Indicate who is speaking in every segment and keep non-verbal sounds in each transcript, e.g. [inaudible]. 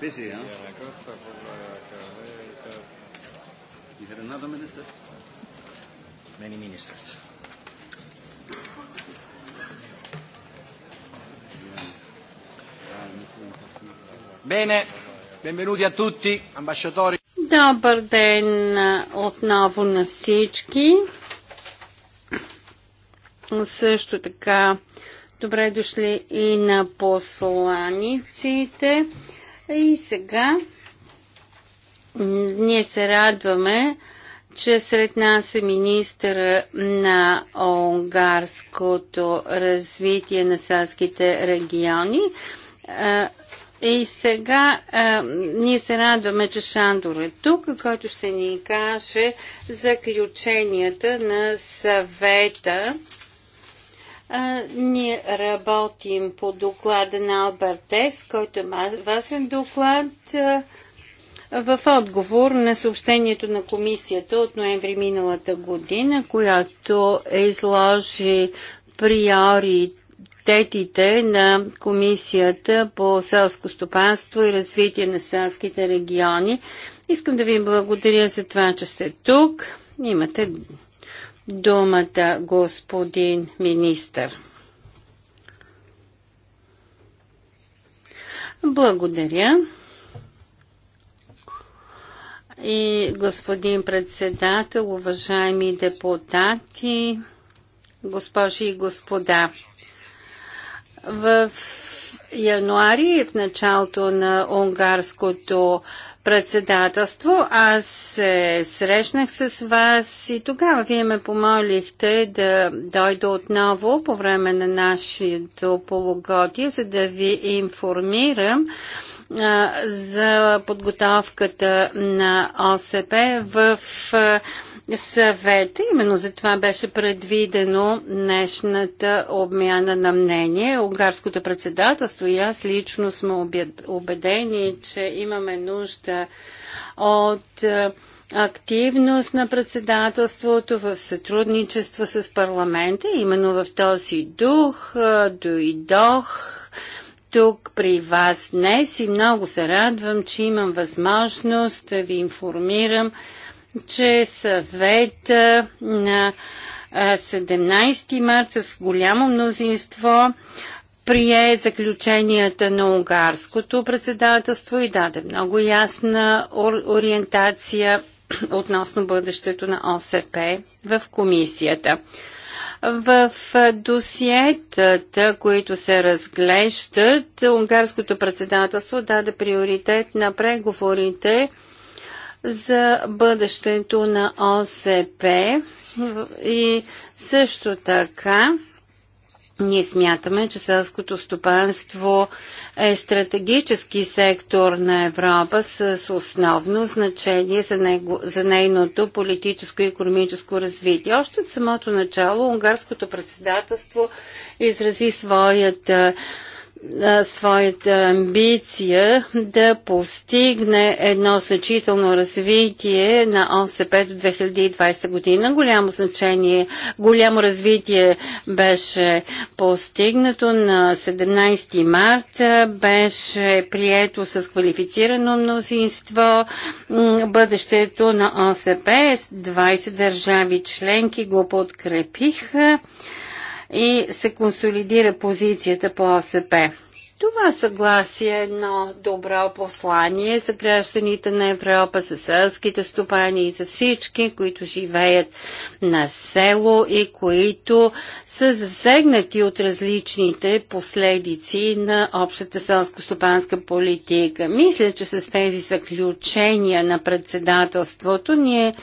Speaker 1: busy, huh? You had another minister?
Speaker 2: Many ministers. Bene, benvenuti a tutti, ambasciatori. Добър ден отново на всички. Също така, добре дошли и на посланиците. И сега ние се радваме, че сред нас е министър на унгарското развитие на селските региони. И сега а, ние се радваме, че Шандор е тук, който ще ни каже заключенията на съвета ние работим по доклада на Албертес, който е важен доклад а, в отговор на съобщението на комисията от ноември миналата година, която изложи приоритетите на Комисията по селско стопанство и развитие на селските региони. Искам да ви благодаря за това, че сте тук. Имате думата, господин министър. Благодаря. И господин председател, уважаеми депутати, госпожи и господа, в януари, в началото на унгарското председателство. Аз се срещнах с вас и тогава вие ме помолихте да дойда отново по време на нашето полугодие, за да ви информирам за подготовката на ОСП в съвета. Именно за това беше предвидено днешната обмяна на мнение. Унгарското председателство и аз лично сме убедени, че имаме нужда от активност на председателството в сътрудничество с парламента. Именно в този дух дойдох тук при вас днес и много се радвам, че имам възможност да ви информирам, че съвет на 17 марта с голямо мнозинство прие заключенията на унгарското председателство и даде много ясна ориентация [clears throat] относно бъдещето на ОСП в комисията. В досиетата, които се разглеждат, унгарското председателство даде приоритет на преговорите за бъдещето на ОСП и също така ние смятаме, че селското стопанство е стратегически сектор на Европа с основно значение за, него, за нейното политическо и економическо развитие. Още от самото начало унгарското председателство изрази своята своята амбиция да постигне едно значително развитие на ОСП до 2020 година. Голямо значение, голямо развитие беше постигнато на 17 март, беше прието с квалифицирано мнозинство бъдещето на ОСП. 20 държави членки го подкрепиха и се консолидира позицията по ОСП. Това съгласие е едно добро послание за гражданите на Европа, за селските стопани и за всички, които живеят на село и които са засегнати от различните последици на общата селско-стопанска политика. Мисля, че с тези заключения на председателството ние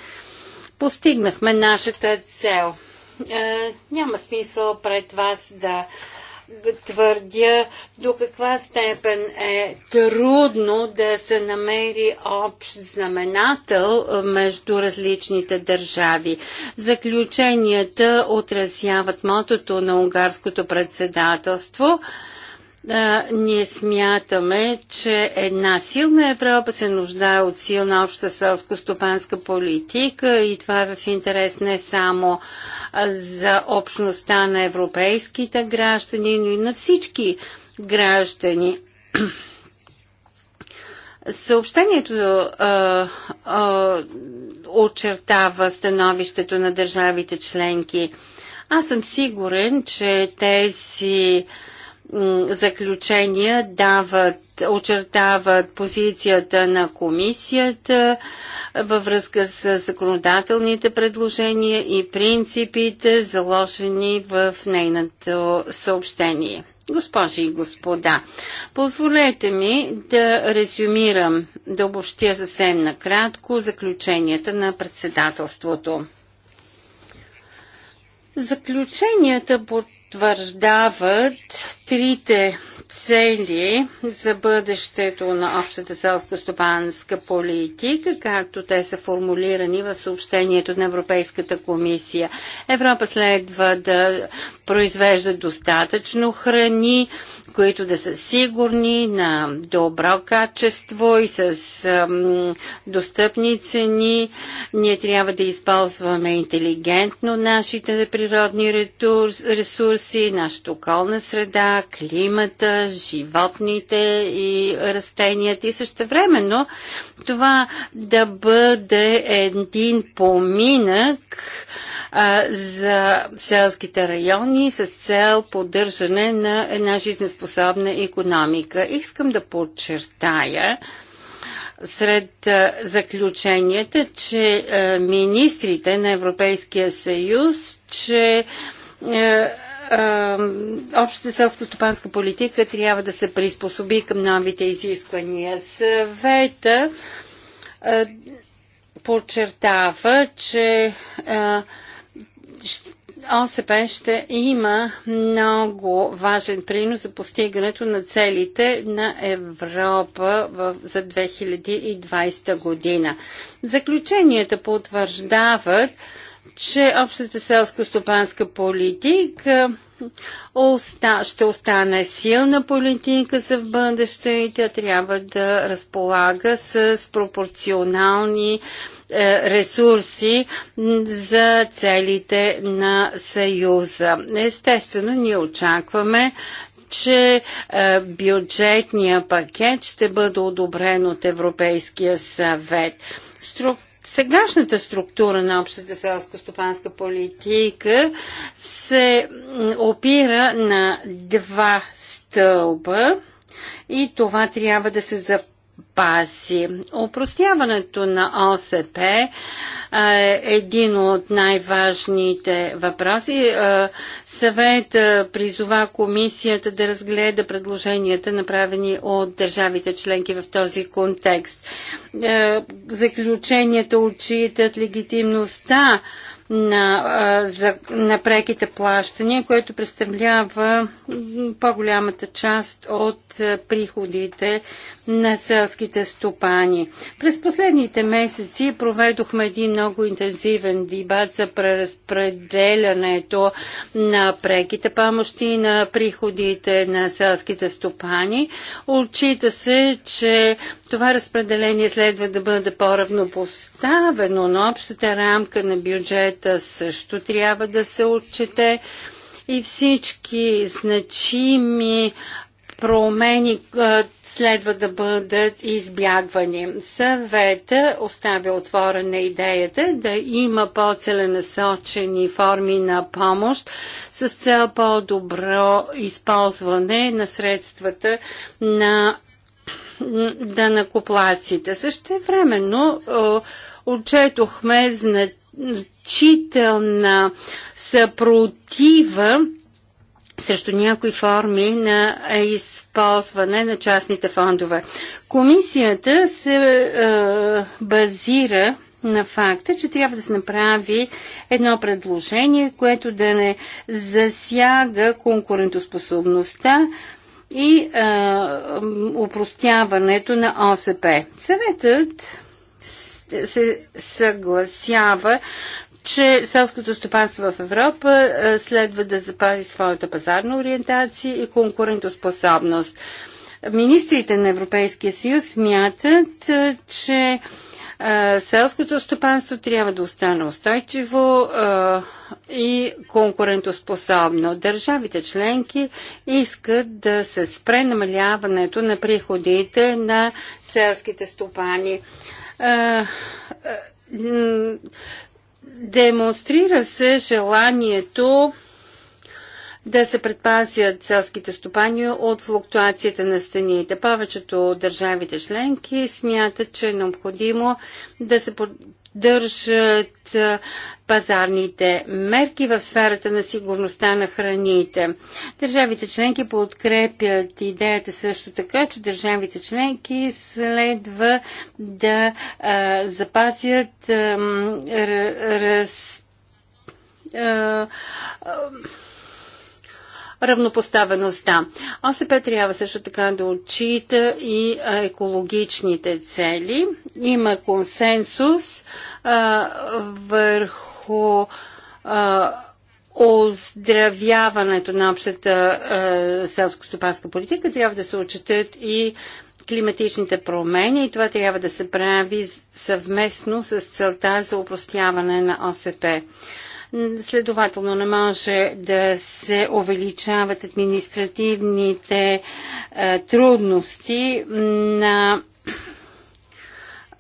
Speaker 2: постигнахме нашата цел – е, няма смисъл пред вас да твърдя до каква степен е трудно да се намери общ знаменател е, между различните държави. Заключенията отразяват мотото на унгарското председателство – ние смятаме, че една силна Европа се нуждае от силна обща селско-стопанска политика и това е в интерес не само за общността на европейските граждани, но и на всички граждани. [clears throat] Съобщението а, а, очертава становището на държавите членки. Аз съм сигурен, че тези а, заключения дават, очертават позицията на комисията във връзка с законодателните предложения и принципите, заложени в нейното съобщение. Госпожи и господа, позволете ми да резюмирам, да обобщя съвсем накратко заключенията на председателството. Заключенията под потвърждават трите цели за бъдещето на общата селско-стопанска политика, както те са формулирани в съобщението на Европейската комисия. Европа следва да произвежда достатъчно храни, които да са сигурни, на добро качество и с ам, достъпни цени. Ние трябва да използваме интелигентно нашите природни ресурси, нашата околна среда, климата, животните и растенията и също времено това да бъде един поминък а, за селските райони с цел поддържане на една жизнеспособна економика. Искам да подчертая, сред заключенията, че министрите на Европейския съюз, че общата селско-стопанска политика трябва да се приспособи към новите изисквания. Съвета подчертава, че ОСП ще има много важен принос за постигането на целите на Европа в, за 2020 година. Заключенията потвърждават, че общата селско-стопанска политика е, оста, ще остане силна политика за в бъдеще и тя трябва да разполага с пропорционални е, ресурси за целите на Съюза. Естествено, ние очакваме че е, бюджетния пакет ще бъде одобрен от Европейския съвет. Струк сегашната структура на общата селско-стопанска политика се опира на два стълба и това трябва да се запази запаси. Опростяването на ОСП е един от най-важните въпроси. Е, съвет е, призова комисията да разгледа предложенията, направени от държавите членки в този контекст. Е, заключенията отчитат легитимността на, за, на преките плащания, което представлява по-голямата част от приходите на селските стопани. През последните месеци проведохме един много интензивен дебат за преразпределянето на преките помощи на приходите на селските стопани. Отчита се, че това разпределение следва да бъде по-равнопоставено, на общата рамка на бюджет бюджета също трябва да се отчете и всички значими промени следва да бъдат избягвани. Съвета оставя отворена идеята да има по-целенасочени форми на помощ с цел по-добро използване на средствата на данакоплаците. Също времено отчетохме значи значителна съпротива срещу някои форми на използване на частните фондове. Комисията се е, базира на факта, че трябва да се направи едно предложение, което да не засяга конкурентоспособността и е, упростяването на ОСП. Съветът се съгласява, че селското стопанство в Европа е, следва да запази своята пазарна ориентация и конкурентоспособност. Министрите на Европейския съюз смятат, е, че е, селското стопанство трябва да остане устойчиво и конкурентоспособно. Държавите членки искат да се спре намаляването на приходите на селските стопани демонстрира се желанието да се предпазят селските стопани от флуктуацията на стените. Повечето държавите членки смятат, че е необходимо да се поддържат пазарните мерки в сферата на сигурността на храните. Държавите членки подкрепят идеята също така, че държавите членки следва да а, запазят а, раз, а, равнопоставеността. ОСП трябва също така да отчита и екологичните цели. Има консенсус а, върху а, оздравяването на общата селско-стопанска политика. Трябва да се отчитат и климатичните промени и това трябва да се прави съвместно с целта за упростяване на ОСП. Следователно не може да се увеличават административните е, трудности на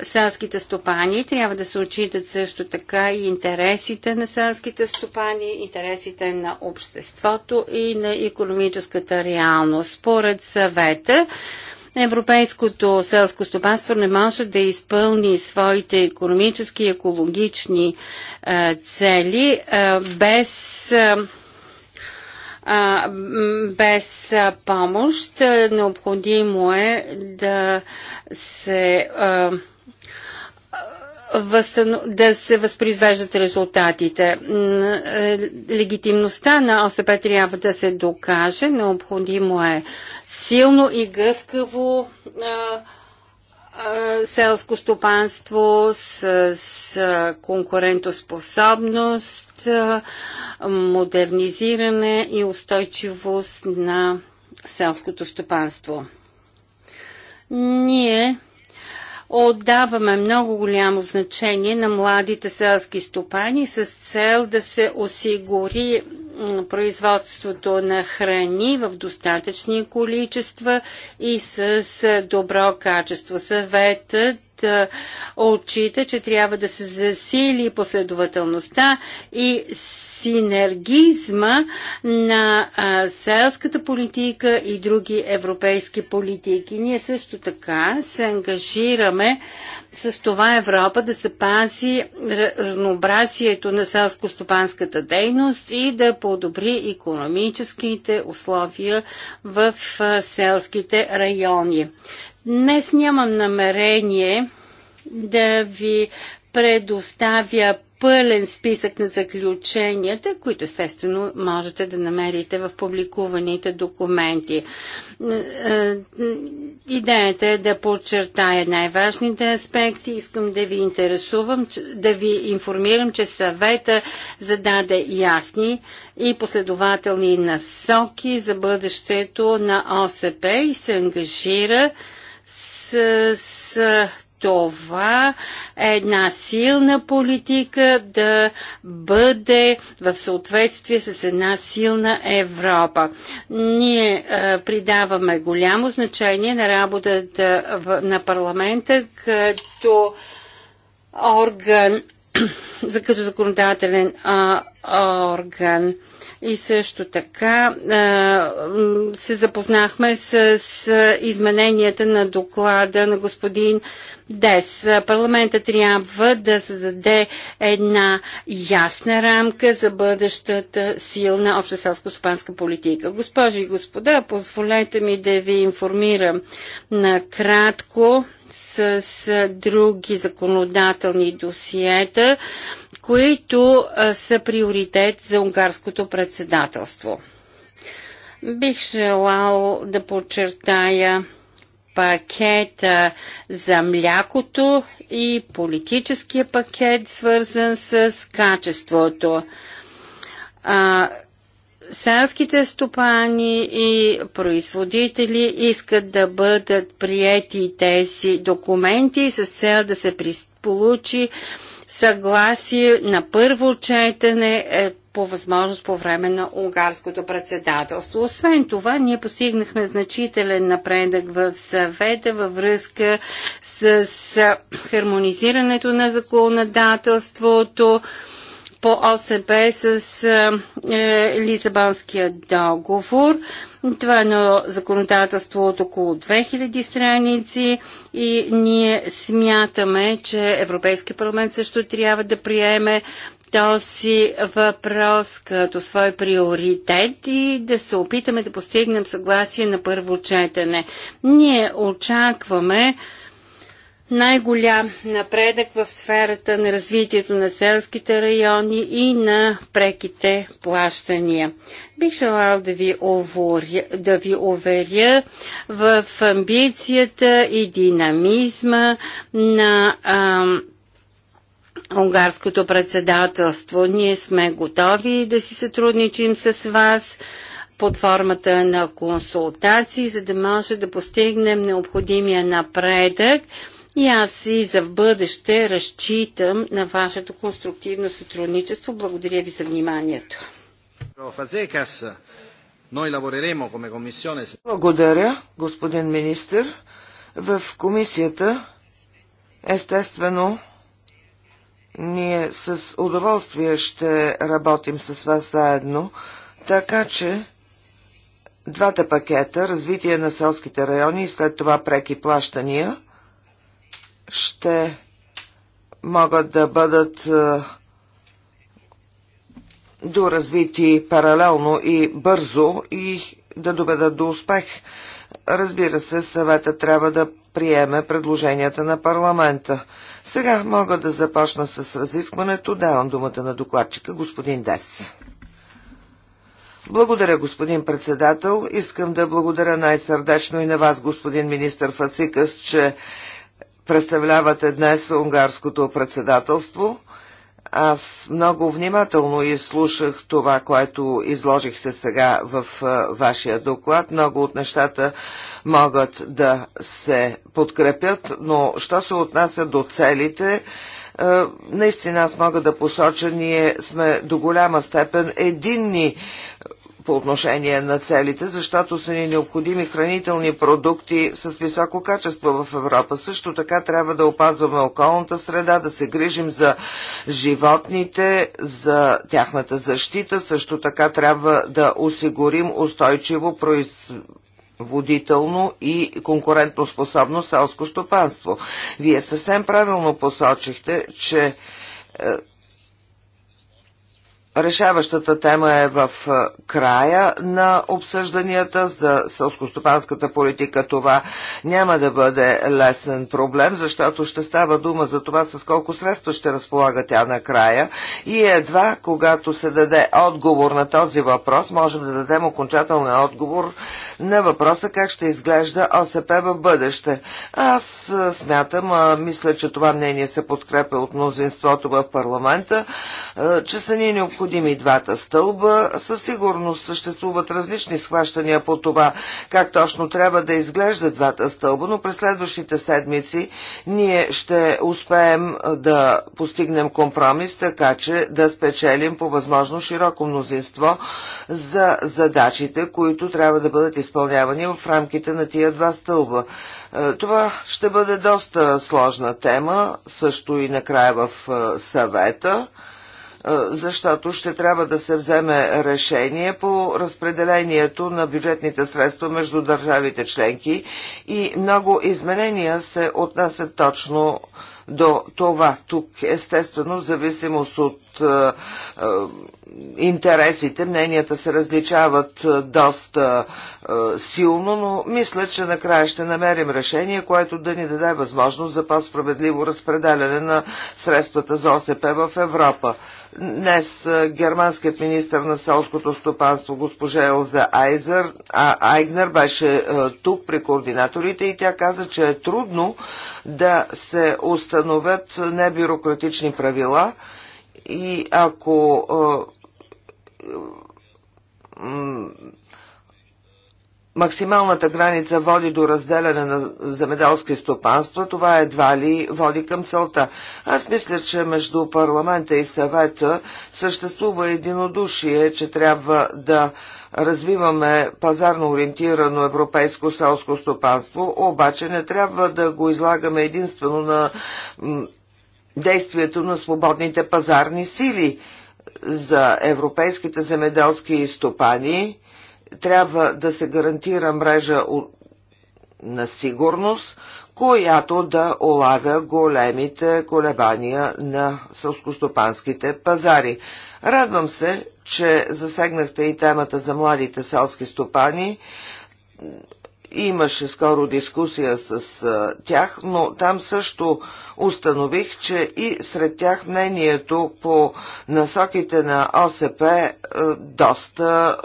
Speaker 2: селските стопани. Трябва да се отчитат също така и интересите на селските стопани, интересите на обществото и на економическата реалност. Според съвета, Европейското селско стопанство не може да изпълни своите економически и екологични е, цели е, без е, без помощ. Необходимо е да се да се възпроизвеждат резултатите. Е, легитимността на ОСП трябва да се докаже. Необходимо е силно и гъвкаво селско стопанство с, с конкурентоспособност, модернизиране и устойчивост на селското стопанство. Ние отдаваме много голямо значение на младите селски стопани с цел да се осигури производството на храни в достатъчни количества и с добро качество. Съветът отчита, че трябва да се засили последователността и синергизма на селската политика и други европейски политики. Ние също така се ангажираме с това Европа да се пази разнообразието на селско-стопанската дейност и да подобри економическите условия в селските райони. Днес нямам намерение да ви предоставя пълен списък на заключенията, които естествено можете да намерите в публикуваните документи. Е, е, идеята е да подчертая най-важните аспекти. Искам да ви интересувам, да ви информирам, че съвета зададе ясни и последователни насоки за бъдещето на ОСП и се ангажира с, с това една силна политика да бъде в съответствие с една силна Европа. Ние а, придаваме голямо значение на работата в, на парламента като орган, [clears throat] като законодателен а, орган. И също така се запознахме с измененията на доклада на господин Дес. Парламента трябва да зададе една ясна рамка за бъдещата силна обща селско-стопанска политика. Госпожи и господа, позволете ми да ви информирам накратко с други законодателни досиета които са приоритет за унгарското председателство. Бих желал да подчертая пакета за млякото и политическия пакет, свързан с качеството. селските стопани и производители искат да бъдат приети тези документи с цел да се получи съгласие на първо четене е по възможност по време на унгарското председателство. Освен това, ние постигнахме значителен напредък в съвета във връзка с хармонизирането на законодателството по ОСП с е, е, Лисабонския договор. Това е едно законодателство от около 2000 страници и ние смятаме, че Европейския парламент също трябва да приеме този въпрос като свой приоритет и да се опитаме да постигнем съгласие на първо четене. Ние очакваме най-голям напредък в сферата на развитието на селските райони и на преките плащания. Бих желал да ви, уворя, да ви уверя в амбицията и динамизма на ам, унгарското председателство. Ние сме готови да си сътрудничим с вас под формата на консултации, за да може да постигнем необходимия напредък и аз и за в бъдеще разчитам на вашето конструктивно сътрудничество. Благодаря ви за вниманието.
Speaker 3: Благодаря, господин министр. В комисията, естествено, ние с удоволствие ще работим с вас заедно, така че двата пакета, развитие на селските райони и след това преки плащания – ще могат да бъдат е, доразвити паралелно и бързо и да доведат до успех. Разбира се, съвета трябва да приеме предложенията на парламента. Сега мога да започна с разискването. Давам думата на докладчика, господин Дес. Благодаря, господин председател. Искам да благодаря най-сърдечно и на вас, господин министър Фацикас, че представлявате днес унгарското председателство. Аз много внимателно изслушах това, което изложихте сега в вашия доклад. Много от нещата могат да се подкрепят, но що се отнася до целите, наистина аз мога да посоча, ние сме до голяма степен единни по отношение на целите, защото са ни необходими хранителни продукти с високо качество в Европа. Също така трябва да опазваме околната среда, да се грижим за животните, за тяхната защита. Също така трябва да осигурим устойчиво производство водително и конкурентоспособно селско стопанство. Вие съвсем правилно посочихте, че е, Решаващата тема е в края на обсъжданията за сълскостопанската политика. Това няма да бъде лесен проблем, защото ще става дума за това с колко средства ще разполага тя накрая. И едва когато се даде отговор на този въпрос, можем да дадем окончателен отговор на въпроса как ще изглежда ОСП в бъдеще. Аз смятам, а, мисля, че това мнение се подкрепя от мнозинството в парламента, че са ни необходими необходими двата стълба. Със сигурност съществуват различни схващания по това как точно трябва да изглежда двата стълба, но през следващите седмици ние ще успеем да постигнем компромис, така че да спечелим по възможно широко мнозинство за задачите, които трябва да бъдат изпълнявани в рамките на тия два стълба. Е, това ще бъде доста сложна тема, също и накрая в е, съвета защото ще трябва да се вземе решение по разпределението на бюджетните средства между държавите членки и много изменения се отнасят точно до това. Тук естествено в зависимост от е, е, интересите, мненията се различават доста силно, но мисля, че накрая ще намерим решение, което да ни даде възможност за по-справедливо разпределяне на средствата за ОСП в Европа. Днес германският министр на селското стопанство госпожа Елза Айзер, а, Айгнер беше тук при координаторите и тя каза, че е трудно да се установят небюрократични правила и ако максималната граница води до разделяне на земеделски стопанства, това едва ли води към целта. Аз мисля, че между парламента и съвета съществува единодушие, че трябва да развиваме пазарно ориентирано европейско селско стопанство, обаче не трябва да го излагаме единствено на действието на свободните пазарни сили – за европейските земеделски стопани трябва да се гарантира мрежа на сигурност, която да олавя големите колебания на сълскостопанските пазари. Радвам се, че засегнахте и темата за младите селски стопани. Имаше скоро дискусия с а, тях, но там също установих, че и сред тях мнението по насоките на ОСП е, доста,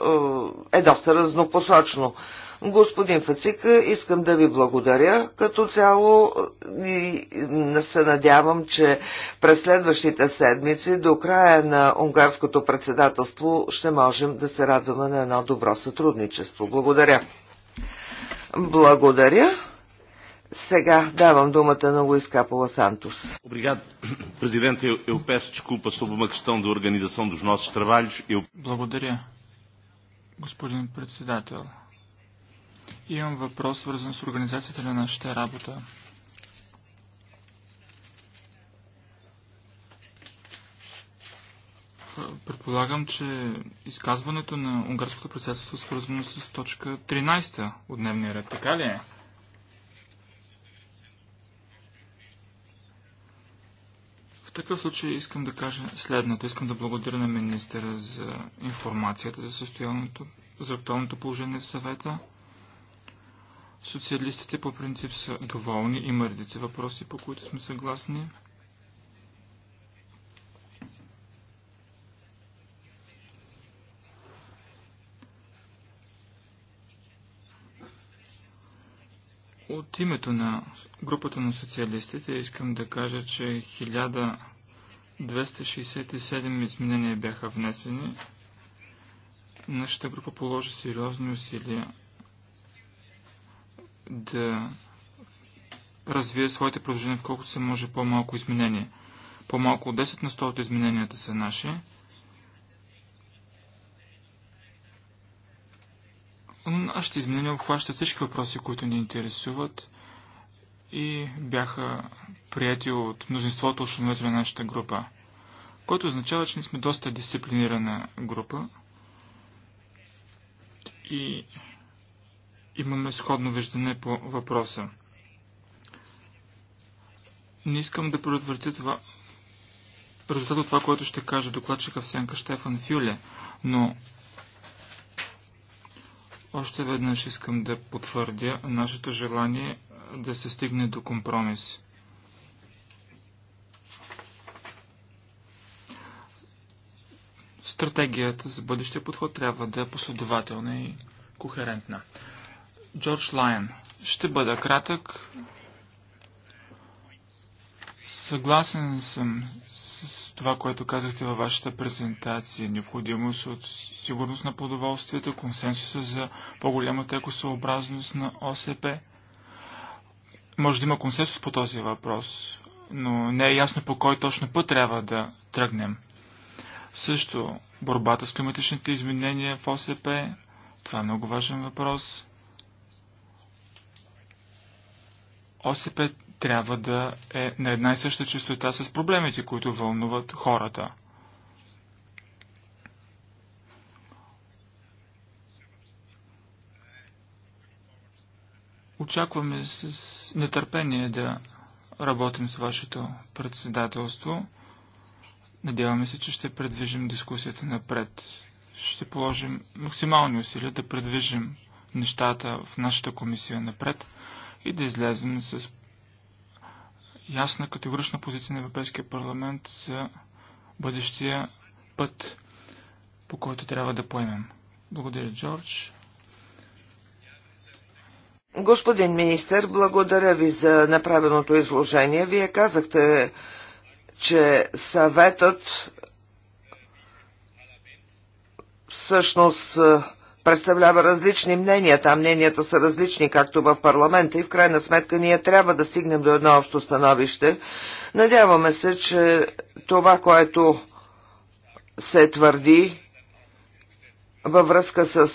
Speaker 3: е, е доста разнопосочно. Господин Фацика, искам да ви благодаря като цяло и се надявам, че през следващите седмици до края на унгарското председателство ще можем да се радваме на едно добро сътрудничество. Благодаря. Благодаря. Сега давам думата на Луис Капола Сантос. eu peço desculpa sobre uma questão de organização dos nossos trabalhos. Eu...
Speaker 1: Благодаря, господин председател. Имам въпрос, свързан с организацията на нашата работа. Предполагам, че изказването на унгарското председателство е свързано с точка 13 от дневния ред. Така ли е? В такъв случай искам да кажа следното. Искам да благодаря на министъра за информацията за състоянието, за актуалното положение в съвета. Социалистите по принцип са доволни. Има редица въпроси, по които сме съгласни. От името на групата на социалистите искам да кажа, че 1267 изменения бяха внесени. Нашата група положи сериозни усилия да развие своите предложения в колкото се може по-малко изменения. По-малко от 10 на 100 от измененията са наши. Нашите изменения обхващат всички въпроси, които ни интересуват и бяха прияти от мнозинството от членовете на нашата група, което означава, че ние сме доста дисциплинирана група и имаме сходно виждане по въпроса. Не искам да предотвратя това резултат от това, което ще каже докладчика в Сенка Штефан Фюле, но още веднъж искам да потвърдя нашето желание да се стигне до компромис. Стратегията за бъдещия подход трябва да е последователна и кохерентна. Джордж Лайон. Ще бъда кратък. Съгласен съм с това, което казахте във вашата презентация. Необходимост е от сигурност на продоволствието, консенсуса за по-голямата екосъобразност на ОСП. Може да има консенсус по този въпрос, но не е ясно по кой точно път трябва да тръгнем. Също борбата с климатичните изменения в ОСП. Това е много важен въпрос. ОСП трябва да е на една и съща частота с проблемите, които вълнуват хората. Очакваме с нетърпение да работим с вашето председателство. Надяваме се, че ще предвижим дискусията напред. Ще положим максимални усилия да предвижим нещата в нашата комисия напред и да излезем с ясна категорична позиция на Европейския парламент за бъдещия път, по който трябва да поемем. Благодаря, Джордж.
Speaker 3: Господин министр, благодаря ви за направеното изложение. Вие казахте, че съветът всъщност представлява различни мнения. Там мненията са различни, както в парламента и в крайна сметка ние трябва да стигнем до едно общо становище. Надяваме се, че това, което се твърди във връзка с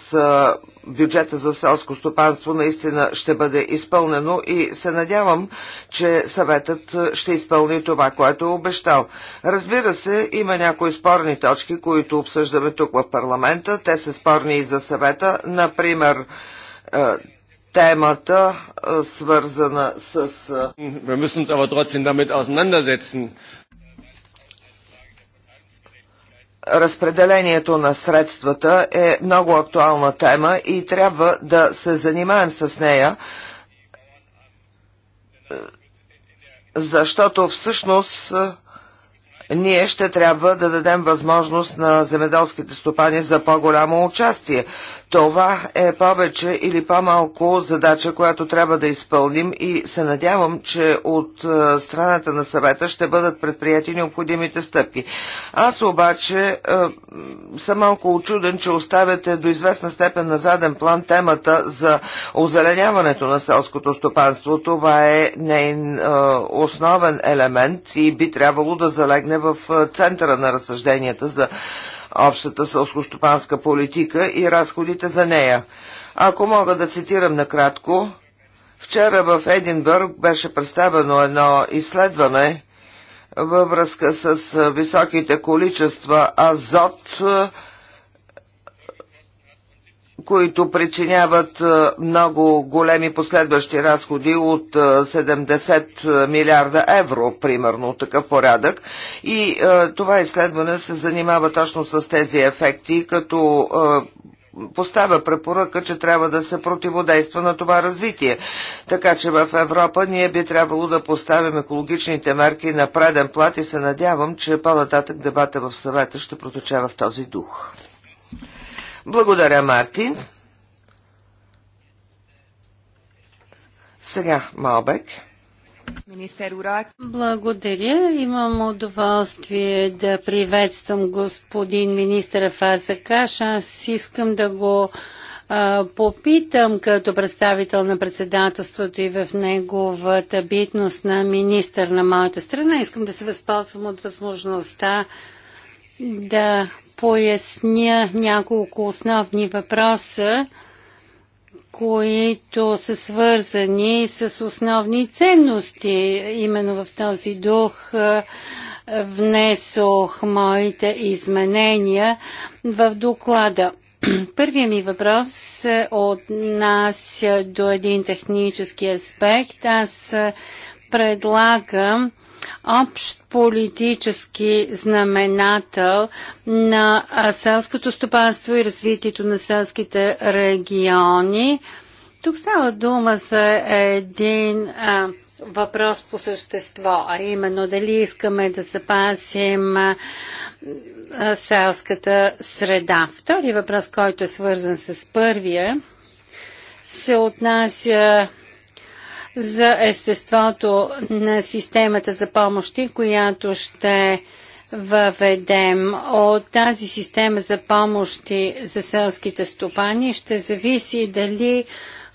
Speaker 3: бюджета за селско стопанство наистина ще бъде изпълнено и се надявам, че съветът ще изпълни това, което е обещал. Разбира се, има някои спорни точки, които обсъждаме тук в парламента. Те са спорни и за съвета. Например, темата, свързана с разпределението на средствата е много актуална тема и трябва да се занимаем с нея, защото всъщност е, ние ще трябва да дадем възможност на земеделските стопани за по-голямо участие. Това е повече или по-малко задача, която трябва да изпълним и се надявам, че от е, страната на съвета ще бъдат предприяти необходимите стъпки. Аз обаче е, съм малко очуден, че оставяте до известна степен на заден план темата за озеленяването на селското стопанство. Това е нейн е, основен елемент и би трябвало да залегне в центъра на разсъжденията за общата сълскостопанска политика и разходите за нея. Ако мога да цитирам накратко, вчера в Единбърг беше представено едно изследване във връзка с високите количества азот, които причиняват е, много големи последващи разходи от 70 е, е, милиарда евро, примерно такъв порядък. И това изследване се занимава точно с тези ефекти, като поставя препоръка, че трябва да се противодейства на това развитие. Така че в Европа ние би трябвало да поставим екологичните мерки на преден плат и се надявам, че по-нататък дебата в съвета ще протече в този дух. Благодаря, Мартин. Сега, Малбек.
Speaker 2: Министър Урак. Благодаря. Имам удоволствие да приветствам господин министър Фарсакаш. Аз искам да го а, попитам като представител на председателството и в неговата битност на министър на моята страна. Искам да се възползвам от възможността да поясня няколко основни въпроса, които са свързани с основни ценности. Именно в този дух внесох моите изменения в доклада. Първият ми въпрос се отнася до един технически аспект. Аз предлагам общ политически знаменател на селското стопанство и развитието на селските региони. Тук става дума за един а, въпрос по същество, а именно дали искаме да запасим а, а, селската среда. Втори въпрос, който е свързан с първия, се отнася за естеството на системата за помощи, която ще въведем от тази система за помощи за селските стопани ще зависи дали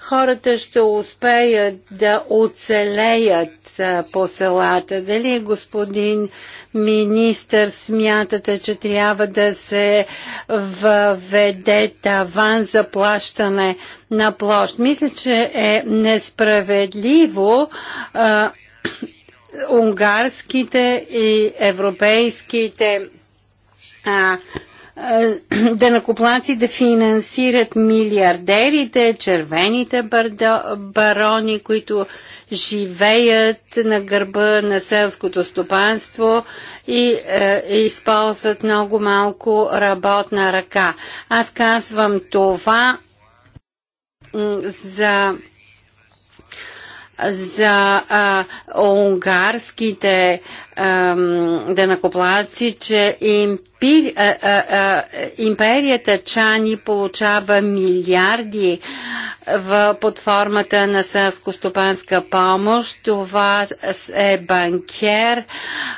Speaker 2: хората ще успеят да оцелеят по селата? Дали, господин министър, смятате, че трябва да се въведе таван за плащане на площ? Мисля, че е несправедливо а, унгарските и европейските а, е, [clears throat] данакоплаци да финансират милиардерите, червените барони, които живеят на гърба на селското стопанство и е, използват много малко работна ръка. Аз казвам това за за а, унгарските а, денакоплаци, че им пир, а, а, а, империята Чани получава милиарди в, под формата на селско-стопанска помощ. Това е банкер,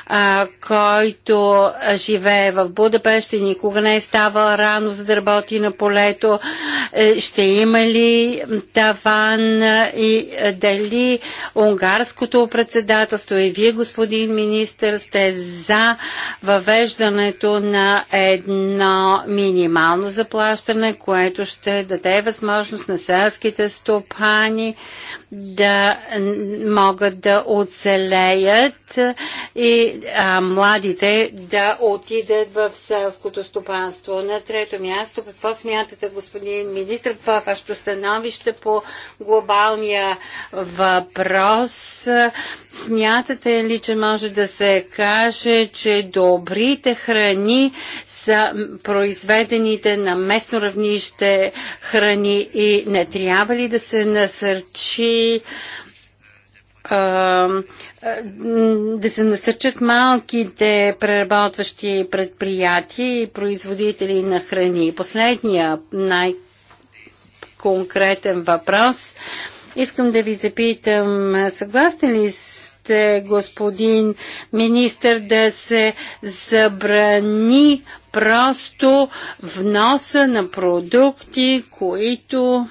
Speaker 2: а, който живее в Будапешт и никога не е ставал рано, за да работи на полето. Е, ще има ли таван и дали унгарското председателство и вие, господин министър, сте за въвеждането на на едно минимално заплащане, което ще даде възможност на селските стопани да могат да оцелеят и а, младите да отидат в селското стопанство. На трето място, какво смятате, господин министр, какво е вашето становище по глобалния въпрос? Смятате ли, че може да се каже, че добрите храни са произведените на местно равнище храни и не трябва ли да се насърчи да се насърчат малките преработващи предприятия и производители на храни. Последния най-конкретен въпрос. Искам да ви запитам, съгласни ли сте, господин министр, да се забрани просто вноса на продукти, които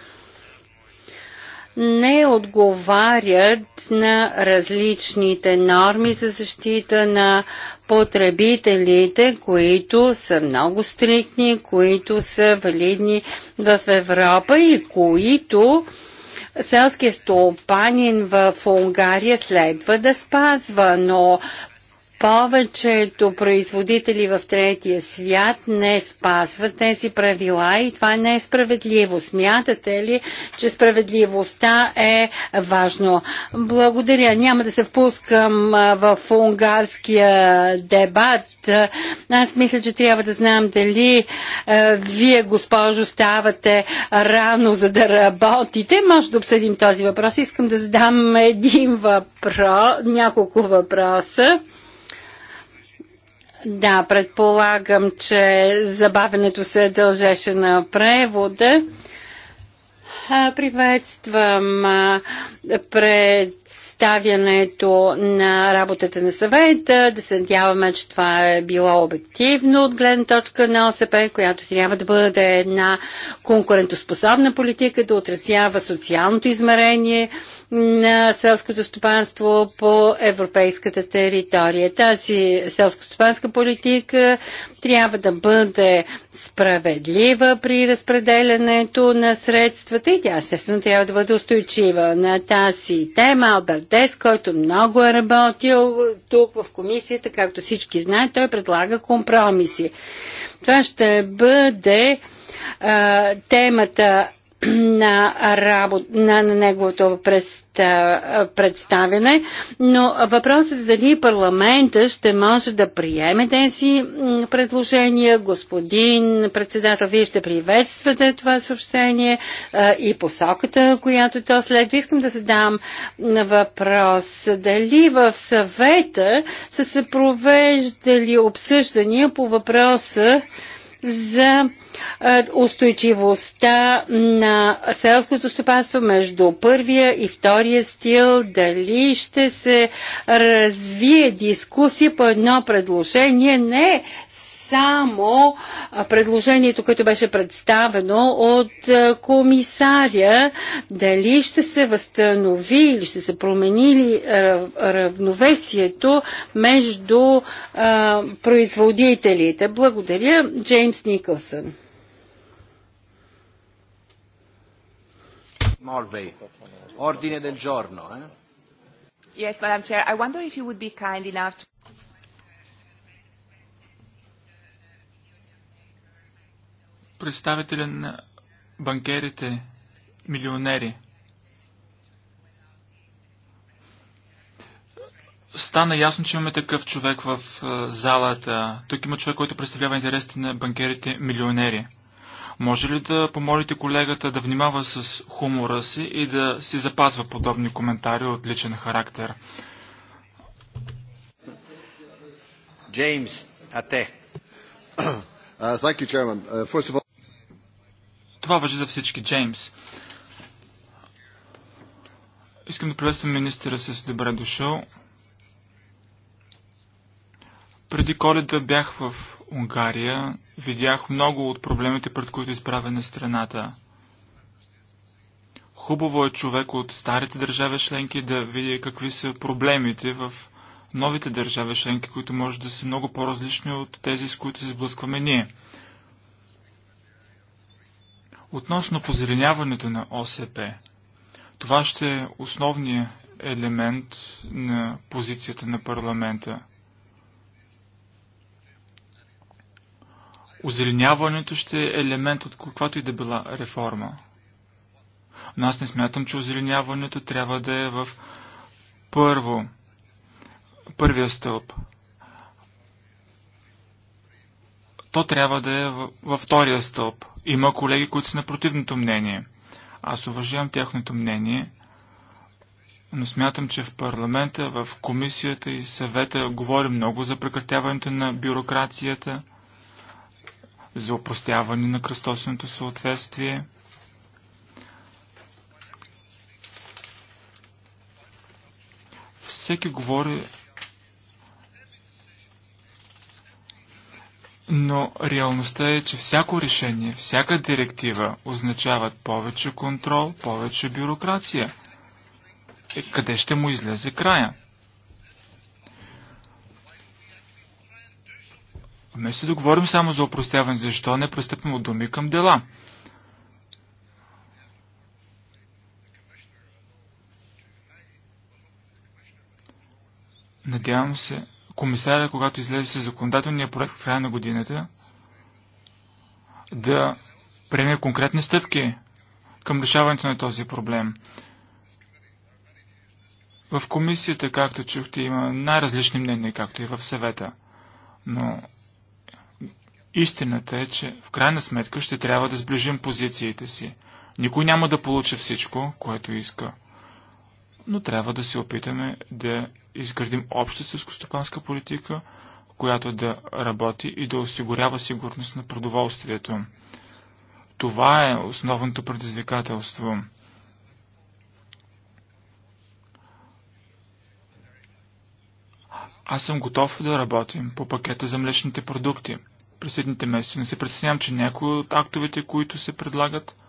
Speaker 2: не отговарят на различните норми за защита на потребителите, които са много стриктни, които са валидни в Европа и които селския стопанин в Унгария следва да спазва, но повечето производители в третия свят не спазват тези правила и това не е справедливо. Смятате ли, че справедливостта е важно? Благодаря. Няма да се впускам в унгарския дебат. Аз мисля, че трябва да знам дали вие, госпожо, ставате рано за да работите. Може да обсъдим този въпрос. Искам да задам един въпрос, няколко въпроса. Да, предполагам, че забавенето се дължеше на превода. Приветствам представянето на работата на съвета. Да се надяваме, че това е било обективно от гледна точка на ОСП, която трябва да бъде една конкурентоспособна политика, да отразява социалното измерение на селското стопанство по европейската територия. Тази селско-стопанска политика трябва да бъде справедлива при разпределянето на средствата и тя естествено трябва да бъде устойчива. На тази тема Алберт Дес, който много е работил тук в комисията, както всички знаят, той предлага компромиси. Това ще бъде а, темата на, работ... на, на неговото представяне, но въпросът е дали парламента ще може да приеме тези предложения. Господин председател, вие ще приветствате това съобщение и посоката, която то следва. Искам да задам въпрос. Дали в съвета са се провеждали обсъждания по въпроса за е, устойчивостта на селското стопанство между първия и втория стил, дали ще се развие дискусия по едно предложение, не само предложението, което беше представено от е, комисаря, дали ще се възстанови или ще се промени е, равновесието между производителите. Благодаря, Джеймс Никълсън.
Speaker 3: Mulvey, Ordine del giorno. Eh?
Speaker 2: Yes, Madam Chair, I wonder if you would be kind enough to...
Speaker 1: Представителя на банкерите, милионери. Стана ясно, че имаме такъв човек в залата. Тук има човек, който представлява интересите на банкерите, милионери. Може ли да помолите колегата да внимава с хумора си и да си запазва подобни коментари от личен характер?
Speaker 2: Джеймс те? Uh, uh,
Speaker 1: Това въжи за всички, Джеймс. Искам да приветствам министъра с добре дошъл. Преди коледа бях в Унгария видях много от проблемите, пред които е изправена страната. Хубаво е човек от старите държави членки да види какви са проблемите в новите държави членки, които може да са много по-различни от тези, с които се сблъскваме ние. Относно позеленяването на ОСП, това ще е основният елемент на позицията на парламента – Озеленяването ще е елемент от каквато и да била реформа. Но аз не смятам, че озеленяването трябва да е в първо, първия стълб. То трябва да е във втория стълб. Има колеги, които са на противното мнение. Аз уважавам тяхното мнение, но смятам, че в парламента, в комисията и съвета говори много за прекратяването на бюрокрацията – за упростяване на кръстосното съответствие. Всеки говори, но реалността е, че всяко решение, всяка директива означават повече контрол, повече бюрокрация. Е, къде ще му излезе края? Вместо да говорим само за опростяване, защо не пристъпим от думи към дела? Надявам се, комисаря, когато излезе с законодателния проект в края на годината, да приеме конкретни стъпки към решаването на този проблем. В комисията, както чухте, има най-различни мнения, както и в съвета. Но Истината е, че в крайна сметка ще трябва да сближим позициите си. Никой няма да получи всичко, което иска. Но трябва да се опитаме да изградим обща селскостопанска политика, която да работи и да осигурява сигурност на продоволствието. Това е основното предизвикателство. Аз съм готов да работим по пакета за млечните продукти – през следните месеци. Не се предснявам, че някои от актовете, които се предлагат,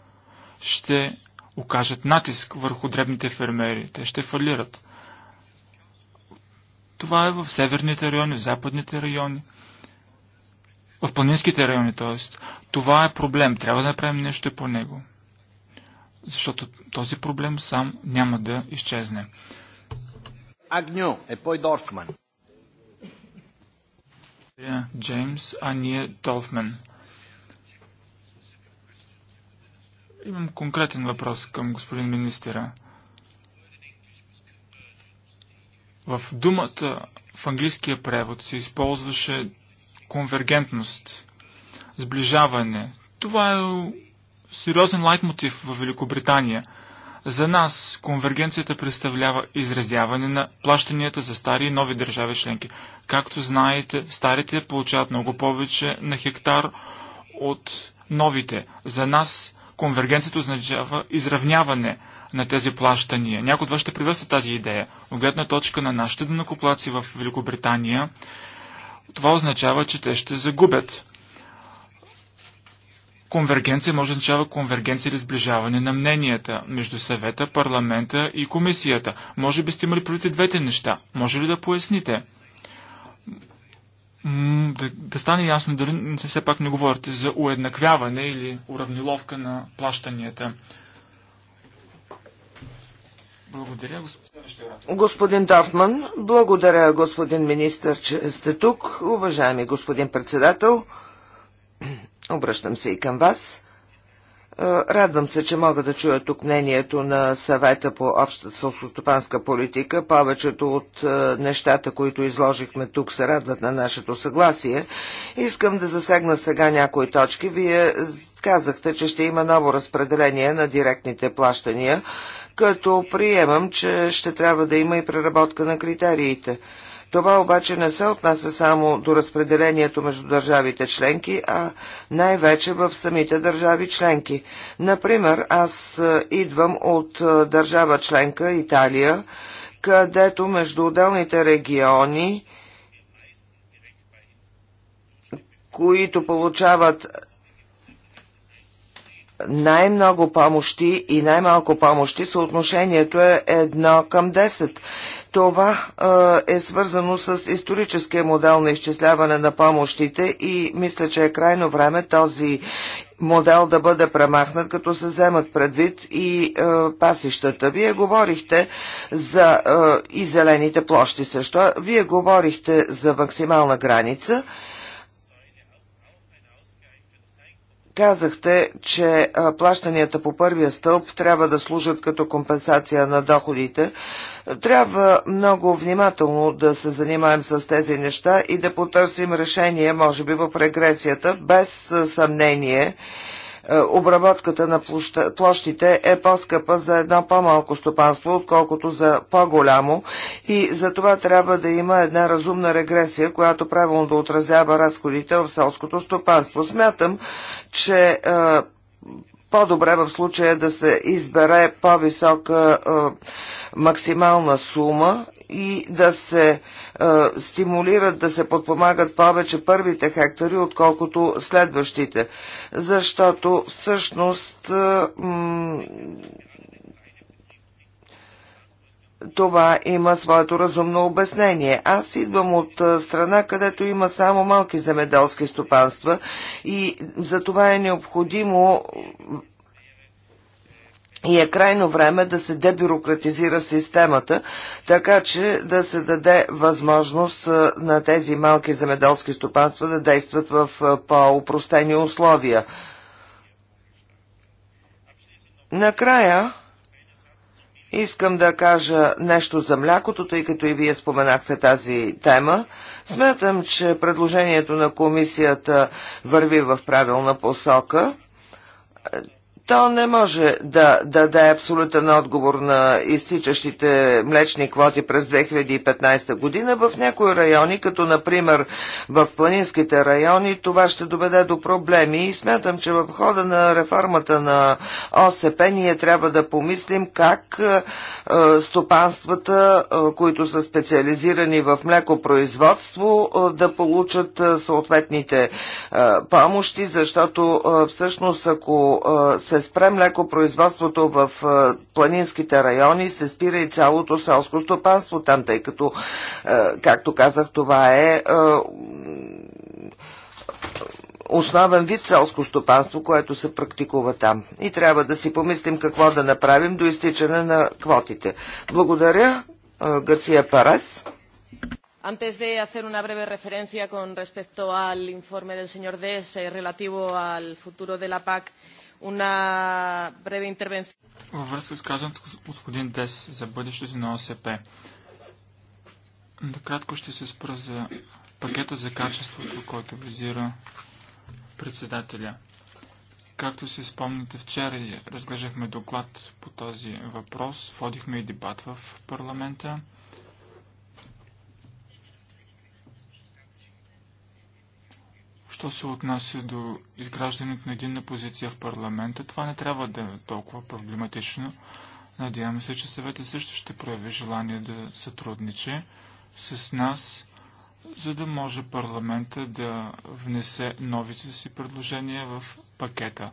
Speaker 1: ще окажат натиск върху дребните фермери. Те ще фалират. Това е в северните райони, в западните райони, в планинските райони, т.е. Това е проблем. Трябва да направим нещо по него. Защото този проблем сам няма да изчезне.
Speaker 2: Агню е пой Дорфман.
Speaker 1: Благодаря, Джеймс. Долфмен. Имам конкретен въпрос към господин министера. В думата в английския превод се използваше конвергентност, сближаване. Това е сериозен лайтмотив в Великобритания. За нас конвергенцията представлява изразяване на плащанията за стари и нови държави членки. Както знаете, старите получават много повече на хектар от новите. За нас конвергенцията означава изравняване на тези плащания. Някой от вас ще привърса тази идея. От гледна точка на нашите данакоплаци в Великобритания, това означава, че те ще загубят. Конвергенция може да означава конвергенция или сближаване на мненията между съвета, парламента и комисията. Може би сте имали предвид двете неща. Може ли да поясните? да, да стане ясно дали не все пак не говорите за уеднаквяване или уравниловка на плащанията. Благодаря, господин.
Speaker 3: господин Дофман, благодаря, господин министър, че сте тук. Уважаеми господин председател, Обръщам се и към вас. Е, радвам се, че мога да чуя тук мнението на съвета по общата сълсостопанска политика. Повечето от е, нещата, които изложихме тук, се радват на нашето съгласие. Искам да засегна сега някои точки. Вие казахте, че ще има ново разпределение на директните плащания, като приемам, че ще трябва да има и преработка на критериите. Това обаче не се отнася само до разпределението между държавите членки, а най-вече в самите държави членки. Например, аз идвам от държава членка Италия, където между отделните региони които получават най-много помощи и най-малко помощи, съотношението е 1 към 10. Това е свързано с историческия модел на изчисляване на помощите и мисля, че е крайно време този модел да бъде премахнат, като се вземат предвид и е, пасищата. Вие говорихте за е, и зелените площи също. Вие говорихте за максимална граница. Е, Казахте, че плащанията по първия стълб трябва да служат като компенсация на доходите. Трябва много внимателно да се занимаем с тези неща и да потърсим решение, може би в регресията, без съмнение е, обработката на площите е по-скъпа за едно по-малко стопанство, отколкото за по-голямо и за това трябва да има една разумна регресия, която правилно да отразява разходите в селското стопанство. Смятам, че е, по-добре в случая да се избере по-висока е, максимална сума и да се е, стимулират, да се подпомагат повече първите хектари, отколкото следващите. Защото всъщност е, това има своето разумно обяснение. Аз идвам от е, страна, където има само малки земеделски стопанства и за това е необходимо и е крайно време да се дебюрократизира системата, така че да се даде възможност на тези малки земеделски стопанства да действат в по-упростени условия. Накрая искам да кажа нещо за млякото, тъй като и вие споменахте тази тема. Смятам, че предложението на комисията върви в правилна посока то не може да даде абсолютен отговор на изтичащите млечни квоти през 2015 година в някои райони, като например в планинските райони. Това ще доведе до проблеми и смятам, че в хода на реформата на ОСП ние трябва да помислим как е, е, стопанствата, е, които са специализирани в млекопроизводство, да получат съответните помощи, защото всъщност ако се се спре млекопроизводството в е, планинските райони, се спира и цялото селско стопанство там, тъй като, е, както казах, това е, е основен вид селско стопанство, което се практикува там. И трябва да си помислим какво да направим до изтичане на квотите. Благодаря, Гарсия Парас. Antes de hacer una breve referencia con respecto al informe del señor Dess eh, relativo al futuro de la PAC una breve intervención.
Speaker 1: Във връзка с казаното господин Дес за бъдещето на ОСП, накратко ще се спра за пакета за качеството, който визира председателя. Както си спомните, вчера разглеждахме доклад по този въпрос, водихме и дебат в парламента. Що се отнася до изграждането на единна позиция в парламента, това не трябва да е толкова проблематично. Надяваме се, че съвета също ще прояви желание да сътрудничи с нас, за да може парламента да внесе новите си предложения в пакета.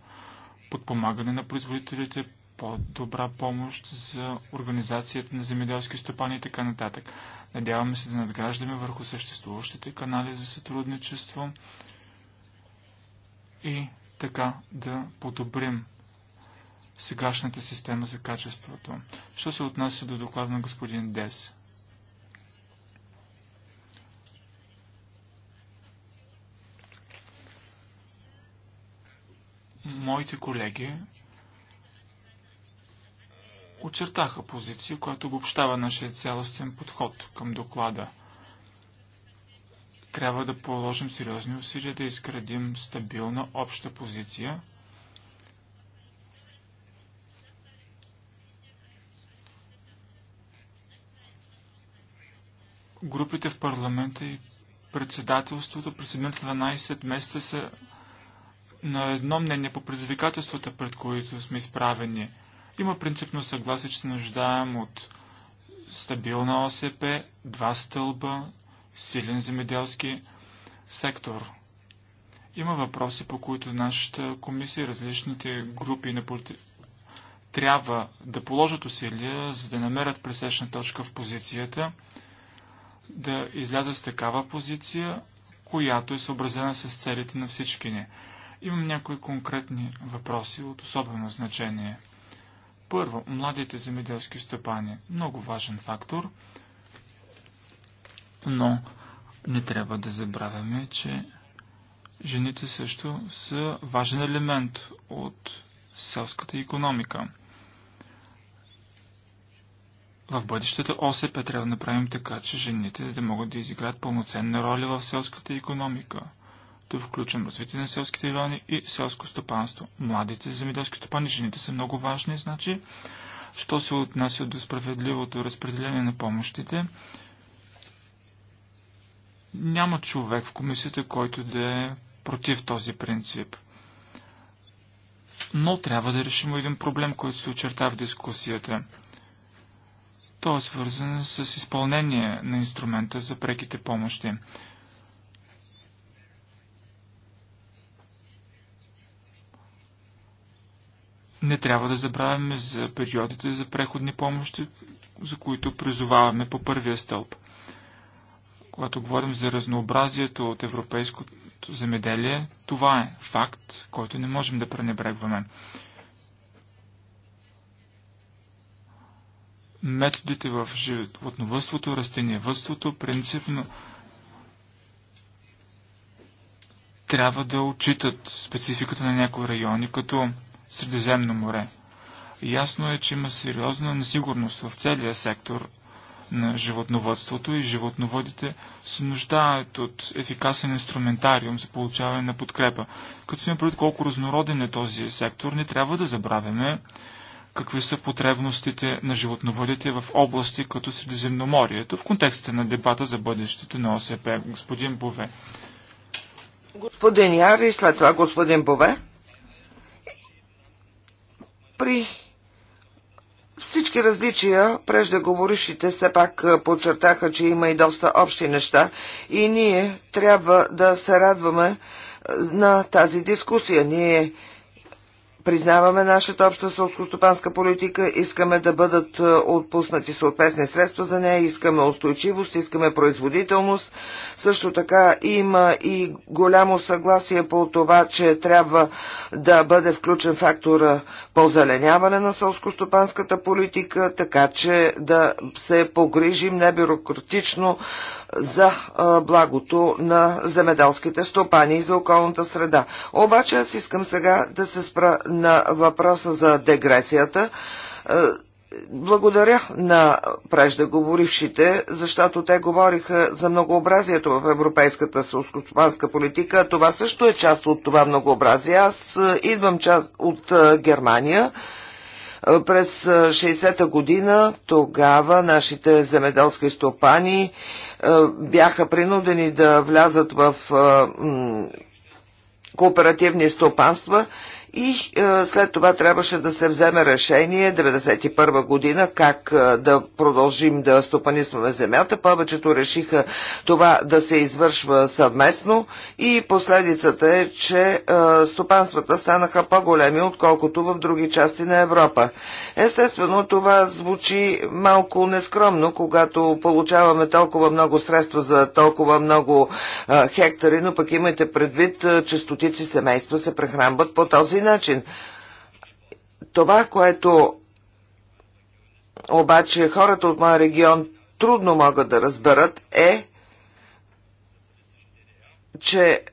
Speaker 1: Подпомагане на производителите, по-добра помощ за организацията на земеделски стопани и така нататък. Надяваме се да надграждаме върху съществуващите канали за сътрудничество и така да подобрим сегашната система за качеството. Що се отнася до доклада на господин Дес? Моите колеги очертаха позиция, която обобщава нашия цялостен подход към доклада – трябва да положим сериозни усилия да изградим стабилна обща позиция, групите в парламента и председателството през 12 месеца са на едно мнение по предизвикателствата, пред които сме изправени. Има принципно съгласие, че нуждаем от стабилна ОСП, два стълба, силен земеделски сектор. Има въпроси, по които нашата комисия, и различните групи на полити... трябва да положат усилия, за да намерят пресечна точка в позицията, да излязат с такава позиция, която е съобразена с целите на всички ни. Имам някои конкретни въпроси от особено значение. Първо, младите земеделски стопани. Много важен фактор – но не трябва да забравяме, че жените също са важен елемент от селската економика. В бъдещето ОСП трябва да направим така, че жените да могат да изиграят пълноценна роля в селската економика. Да включим развитие на селските райони и селско стопанство. Младите земеделски стопани, жените са много важни, значи, що се отнася до справедливото разпределение на помощите, няма човек в комисията, който да е против този принцип. Но трябва да решим един проблем, който се очерта в дискусията. Той е свързан с изпълнение на инструмента за преките помощи. Не трябва да забравяме за периодите за преходни помощи, за които призоваваме по първия стълб. Когато говорим за разнообразието от европейското земеделие, това е факт, който не можем да пренебрегваме. Методите в животновътството, растениевътството принципно трябва да отчитат спецификата на някои райони, като Средиземно море. Ясно е, че има сериозна несигурност в целия сектор на животноводството и животноводите се нуждаят от ефикасен инструментариум за получаване на подкрепа. Като сме предвид колко разнороден е този сектор, не трябва да забравяме какви са потребностите на животноводите в области като Средиземноморието в контекста на дебата за бъдещето на ОСП. Господин Бове.
Speaker 3: Господин Яри, след това господин Бове. При всички различия, преждеговорившите все пак подчертаха, че има и доста общи неща и ние трябва да се радваме на тази дискусия. Ние Признаваме нашата обща сълскостопанска политика, искаме да бъдат е, отпуснати съответни средства за нея, искаме устойчивост, искаме производителност. Също така има и голямо съгласие по това, че трябва да бъде включен фактора по зеленяване на сълскостопанската политика, така че да се погрижим небюрократично за е, благото на земеделските стопани и за околната среда. Обаче аз искам сега да се спра на въпроса за дегресията. Е, благодаря на преждеговорившите, защото те говориха за многообразието в европейската селскостопанска политика. Това също е част от това многообразие. Аз е, идвам част от е, Германия. През 60-та година тогава нашите земеделски стопани бяха принудени да влязат в кооперативни стопанства – и е, след това трябваше да се вземе решение 1991 година как е, да продължим да стопанисваме земята. Повечето решиха това да се извършва съвместно и последицата е, че е, стопанствата станаха по-големи, отколкото в други части на Европа. Естествено, това звучи малко нескромно, когато получаваме толкова много средства за толкова много хектари, но пък имайте предвид, че стотици семейства се прехранват по този начин. Това, което обаче хората от моя регион трудно могат да разберат е, че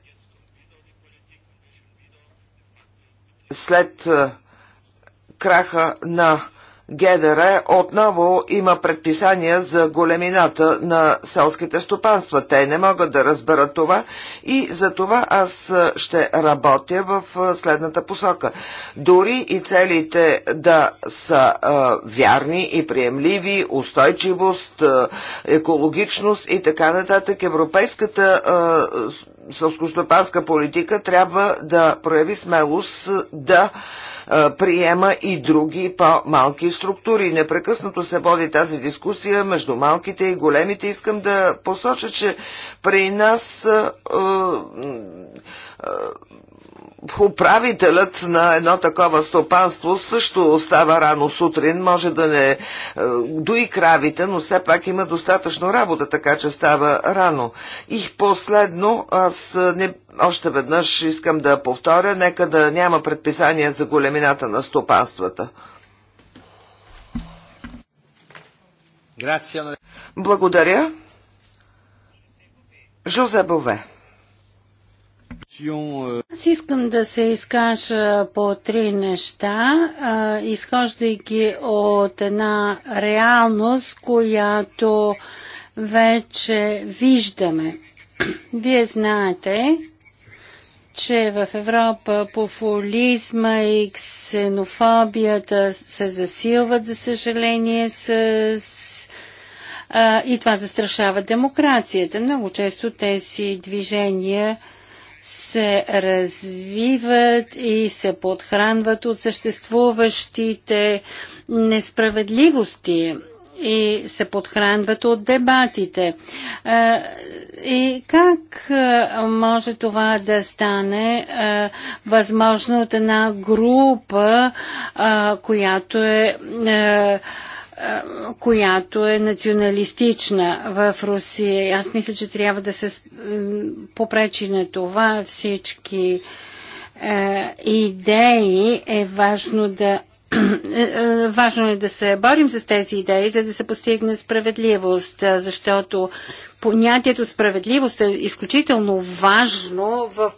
Speaker 3: след краха на Гедера отново има предписания за големината на селските стопанства. Те не могат да разберат това и за това аз ще работя в следната посока. Дори и целите да са а, вярни и приемливи, устойчивост, а, екологичност и така нататък, европейската а, сълскостопанска политика трябва да прояви смелост да а, приема и други по-малки структури. Непрекъснато се води тази дискусия между малките и големите. Искам да посоча, че при нас управителят на едно такова стопанство също остава рано сутрин, може да не е, дои кравите, но все пак има достатъчно работа, така че става рано. И последно, аз не още веднъж искам да повторя, нека да няма предписания за големината на стопанствата. Благодаря. Жозе Бове. Euh,
Speaker 2: Аз искам да се изкажа по три неща, изхождайки от една реалност, която вече виждаме. [clears throat] Вие знаете, че в Европа популизма и ксенофобията се засилват, за съжаление, с и това застрашава демокрацията. Много често тези движения се развиват и се подхранват от съществуващите несправедливости и се подхранват от дебатите. И как може това да стане възможно от една група, която е която е националистична в Русия. Аз мисля, че трябва да се попречи на това всички е, идеи е важно да [clears throat] е, е, важно е да се борим с тези идеи, за да се постигне справедливост, защото понятието справедливост е изключително важно в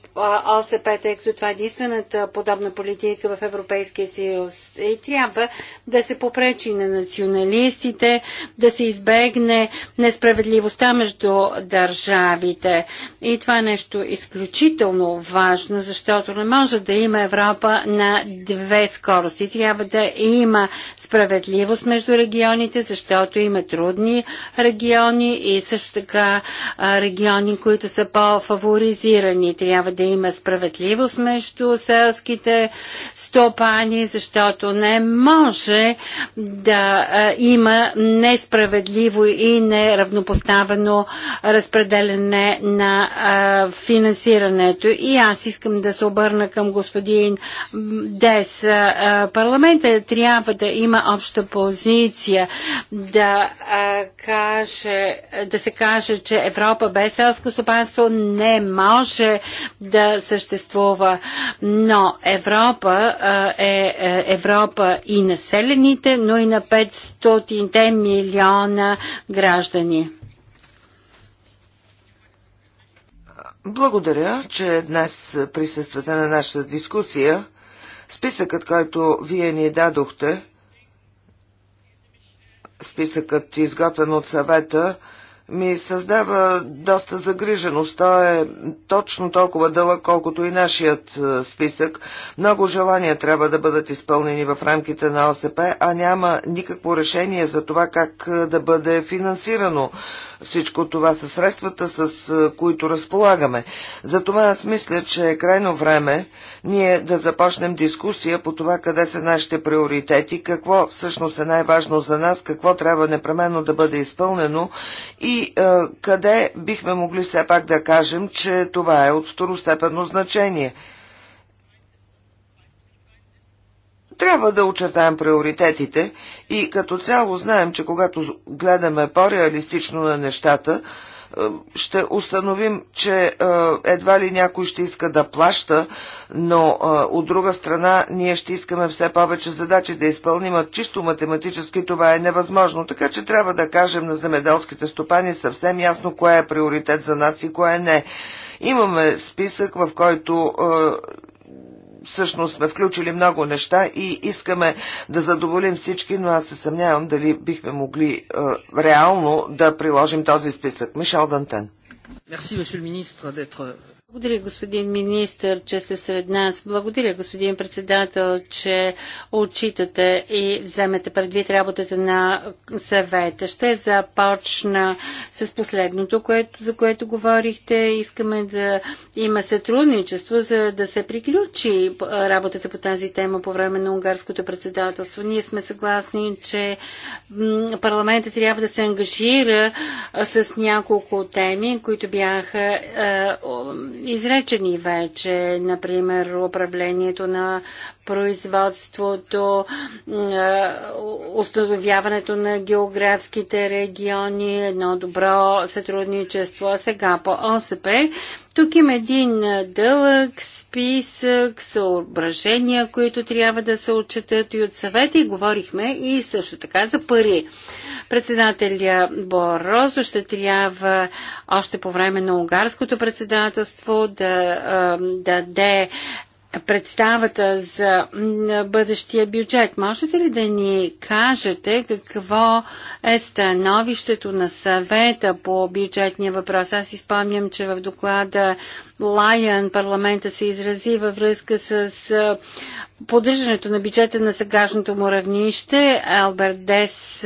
Speaker 2: ОСП, тъй като това е единствената подобна политика в Европейския съюз. И трябва да се попречи на националистите, да се избегне несправедливостта между държавите. И това е нещо изключително важно, защото не може да има Европа на две скорости. Трябва да има справедливост между регионите, защото има трудни региони и също така така региони, които са по-фаворизирани. Трябва да има справедливост между селските стопани, защото не може да има несправедливо и неравнопоставено разпределене на финансирането. И аз искам да се обърна към господин Дес. Парламента трябва да има обща позиция, да, каже, да се каже, каже, че Европа без селско стопанство не може да съществува. Но Европа е, е Европа и населените, но и на 500 милиона граждани.
Speaker 3: Благодаря, че днес присъствате на нашата дискусия. Списъкът, който вие ни дадохте, списъкът изготвен от съвета, ми създава доста загриженост. Той е точно толкова дълъг, колкото и нашият е, списък. Много желания трябва да бъдат изпълнени в рамките на ОСП, а няма никакво решение за това как е, да бъде финансирано всичко това са средствата, с които разполагаме. Затова аз мисля, че е крайно време ние да започнем дискусия по това къде са нашите приоритети, какво всъщност е най-важно за нас, какво трябва непременно да бъде изпълнено и е, къде бихме могли все пак да кажем, че това е от второстепенно значение – Трябва да очертаем приоритетите и като цяло знаем, че когато гледаме по-реалистично на нещата, е, ще установим, че е, едва ли някой ще иска да плаща, но е, от друга страна ние ще искаме все повече задачи да изпълним, а чисто математически това е невъзможно. Така че трябва да кажем на земеделските стопани съвсем ясно кое е приоритет за нас и кое не. Имаме списък, в който всъщност сме включили много неща и искаме да задоволим всички, но аз се съмнявам дали бихме могли е, реално да приложим този списък. Мишел Дантен. Merci, monsieur le ministre, d'être
Speaker 2: благодаря, господин министр, че сте сред нас. Благодаря, господин председател, че отчитате и вземете предвид работата на съвета. Ще започна с последното, което, за което говорихте. Искаме да има сътрудничество, за да се приключи работата по тази тема по време на унгарското председателство. Ние сме съгласни, че парламентът трябва да се ангажира с няколко теми, които бяха изречени вече, например, управлението на производството, е, установяването на географските региони, едно добро сътрудничество. А сега по ОСП тук има един дълъг списък, съображения, които трябва да се отчетат и от съвета и говорихме и също така за пари. Председателя Борозо ще трябва още по време на унгарското председателство да, даде представата за бъдещия бюджет. Можете ли да ни кажете какво е становището на съвета по бюджетния въпрос? Аз изпомням, че в доклада Лайън парламента се изрази във връзка с поддържането на бюджета на сегашното му равнище. Алберт Дес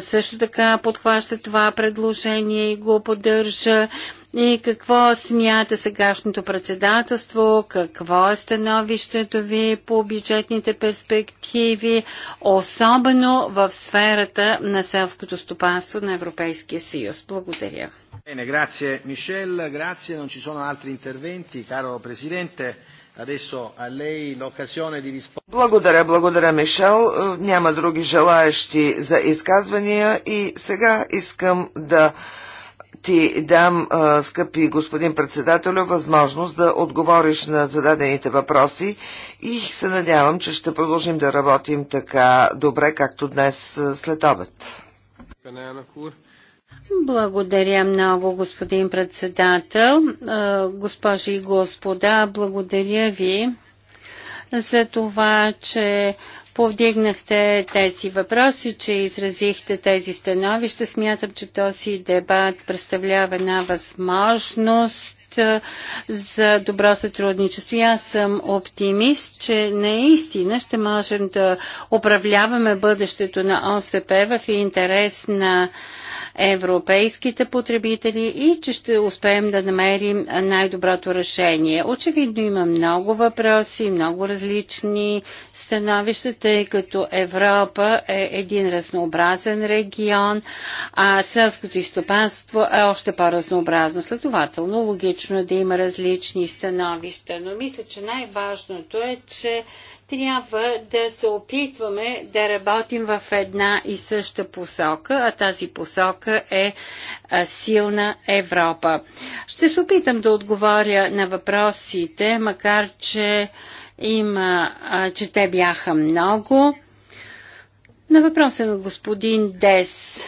Speaker 2: също така подхваща това предложение и го поддържа. И какво смята сегашното председателство? Какво е становището ви по бюджетните перспективи, особено в сферата на селското стопанство на Европейския съюз? Благодаря. Bene, grazie Michel, grazie, non ci sono altri interventi, caro Presidente.
Speaker 3: Благодаря, благодаря, Мишел. Е, няма други желаящи за изказвания и сега искам да ти дам, е, скъпи господин председателю, възможност да отговориш на зададените въпроси и се надявам, че ще продължим да работим така добре, както днес е, след обед.
Speaker 2: Благодаря много, господин председател. Госпожи и господа, благодаря ви за това, че повдигнахте тези въпроси, че изразихте тези становища. Смятам, че този дебат представлява една възможност за добро сътрудничество. И аз съм оптимист, че наистина ще можем да управляваме бъдещето на ОСП в интерес на европейските потребители и че ще успеем да намерим най-доброто решение. Очевидно има много въпроси, много различни становища, тъй като Европа е един разнообразен регион, а селското изтопанство е още по-разнообразно. Следователно, логично е да има различни становища, но мисля, че най-важното е, че трябва да се опитваме да работим в една и съща посока, а тази посока е силна Европа. Ще се опитам да отговоря на въпросите, макар че, има, че те бяха много. На въпроса на господин Дес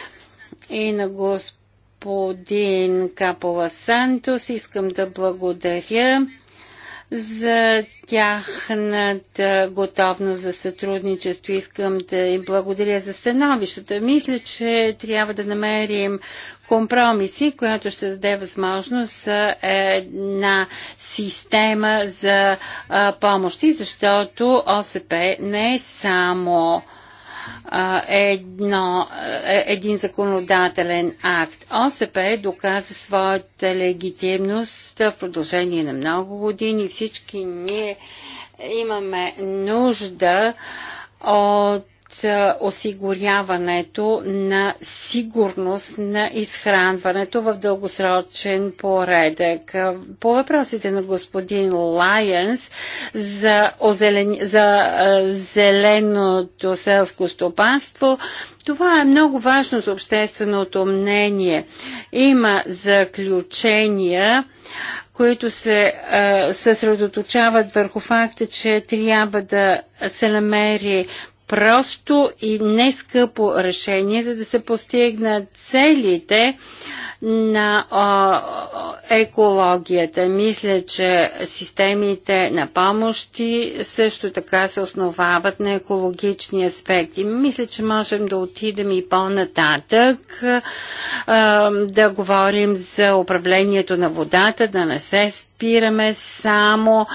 Speaker 2: и на господин Капола Сантос искам да благодаря за тяхната готовност за сътрудничество. Искам да им благодаря за становищата. Мисля, че трябва да намерим компромиси, която ще даде възможност за една система за помощи, защото ОСП не е само едно, е, един законодателен акт. ОСП доказа своята легитимност в продължение на много години. Всички ние имаме нужда от осигуряването на сигурност на изхранването в дългосрочен поредък. По въпросите на господин Лайенс за, озелен... за зеленото селско стопанство, това е много важно за общественото мнение. Има заключения които се а, съсредоточават върху факта, че трябва да се намери просто и нескъпо решение, за да се постигнат целите на а, екологията. Мисля, че системите на помощи също така се основават на екологични аспекти. Мисля, че можем да отидем и по-нататък, да говорим за управлението на водата, да не се спираме само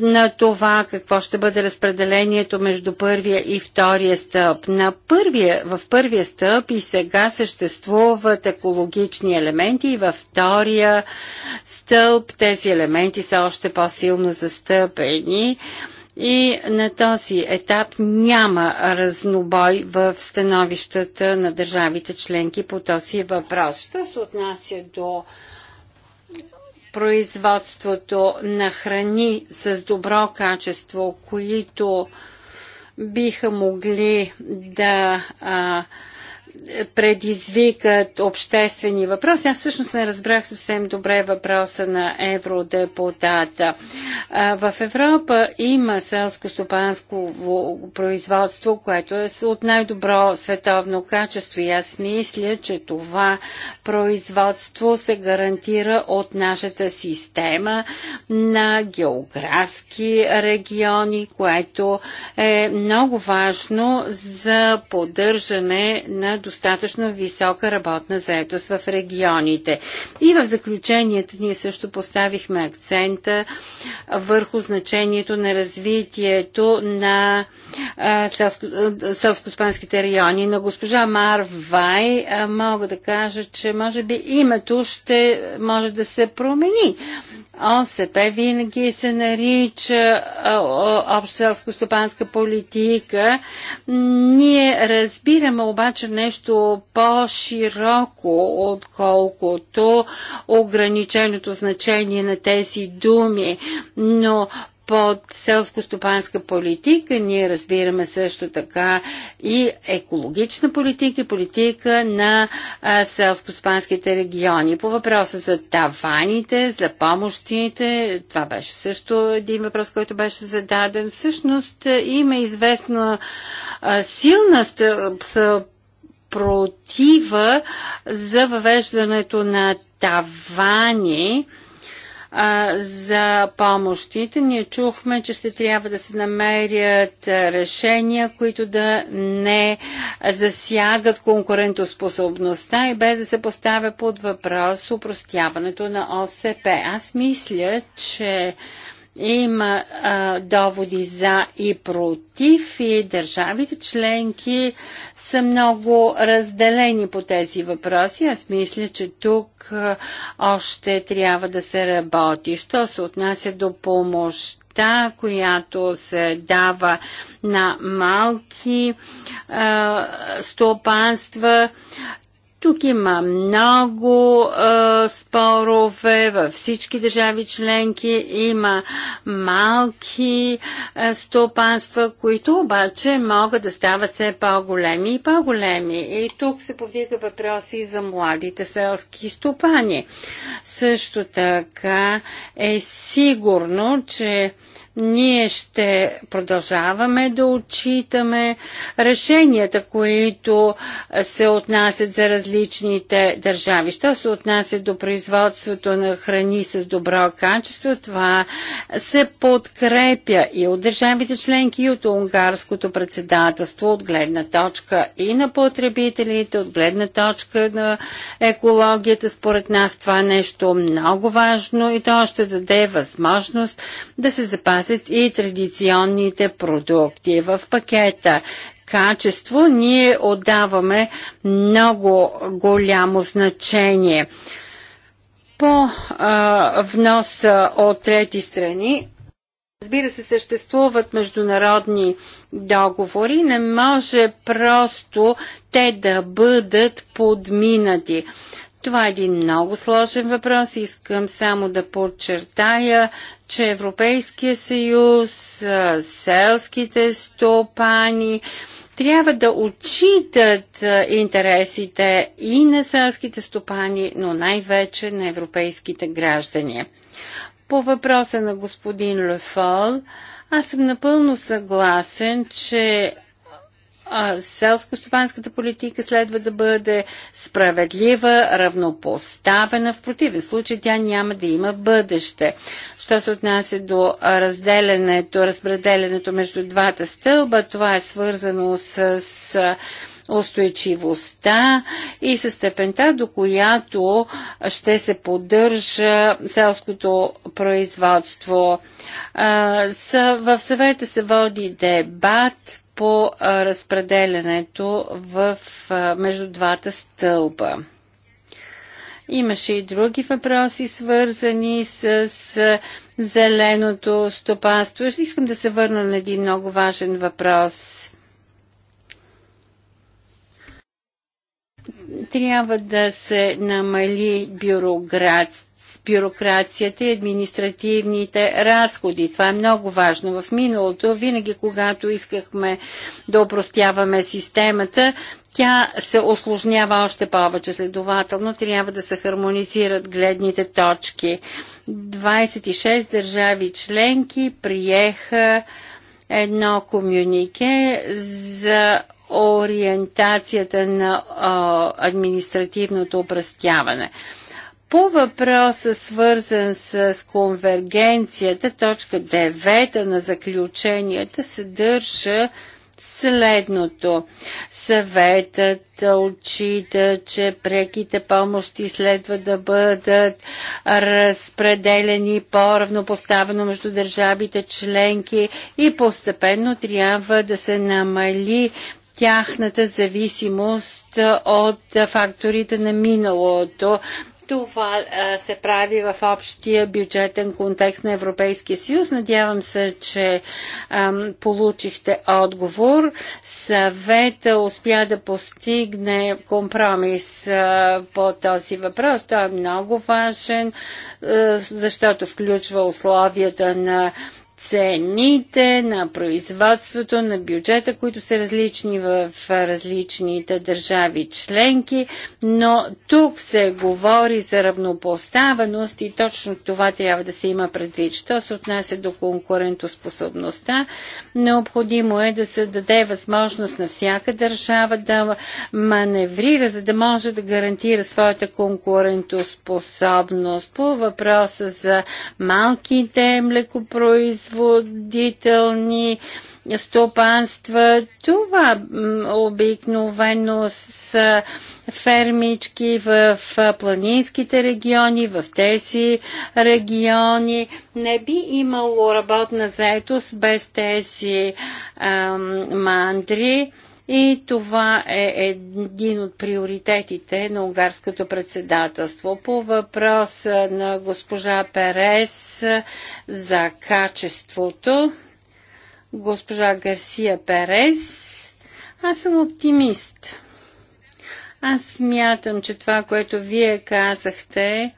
Speaker 2: на това какво ще бъде разпределението между първия и втория стълб. На първия, в първия стълб и сега съществуват екологични елементи и във втория стълб тези елементи са още по-силно застъпени. И на този етап няма разнобой в становищата на държавите членки по този въпрос. Що се отнася до производството на храни с добро качество, които биха могли да а, предизвикат обществени въпроси. Аз всъщност не разбрах съвсем добре въпроса на евродепутата. В Европа има селско-стопанско производство, което е от най-добро световно качество и аз мисля, че това производство се гарантира от нашата система на географски региони, което е много важно за поддържане на достатъчно висока работна заетост в регионите. И в заключението ние също поставихме акцента върху значението на развитието на селско-спанските райони. На госпожа Мар Вай мога да кажа, че може би името ще може да се промени ОСП винаги се нарича общо стопанска политика. Ние разбираме обаче нещо по-широко, отколкото ограниченото значение на тези думи. Но под селско-стопанска политика ние разбираме също така и екологична политика, и политика на селско-стопанските региони. По въпроса за таваните, за помощите, това беше също един въпрос, който беше зададен. Всъщност има известна силна протива за въвеждането на тавани а, за помощите. Ние чухме, че ще трябва да се намерят решения, които да не засягат конкурентоспособността и без да се поставя под въпрос упростяването на ОСП. Аз мисля, че има а, доводи за и против и държавите членки са много разделени по тези въпроси. Аз мисля, че тук още трябва да се работи. Що се отнася до помощта, която се дава на малки а, стопанства. Тук има много а, спорове във всички държави членки. Има малки а, стопанства, които обаче могат да стават все по-големи и по-големи. И тук се повдига въпроси за младите селски стопани. Също така е сигурно, че ние ще продължаваме да отчитаме решенията, които се отнасят за различните държави. Що се отнася до производството на храни с добро качество, това се подкрепя и от държавите членки, и от унгарското председателство, от гледна точка и на потребителите, от гледна точка на екологията. Според нас това е нещо много важно и то ще даде възможност да се запази запазят и традиционните продукти. В пакета качество ние отдаваме много голямо значение. По а, вноса от трети страни Разбира се, съществуват международни договори, не може просто те да бъдат подминати. Това е един много сложен въпрос. Искам само да подчертая, че Европейския съюз, селските стопани трябва да отчитат интересите и на селските стопани, но най-вече на европейските граждани. По въпроса на господин Лефол, аз съм напълно съгласен, че селско-стопанската политика следва да бъде справедлива, равнопоставена. В противен случай тя няма да има бъдеще. Що се отнася до разделянето, разпределенето между двата стълба, това е свързано с устойчивостта и с степента, до която ще се поддържа селското производство. В съвета се води дебат по разпределянето в, между двата стълба. Имаше и други въпроси, свързани с, с зеленото стопанство. Искам да се върна на един много важен въпрос. Трябва да се намали бюрократ, бюрокрацията и административните разходи. Това е много важно. В миналото, винаги когато искахме да опростяваме системата, тя се осложнява още повече. Следователно трябва да се хармонизират гледните точки. 26 държави членки приеха едно комюнике за ориентацията на а, административното упростяване. По въпроса, свързан с конвергенцията, точка 9 на заключенията съдържа следното. Съветът отчита, че преките помощи следва да бъдат разпределени по-равнопоставено между държавите членки и постепенно трябва да се намали тяхната зависимост от факторите на миналото. Това се прави в общия бюджетен контекст на Европейския съюз. Надявам се, че ам, получихте отговор. Съвета успя да постигне компромис а, по този въпрос. Той е много важен, а, защото включва условията на цените на производството, на бюджета, които са различни в различните държави членки, но тук се говори за равнопоставеност и точно това трябва да се има предвид. Що се отнася до конкурентоспособността, необходимо е да се даде възможност на всяка държава да маневрира, за да може да гарантира своята конкурентоспособност. По въпроса за малките млекопроизводители, производителни стопанства. Това обикновено са фермички в планинските региони, в тези региони. Не би имало работна заетост без тези ам, мандри и това е един от приоритетите на унгарското председателство. По въпроса на госпожа Перес за качеството, госпожа Гарсия Перес, аз съм оптимист. Аз смятам, че това, което вие казахте,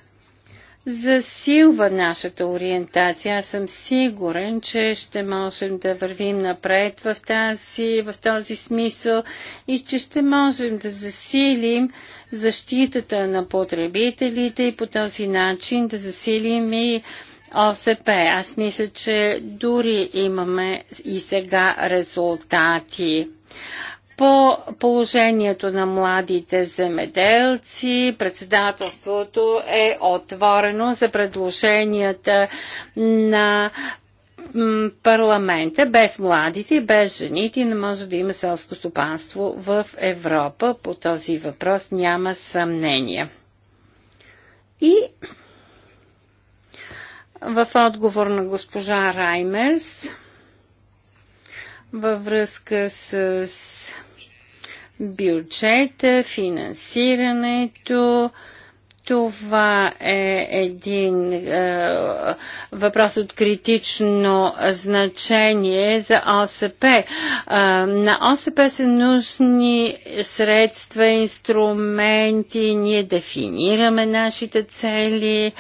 Speaker 2: засилва нашата ориентация. Аз съм сигурен, че ще можем да вървим напред в, тази, в този смисъл и че ще можем да засилим защитата на потребителите и по този начин да засилим и ОСП. Аз мисля, че дори имаме и сега резултати по положението на младите земеделци. Председателството е отворено за предложенията на парламента, без младите, без жените не може да има селско стопанство в Европа. По този въпрос няма съмнение. И в отговор на госпожа Раймерс във връзка с бюджета, финансирането, това е един е, въпрос от критично значение за ОСП. Е, на ОСП са нужни средства, инструменти, ние дефинираме нашите цели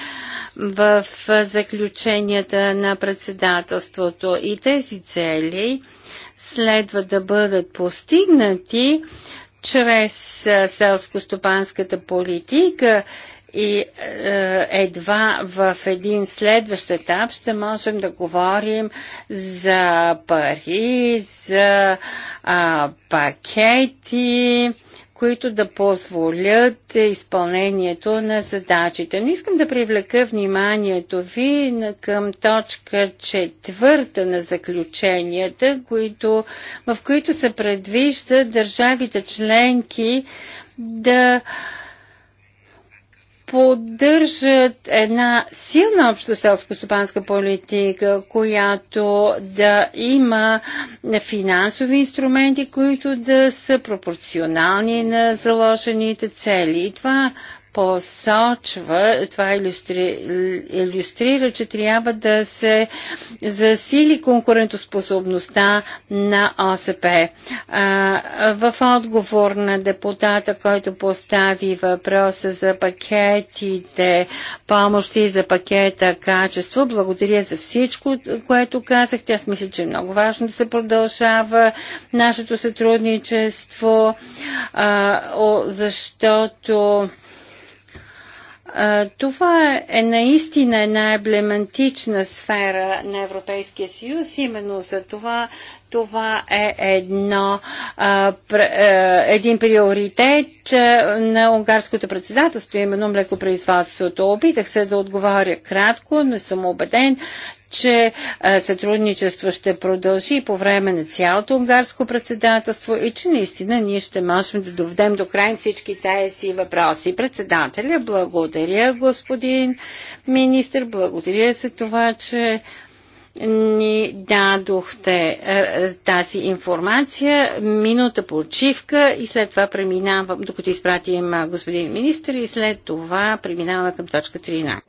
Speaker 2: в заключенията на председателството и тези цели следва да бъдат постигнати чрез селско-стопанската политика и едва в един следващ етап ще можем да говорим за пари, за а, пакети, които да позволят изпълнението на задачите. Но искам да привлека вниманието ви към точка четвърта на заключенията, които, в които се предвижда държавите членки да а, поддържат една силна общоселско-стопанска политика, която да има финансови инструменти, които да са пропорционални на заложените цели. И това посочва, това иллюстри, иллюстрира, че трябва да се засили конкурентоспособността на ОСП. В отговор на депутата, който постави въпроса за пакетите помощи за пакета качество, благодаря за всичко, което казахте. Аз мисля, че е много важно да се продължава нашето сътрудничество, защото това е наистина една емблематична сфера на Европейския съюз. Именно за това това е едно, а, пр, а, един приоритет а, на унгарското председателство, именно млекопроизводството. Опитах се да отговаря кратко, но съм убеден, че сътрудничество ще продължи по време на цялото унгарско председателство и че наистина ние ще можем да доведем до край всички тези въпроси. Председателя, благодаря господин министр, благодаря за това, че ни дадохте тази информация. Минута почивка и след това преминавам, докато изпратим господин министр и след това преминаваме към точка 13.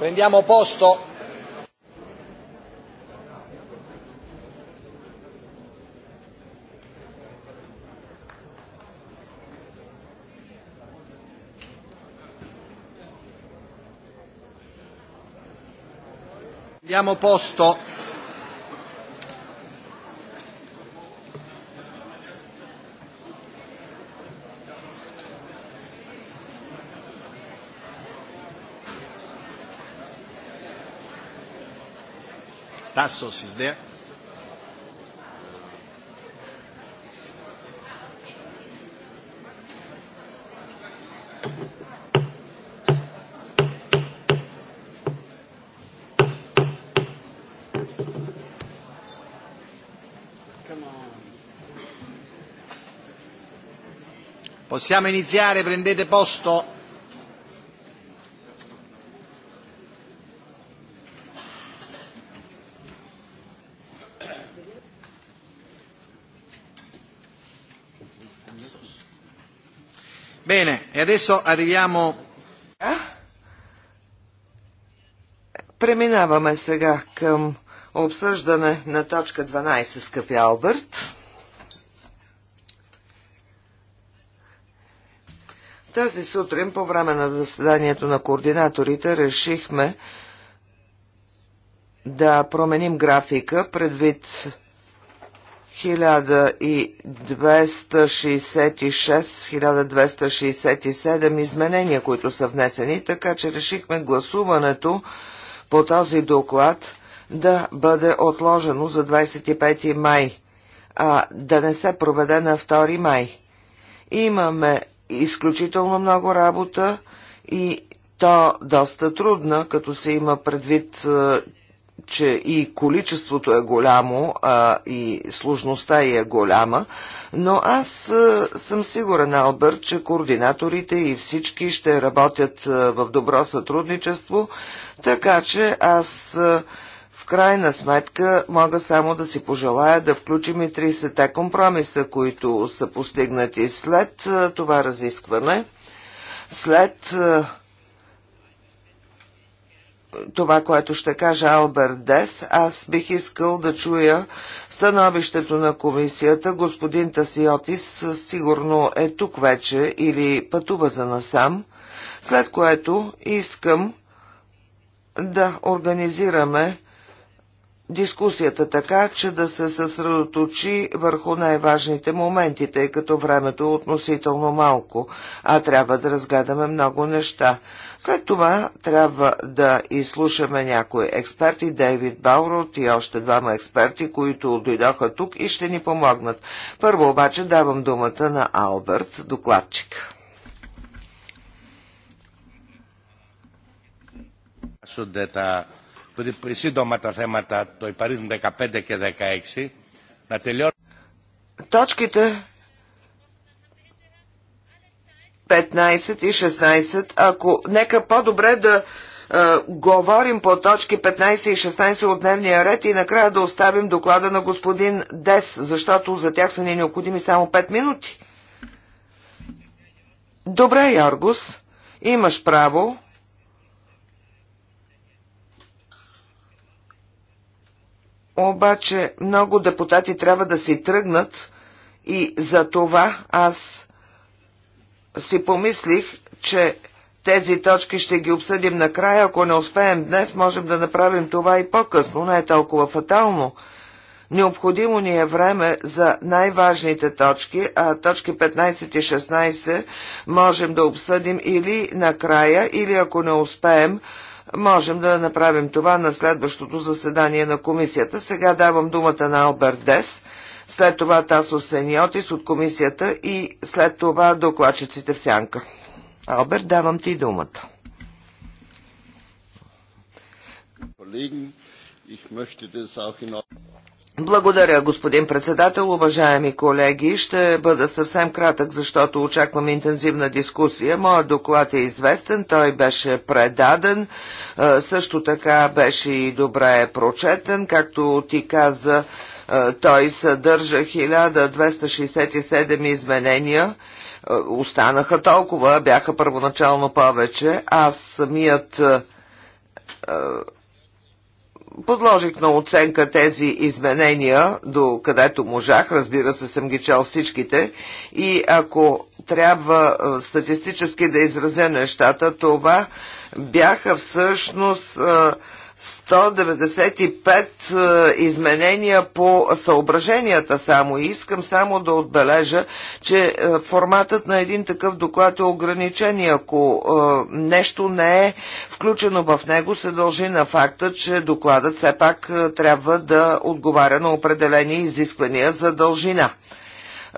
Speaker 3: Prendiamo posto. Prendiamo posto.
Speaker 2: Tassos is there. Possiamo iniziare, prendete posto.
Speaker 3: E adesso arriviamo... Преминаваме сега към обсъждане на точка 12, скъпи Алберт. Тази сутрин по време на заседанието на координаторите решихме да променим графика предвид 1266-1267 изменения, които са внесени, така че решихме гласуването по този доклад да бъде отложено за 25 май, а да не се проведе на 2 май. Имаме изключително много работа и то доста трудна, като се има предвид, е, че и количеството е голямо, а и сложността и е голяма, но аз съм сигурен, Албър, че координаторите и всички ще работят в добро сътрудничество, така че аз в крайна сметка мога само да си пожелая да включим и 30-те компромиса, които са постигнати след това разискване, след това, което ще каже Алберт Дес, аз бих искал да чуя становището на комисията. Господин Тасиотис сигурно е тук вече или пътува за насам, след което искам да организираме дискусията така, че да се съсредоточи върху най-важните моменти, тъй като времето е относително малко, а трябва да разгледаме много неща. След това трябва да изслушаме някои експерти, Дейвид Баурот и още двама експерти, които дойдоха тук и ще ни помогнат. Първо обаче давам думата на Алберт, докладчик. Точките 15 и 16, ако нека по-добре да говорим по точки 15 и 16 от дневния ред и накрая да оставим доклада на господин Дес, защото за тях са ни необходими само 5 минути. Добре, Яргус, имаш право. Обаче много депутати трябва да си тръгнат и за това аз си помислих, че тези точки ще ги обсъдим накрая. Ако не успеем днес, можем да направим това и по-късно. Не е толкова фатално. Необходимо ни е време за най-важните точки, а точки 15 и 16 можем да обсъдим или накрая, или ако не успеем, можем да направим това на следващото заседание на комисията. Сега давам думата на Алберт Дес – след това Тасо Сениотис от комисията и след това докладчиците в сянка. Алберт, давам ти думата. Благодаря, господин председател. Уважаеми колеги, ще бъда съвсем кратък, защото очаквам интензивна дискусия. Моят доклад е известен, той беше предаден, също така беше и добре прочетен, както ти каза е, той съдържа 1267 изменения. Е, останаха толкова, бяха първоначално повече. Аз самият е, подложих на оценка тези изменения, до където можах, разбира се съм ги чел всичките, и ако трябва статистически да изразя нещата, това бяха всъщност 195 е, изменения по съображенията само. И искам само да отбележа, че е, форматът на един такъв доклад е ограничен и ако е, нещо не е включено в него, се дължи на факта, че докладът все пак трябва да отговаря на определени изисквания за дължина.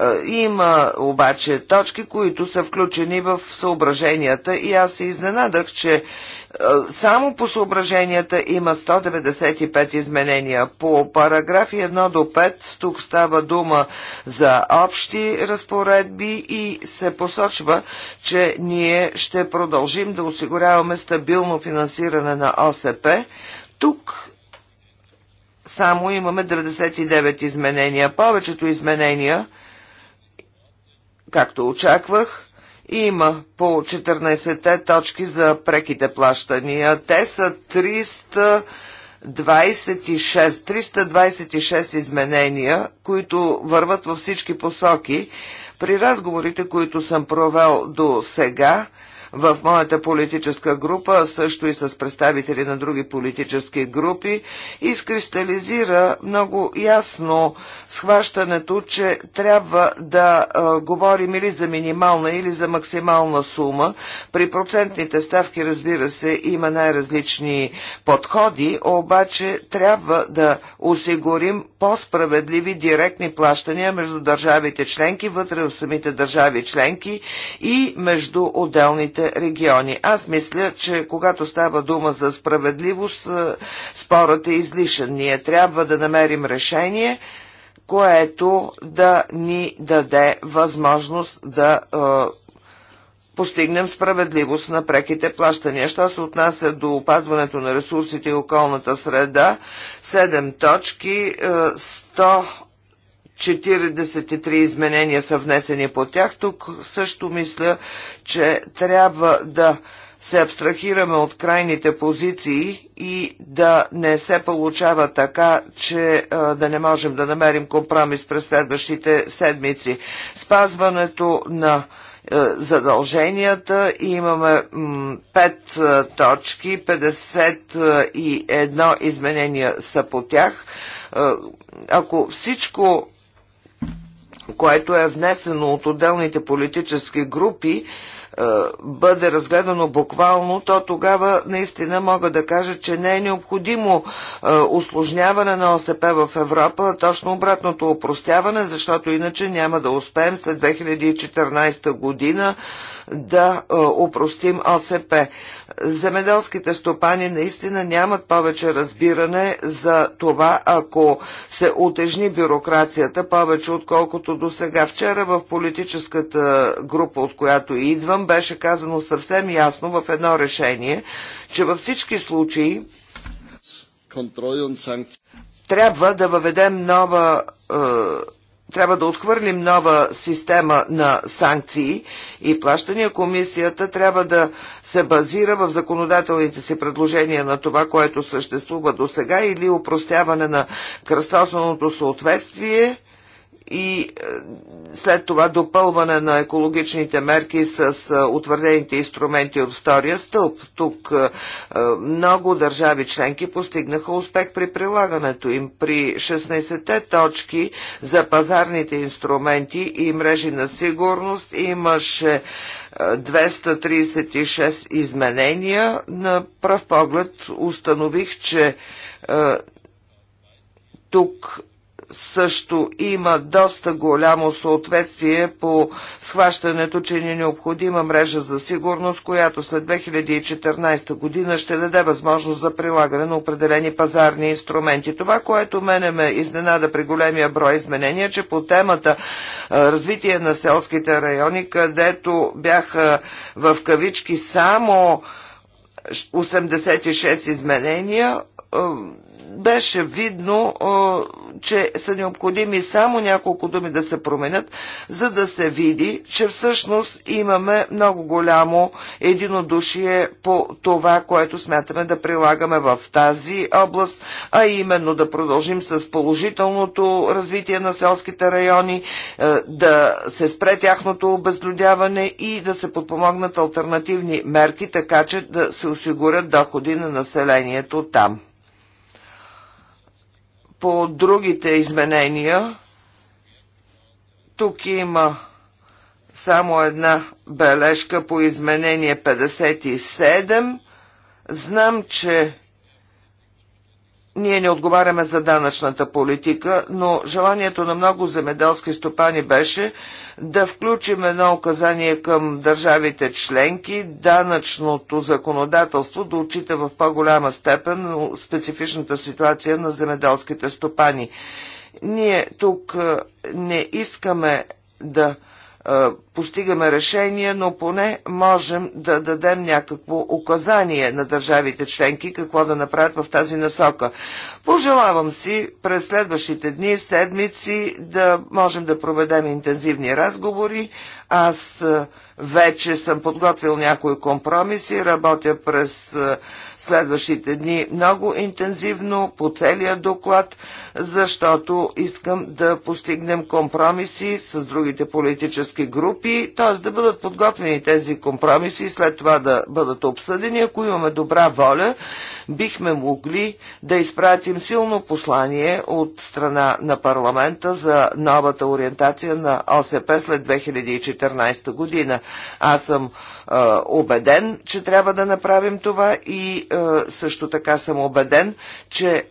Speaker 3: Е, има обаче точки, които са включени в съображенията и аз се изненадах, че е, само по съображенията има 195 изменения. По параграфи 1 до 5 тук става дума за общи разпоредби и се посочва, че ние ще продължим да осигуряваме стабилно финансиране на ОСП. Тук само имаме 99 изменения. Повечето изменения – както очаквах. Има по 14-те точки за преките плащания. Те са 326, 326 изменения, които върват във всички посоки. При разговорите, които съм провел до сега, в моята политическа група, също и с представители на други политически групи, изкристализира много ясно схващането, че трябва да а, говорим или за минимална, или за максимална сума. При процентните ставки, разбира се, има най-различни подходи, обаче трябва да осигурим по-справедливи директни плащания между държавите членки, вътре в самите държави членки и между отделните отделните региони. Аз мисля, че когато става дума за справедливост, е, спорът е излишен. Ние трябва да намерим решение, което да ни даде възможност да е, постигнем справедливост на преките плащания. Що се отнася до опазването на ресурсите и околната среда, 7 точки, 100 е, 43 изменения са внесени по тях. Тук също мисля, че трябва да се абстрахираме от крайните позиции и да не се получава така, че да не можем да намерим компромис през следващите седмици. Спазването на задълженията. имаме 5 точки, 51 изменения са по тях. Ако всичко което е внесено от отделните политически групи, е, бъде разгледано буквално, то тогава наистина мога да кажа, че не е необходимо осложняване е, на ОСП в Европа, точно обратното опростяване, защото иначе няма да успеем след 2014 година да опростим е, ОСП земеделските стопани наистина нямат повече разбиране за това, ако се отежни бюрокрацията повече отколкото до сега. Вчера в политическата група, от която идвам, беше казано съвсем ясно в едно решение, че във всички случаи трябва да въведем нова е, трябва да отхвърлим нова система на санкции и плащания, комисията трябва да се базира в законодателните си предложения на това, което съществува до сега или упростяване на кръстосаното съответствие и е, след това допълване на екологичните мерки с е, утвърдените инструменти от втория стълб. Тук е, много държави членки постигнаха успех при прилагането им. При 16-те точки за пазарните инструменти и мрежи на сигурност имаше 236 изменения. На пръв поглед установих, че тук също има доста голямо съответствие по схващането, че ни е необходима мрежа за сигурност, която след 2014 година ще даде възможност за прилагане на определени пазарни инструменти. Това, което мене ме изненада при големия брой изменения, че по темата развитие на селските райони, където бяха в кавички само 86 изменения, беше видно че са необходими само няколко думи да се променят, за да се види, че всъщност имаме много голямо единодушие по това, което смятаме да прилагаме в тази област, а именно да продължим с положителното развитие на селските райони, е, да се спре тяхното обезлюдяване и да се подпомогнат альтернативни мерки, така че да се осигурят доходи на населението там. По другите изменения, тук има само една бележка по изменение 57. Знам, че ние не отговаряме за данъчната политика, но желанието на много земеделски стопани беше да включим едно указание към държавите членки, данъчното законодателство да отчита в по-голяма степен специфичната ситуация на земеделските стопани. Ние тук е, не искаме да е, постигаме решение, но поне можем да дадем някакво указание на държавите членки какво да направят в тази насока. Пожелавам си през следващите дни, седмици да можем да проведем интензивни разговори, аз е, вече съм подготвил някои компромиси, работя през е, следващите дни много интензивно по целия доклад, защото искам да постигнем компромиси с другите политически групи, т.е. да бъдат подготвени тези компромиси и след това да бъдат обсъдени. Ако имаме добра воля, бихме могли да изпратим силно послание от страна на парламента за новата ориентация на ОСП след 2014 2014 година. Аз съм е, убеден, че трябва да направим това и е, също така съм убеден, че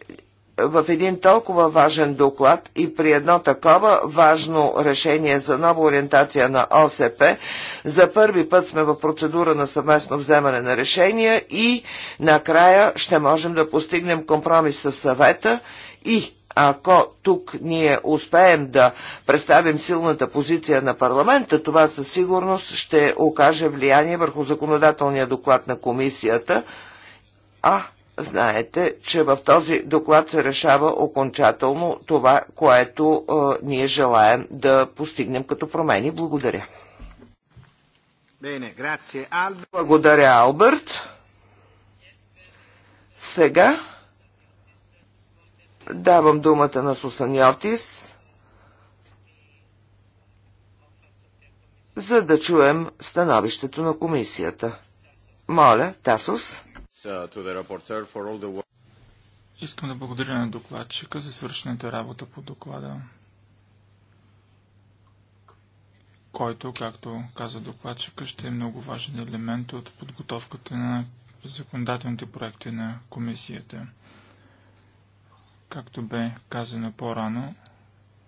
Speaker 3: в един толкова важен доклад и при едно такова важно решение за нова ориентация на ОСП, за първи път сме в процедура на съвместно вземане на решения и накрая ще можем да постигнем компромис с съвета и ако тук ние успеем да представим силната позиция на парламента, това със сигурност ще окаже влияние върху законодателния доклад на комисията, а знаете, че в този доклад се решава окончателно това, което е, ние желаем да постигнем като промени. Благодаря. Благодаря, Алберт. Сега Давам думата на Сусаньотис, за да чуем становището на комисията. Моля, Тасус.
Speaker 1: Искам да благодаря на докладчика за свършената работа по доклада, който, както каза докладчика, ще е много важен елемент от подготовката на законодателните проекти на комисията. Както бе казано по-рано,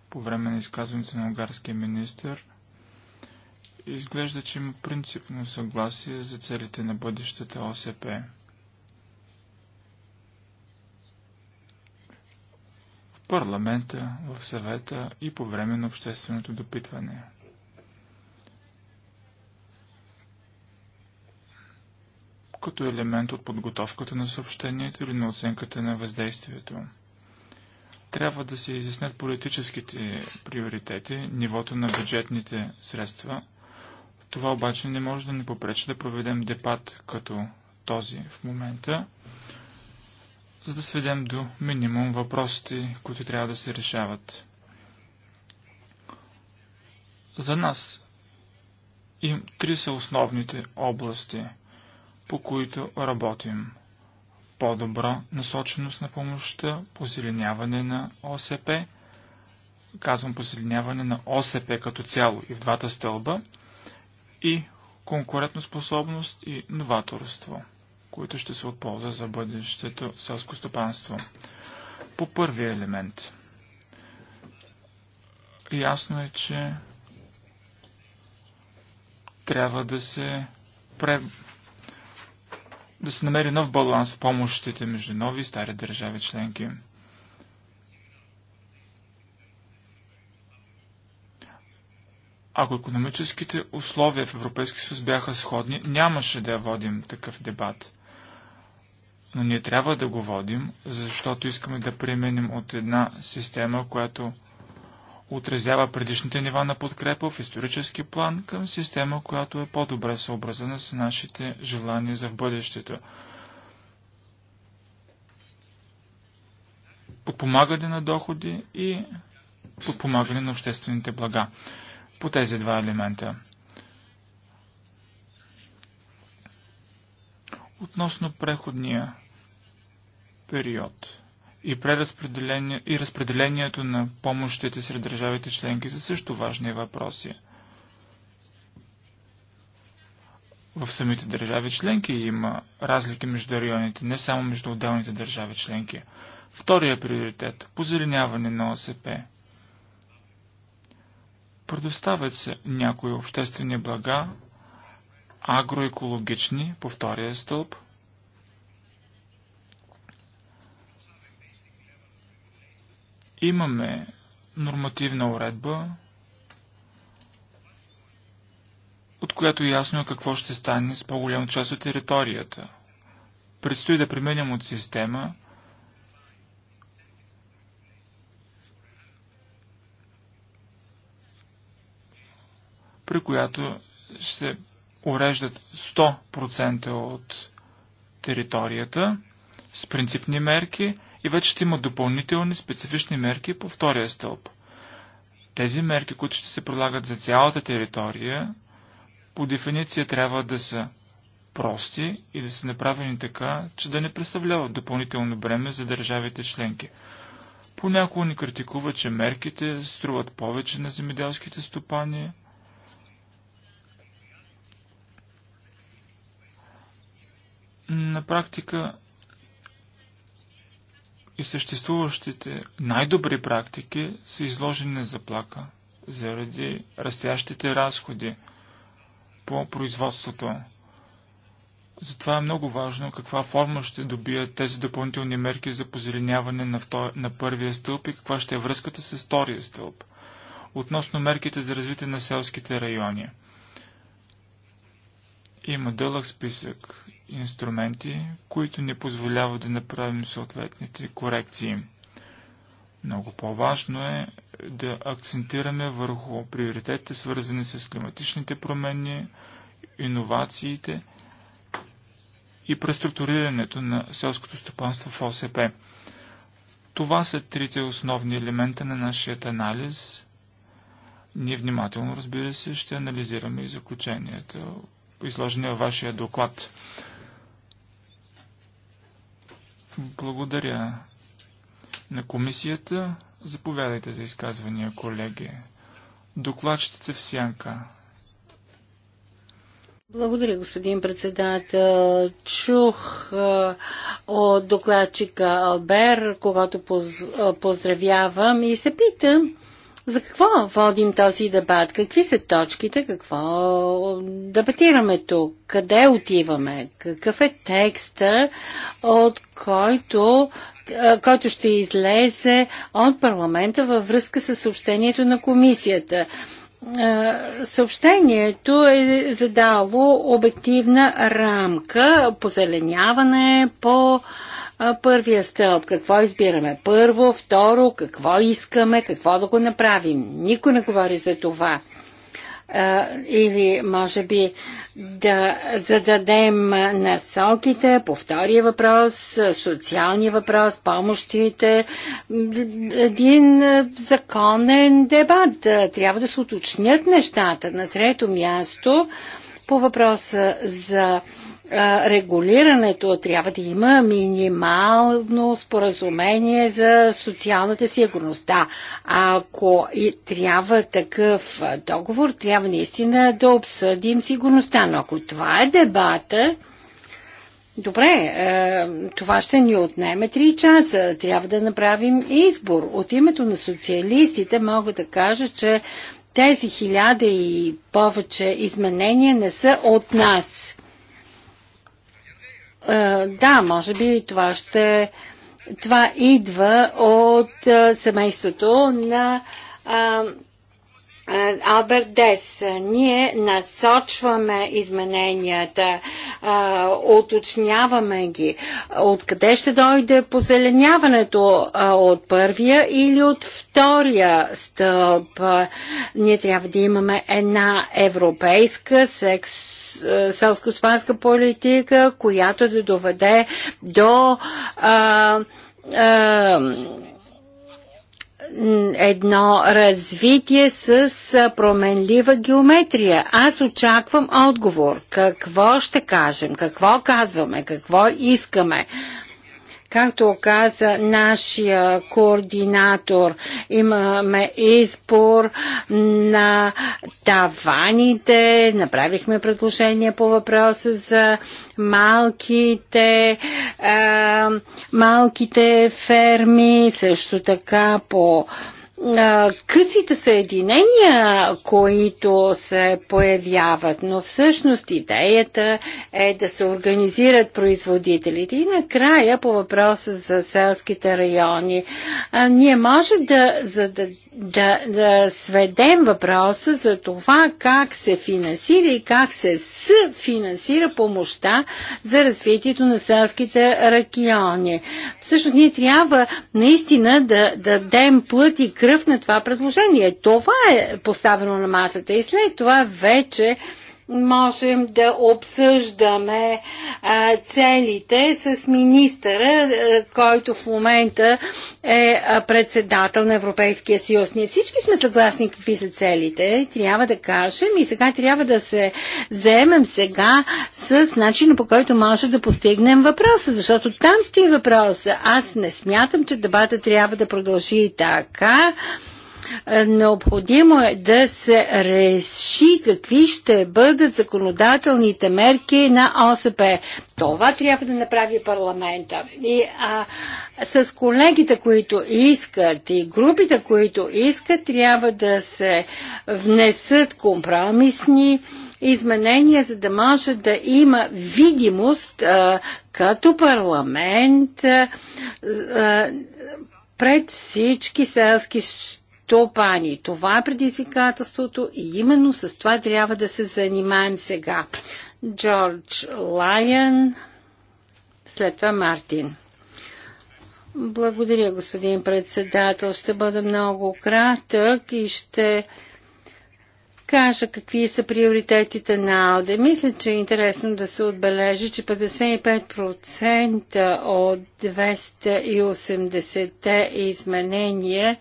Speaker 1: по време на изказването на унгарския министр, изглежда, че има принципно съгласие за целите на бъдещата ОСП. В парламента, в съвета и по време на общественото допитване. като елемент от подготовката на съобщението или на оценката на въздействието. Трябва да се изяснят политическите приоритети, нивото на бюджетните средства. Това обаче не може да ни попречи да проведем депат като този в момента, за да сведем до минимум въпросите, които трябва да се решават. За нас им три са основните области, по които работим – по-добра насоченост на помощта, позеленяване на ОСП, казвам позеленяване на ОСП като цяло и в двата стълба, и конкурентоспособност и новаторство, които ще се отползва за бъдещето селско стопанство. По първия елемент. Ясно е, че трябва да се да се намери нов баланс в помощите между нови и стари държави членки. Ако економическите условия в Европейския съюз бяха сходни, нямаше да водим такъв дебат. Но ние трябва да го водим, защото искаме да преминем от една система, която отразява предишните нива на подкрепа в исторически план към система, която е по-добре съобразена с нашите желания за в бъдещето. Подпомагане на доходи и подпомагане на обществените блага. По тези два елемента. Относно преходния период – и, преразпределение, и разпределението на помощите сред държавите членки са също важни въпроси. В самите държави членки има разлики между районите, не само между отделните държави членки. Втория приоритет – позеленяване на ОСП. Предоставят се някои обществени блага, агроекологични по втория стълб, Имаме нормативна уредба, от която е ясно е какво ще стане с по-голяма част от територията. Предстои да преминем от система, при която ще уреждат 100% от територията с принципни мерки – и вече ще има допълнителни специфични мерки по втория стълб. Тези мерки, които ще се прилагат за цялата територия, по дефиниция трябва да са прости и да са направени така, че да не представляват допълнително бреме за държавите членки. Понякога ни критикува, че мерките струват повече на земеделските стопани. На практика и съществуващите най-добри практики са изложени на заплака заради растящите разходи по производството. Затова е много важно каква форма ще добият тези допълнителни мерки за позеленяване на, втор... на първия стълб и каква ще е връзката с втория стълб относно мерките за развитие на селските райони. Има дълъг списък инструменти, които ни позволяват да направим съответните корекции. Много по-важно е да акцентираме върху приоритетите, свързани с климатичните промени, иновациите и преструктурирането на селското стопанство в ОСП. Това са трите основни елемента на нашия анализ. Ние внимателно, разбира се, ще анализираме и заключенията, изложени във вашия доклад. Благодаря на комисията. Заповядайте за изказвания, колеги. Докладчите в сянка.
Speaker 2: Благодаря, господин председател. Чух от докладчика Албер, когато поз, поздравявам и се питам за какво водим този дебат? Какви са точките? Какво дебатираме тук? Къде отиваме? Какъв е текста, от който който ще излезе от парламента във връзка с съобщението на комисията съобщението е задало обективна рамка, позеленяване по първия стълб. Какво избираме? Първо, второ, какво искаме, какво да го направим? Никой не говори за това или може би да зададем насоките по втория въпрос, социалния въпрос, помощите. Един законен дебат. Трябва да се уточнят нещата. На трето място по въпроса за регулирането трябва да има минимално споразумение за социалната сигурност. Да, ако и трябва такъв договор, трябва наистина да обсъдим сигурността. Но ако това е дебата, Добре, е, това ще ни отнеме 3 часа. Трябва да направим избор. От името на социалистите мога да кажа, че тези хиляда и повече изменения не са от нас. Е, да, може би това ще. Това идва от е, семейството на а, Алберт Дес, ние насочваме измененията, уточняваме ги. Откъде ще дойде позеленяването от първия или от втория стълб? Ние трябва да имаме една европейска секс е, селско-спанска политика, която да доведе до а, а, едно развитие с променлива геометрия. Аз очаквам отговор. Какво ще кажем? Какво казваме? Какво искаме? Както каза нашия координатор, имаме избор на таваните, направихме предложение по въпроса за малките, а, малките ферми, също така по късите съединения, които се появяват, но всъщност идеята е да се организират производителите. И накрая по въпроса за селските райони, а, ние може да, за, да, да, да сведем въпроса за това как се финансира и как се съфинансира помощта за развитието на селските райони. Всъщност ние трябва наистина да, да дадем плът и кръв дръпне това предложение. Това е поставено на масата и след това вече можем да обсъждаме а, целите с министъра, а, който в момента е председател на Европейския съюз. Ние всички сме съгласни какви са целите, трябва да кажем и сега трябва да се заемем сега с начина по който може да постигнем въпроса, защото там стои въпроса. Аз не смятам, че дебата трябва да продължи и така. Е, необходимо е да се реши какви ще бъдат законодателните мерки на ОСП. Това трябва да направи парламента. И а, с колегите, които искат и групите, които искат, трябва да се внесат компромисни изменения, за да може да има видимост а, като парламент а, а, пред всички селски пани, Това е предизвикателството и именно с това трябва да се занимаем сега. Джордж Лайън, след това Мартин. Благодаря, господин председател. Ще бъда много кратък и ще кажа какви са приоритетите на АЛДЕ. Мисля, че е интересно да се отбележи, че 55% от 280 изменения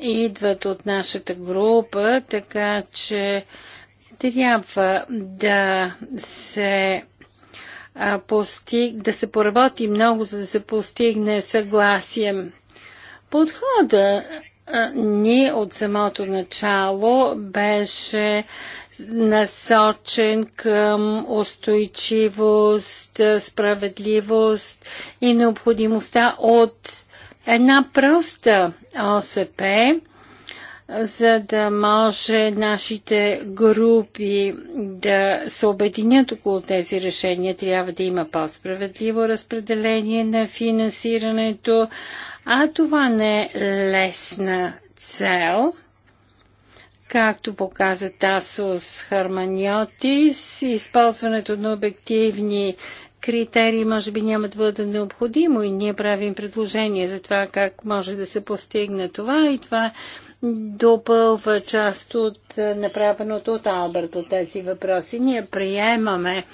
Speaker 2: идват от нашата група, така че трябва да се постиг, да се поработи много, за да се постигне съгласие. Подхода ни от самото начало беше насочен към устойчивост, справедливост и необходимостта от една проста ОСП, за да може нашите групи да се обединят около тези решения, трябва да има по-справедливо разпределение на финансирането, а това не е лесна цел. Както показа Тасос Харманиотис, използването на обективни критерии може би няма да бъдат необходимо и ние правим предложение за това как може да се постигне това и това допълва част от е, направеното от Алберт от тези въпроси. Ние приемаме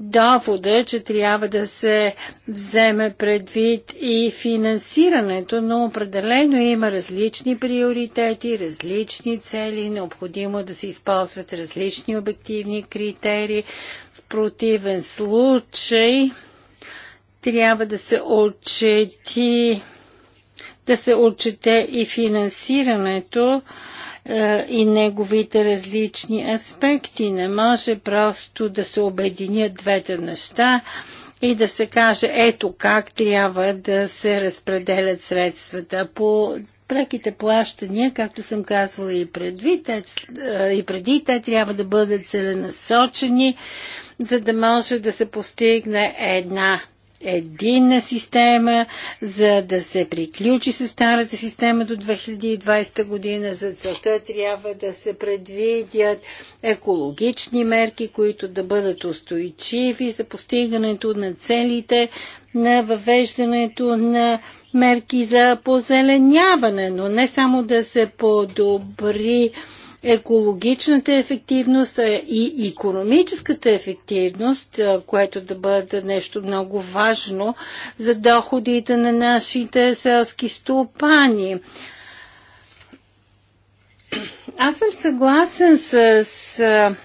Speaker 2: довода, че трябва да се вземе предвид и финансирането, но определено има различни приоритети, различни цели, необходимо да се използват различни обективни критерии, противен случай трябва да се отчети да се отчете и финансирането е, и неговите различни аспекти. Не може просто да се обединят двете неща и да се каже ето как трябва да се разпределят средствата. По преките плащания, както съм казвала и, те, и преди, те трябва да бъдат целенасочени за да може да се постигне една единна система, за да се приключи с старата система до 2020 година. За целта трябва да се предвидят екологични мерки, които да бъдат устойчиви за постигането на целите на въвеждането на мерки за позеленяване, но не само да се подобри екологичната ефективност и економическата ефективност, което да бъде нещо много важно за доходите на нашите селски стопани. Аз съм съгласен с, с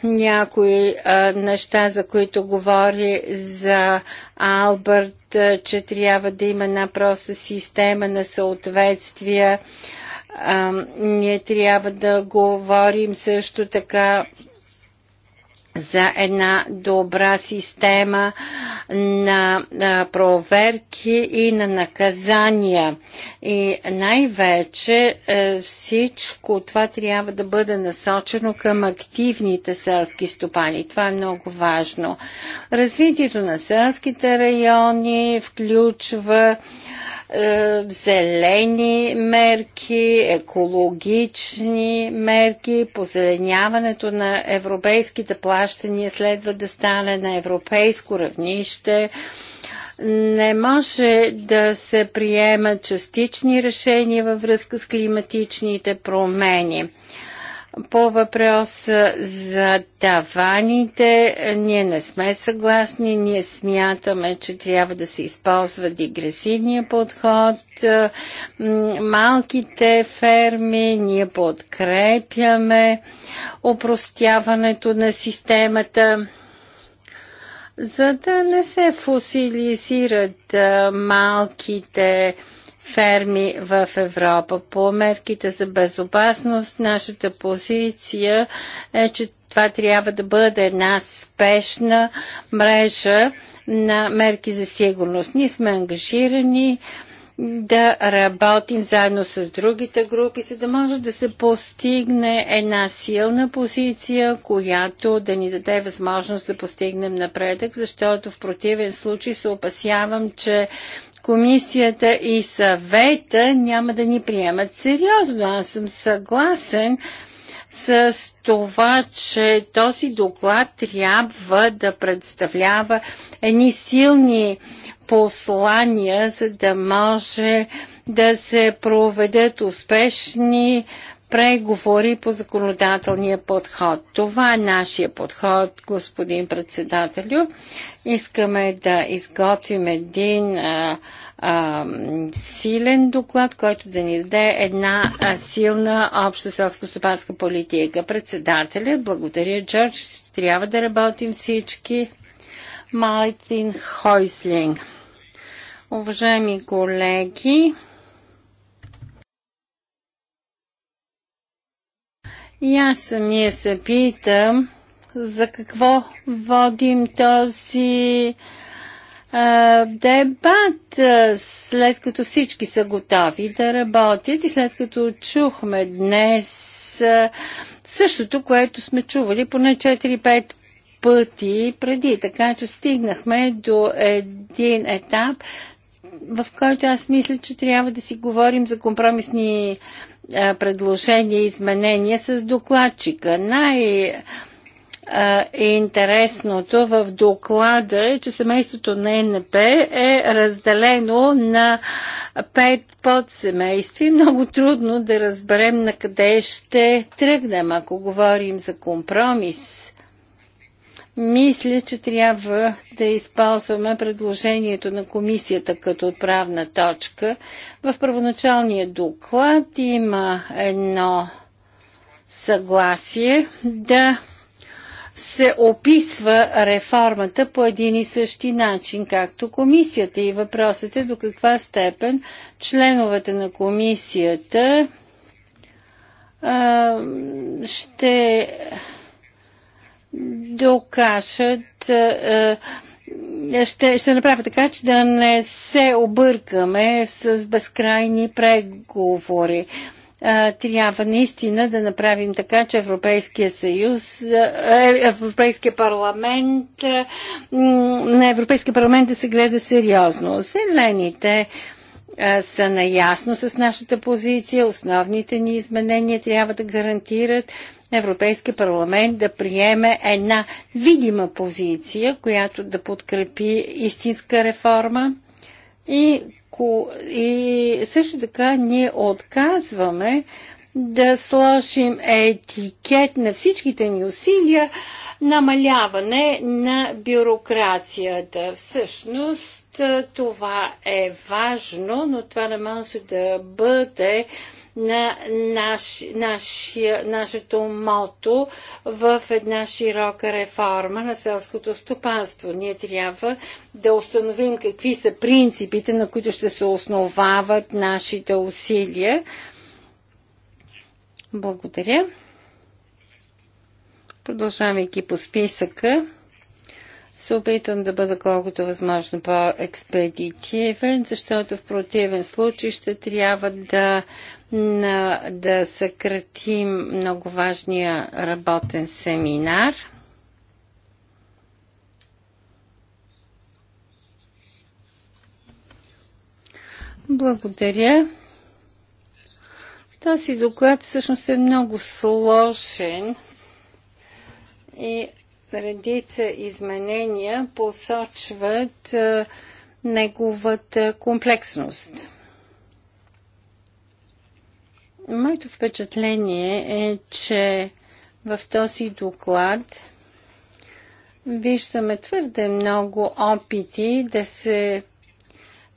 Speaker 2: някои а, неща, за които говори за Албърт, а, че трябва да има една проста система на съответствия а, ние трябва да говорим също така за една добра система на проверки и на наказания. И най-вече е, всичко това трябва да бъде насочено към активните селски стопани. Това е много важно. Развитието на селските райони включва а, е, зелени мерки, екологични мерки, позеленяването на европейските плащания следва да стане на европейско равнище. Не може да се приемат частични решения във връзка с климатичните промени. По въпрос за таваните, ние не сме съгласни, ние смятаме, че трябва да се използва дигресивния подход. Малките ферми ние подкрепяме упростяването на системата за да не се фосилизират малките ферми ферми в Европа. По мерките за безопасност нашата позиция е, че това трябва да бъде една спешна мрежа на мерки за сигурност. Ние сме ангажирани да работим заедно с другите групи, за да може да се постигне една силна позиция, която да ни даде възможност да постигнем напредък, защото в противен случай се опасявам, че комисията и съвета няма да ни приемат сериозно. Аз съм съгласен с това, че този доклад трябва да представлява едни силни послания, за да може да се проведат успешни преговори по законодателния подход. Това е нашия подход, господин председателю. Искаме да изготвим един а, а, силен доклад, който да ни даде една а, силна обща селско-стопанска политика. Председателят, благодаря, Джордж, трябва да работим всички. Малитин Хойслинг. Уважаеми колеги, и аз самия се питам за какво водим този а, дебат, след като всички са готови да работят и след като чухме днес а, същото, което сме чували поне 4-5 пъти преди. Така че стигнахме до един етап, в който аз мисля, че трябва да си говорим за компромисни предложения и изменения с докладчика. Най- интересното в доклада е, че семейството на НП е разделено на пет подсемейства и много трудно да разберем на къде ще тръгнем, ако говорим за компромис. Мисля, че трябва да използваме предложението на комисията като отправна точка. В първоначалния доклад има едно съгласие да се описва реформата по един и същи начин, както комисията. И въпросът е до каква степен членовете на комисията а, ще докажат, а, ще, ще направя така, че да не се объркаме с безкрайни преговори трябва наистина да направим така, че Европейския съюз, е, Европейския парламент, на Европейския парламент да се гледа сериозно. Зелените са наясно с нашата позиция, основните ни изменения трябва да гарантират Европейския парламент да приеме една видима позиция, която да подкрепи истинска реформа и ако и също така ние отказваме да сложим етикет на всичките ни усилия, намаляване на бюрокрацията. Всъщност това е важно, но това не може да бъде на наш, наш, нашето мото в една широка реформа на селското стопанство. Ние трябва да установим какви са принципите, на които ще се основават нашите усилия. Благодаря. Продължавайки по списъка, се опитвам да бъда колкото възможно по-експедитивен, защото в противен случай ще трябва да на, да съкратим много важния работен семинар. Благодаря. Този доклад всъщност е много сложен и редица изменения посочват неговата комплексност. Моето впечатление е, че в този доклад виждаме твърде много опити да се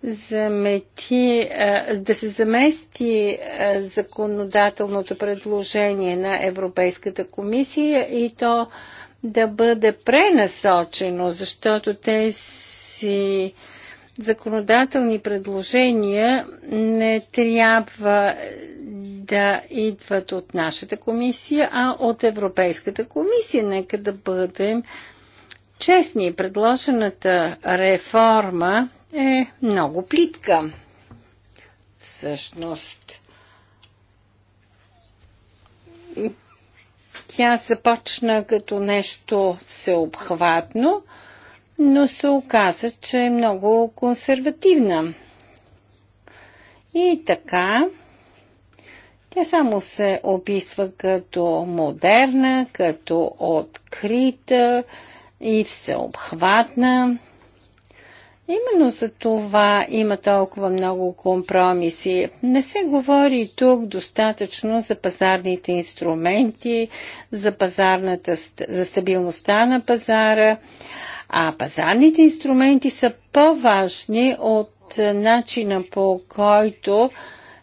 Speaker 2: замети, да се замести законодателното предложение на Европейската комисия и то да бъде пренасочено, защото тези законодателни предложения не трябва да идват от нашата комисия, а от Европейската комисия. Нека да бъдем честни. Предложената реформа е много плитка. Всъщност, тя започна като нещо всеобхватно, но се оказа, че е много консервативна. И така, тя само се описва като модерна, като открита и всеобхватна. Именно за това има толкова много компромиси. Не се говори тук достатъчно за пазарните инструменти, за, пазарната, за стабилността на пазара, а пазарните инструменти са по-важни от начина по който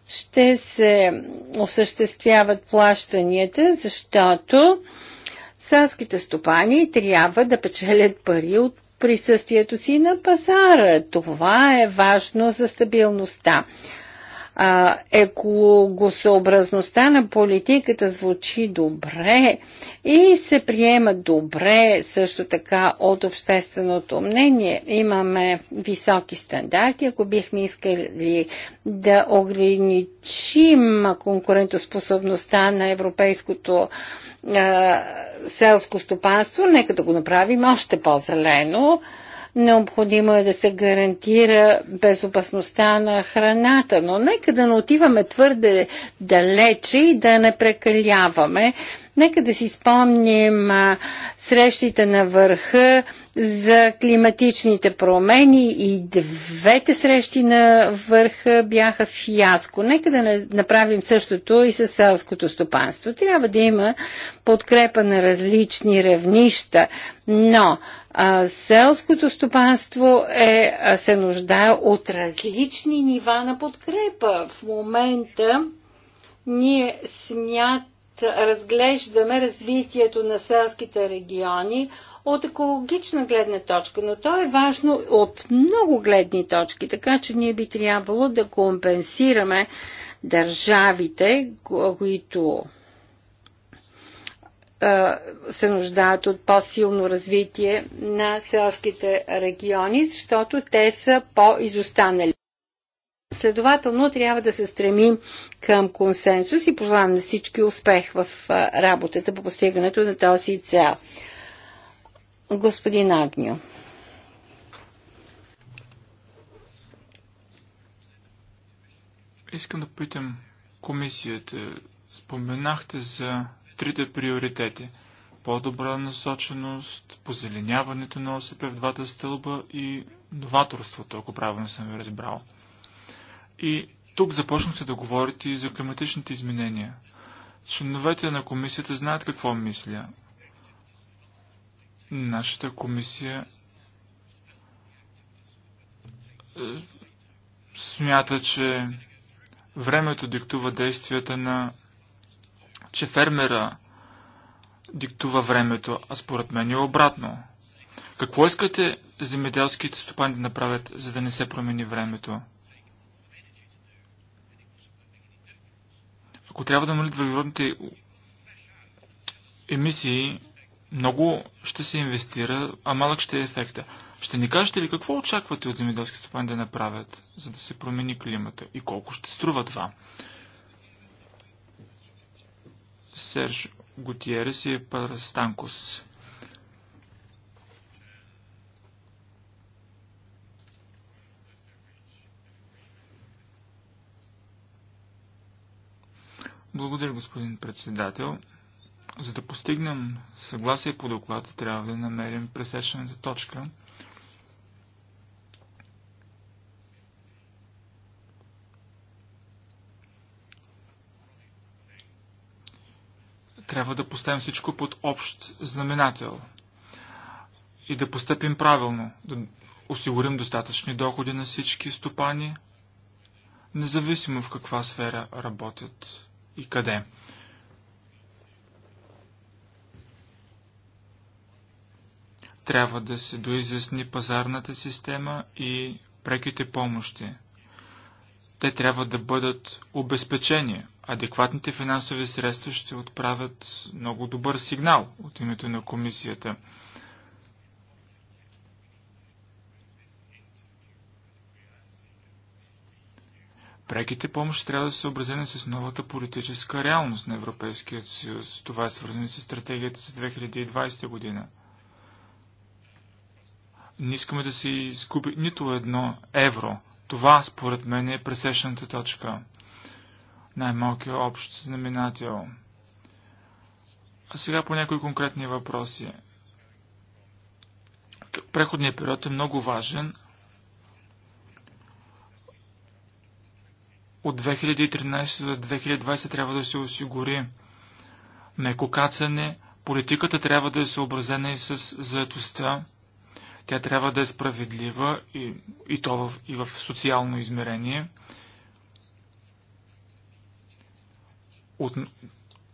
Speaker 2: ще се осъществяват плащанията, защото селските стопани трябва да печелят пари от присъствието си на пазара. Това е важно за стабилността а, екологосъобразността на политиката звучи добре и се приема добре също така от общественото мнение. Имаме високи стандарти. Ако бихме искали да ограничим конкурентоспособността на европейското а, селско стопанство, нека да го направим още по-зелено. Необходимо е да се гарантира безопасността на храната, но нека да не отиваме твърде далече и да не прекаляваме. Нека да си спомним а, срещите на върха за климатичните промени и двете срещи на върха бяха фиаско. Нека да направим същото и с селското стопанство. Трябва да има подкрепа на различни равнища, но а, селското стопанство е, а, се нуждае от различни нива на подкрепа. В момента ние смятаме, разглеждаме развитието на селските региони от екологична гледна точка, но то е важно от много гледни точки, така че ние би трябвало да компенсираме държавите, които се нуждаят от по-силно развитие на селските региони, защото те са по-изостанали. Следователно, трябва да се стремим към консенсус и пожелавам на всички успех в работата по постигането на този цел. Господин Агню.
Speaker 1: Искам да питам комисията. Споменахте за трите приоритети. По-добра насоченост, позеленяването на ОСП в двата стълба и новаторството, ако правилно съм ви разбрал. И тук започнахте да говорите и за климатичните изменения. Членовете на комисията знаят какво мисля. Нашата комисия е, смята, че времето диктува действията на... че фермера диктува времето, а според мен е обратно. Какво искате земеделските стопани да направят, за да не се промени времето? Ако трябва да намалят въглеродните емисии, много ще се инвестира, а малък ще е ефекта. Ще ни кажете ли какво очаквате от земеделски стопани да направят, за да се промени климата и колко ще струва това? Серж Гутиерес и Парастанкос. Благодаря, господин председател. За да постигнем съгласие по доклад, трябва да намерим пресечната точка. Трябва да поставим всичко под общ знаменател и да постъпим правилно, да осигурим достатъчни доходи на всички стопани, независимо в каква сфера работят и къде. Трябва да се доизясни пазарната система и преките помощи. Те трябва да бъдат обезпечени. Адекватните финансови средства ще отправят много добър сигнал от името на комисията. Преките помощи трябва да са съобразени с новата политическа реалност на Европейския съюз. Това е свързано с стратегията за 2020 година. Не искаме да се изгуби нито едно евро. Това, според мен, е пресечната точка. Най-малкият общ знаменател. А сега по някои конкретни въпроси. Преходният период е много важен, от 2013 до 2020 трябва да се осигури меко кацане, политиката трябва да е съобразена и с заедостта. тя трябва да е справедлива и, и то в, и в социално измерение. От,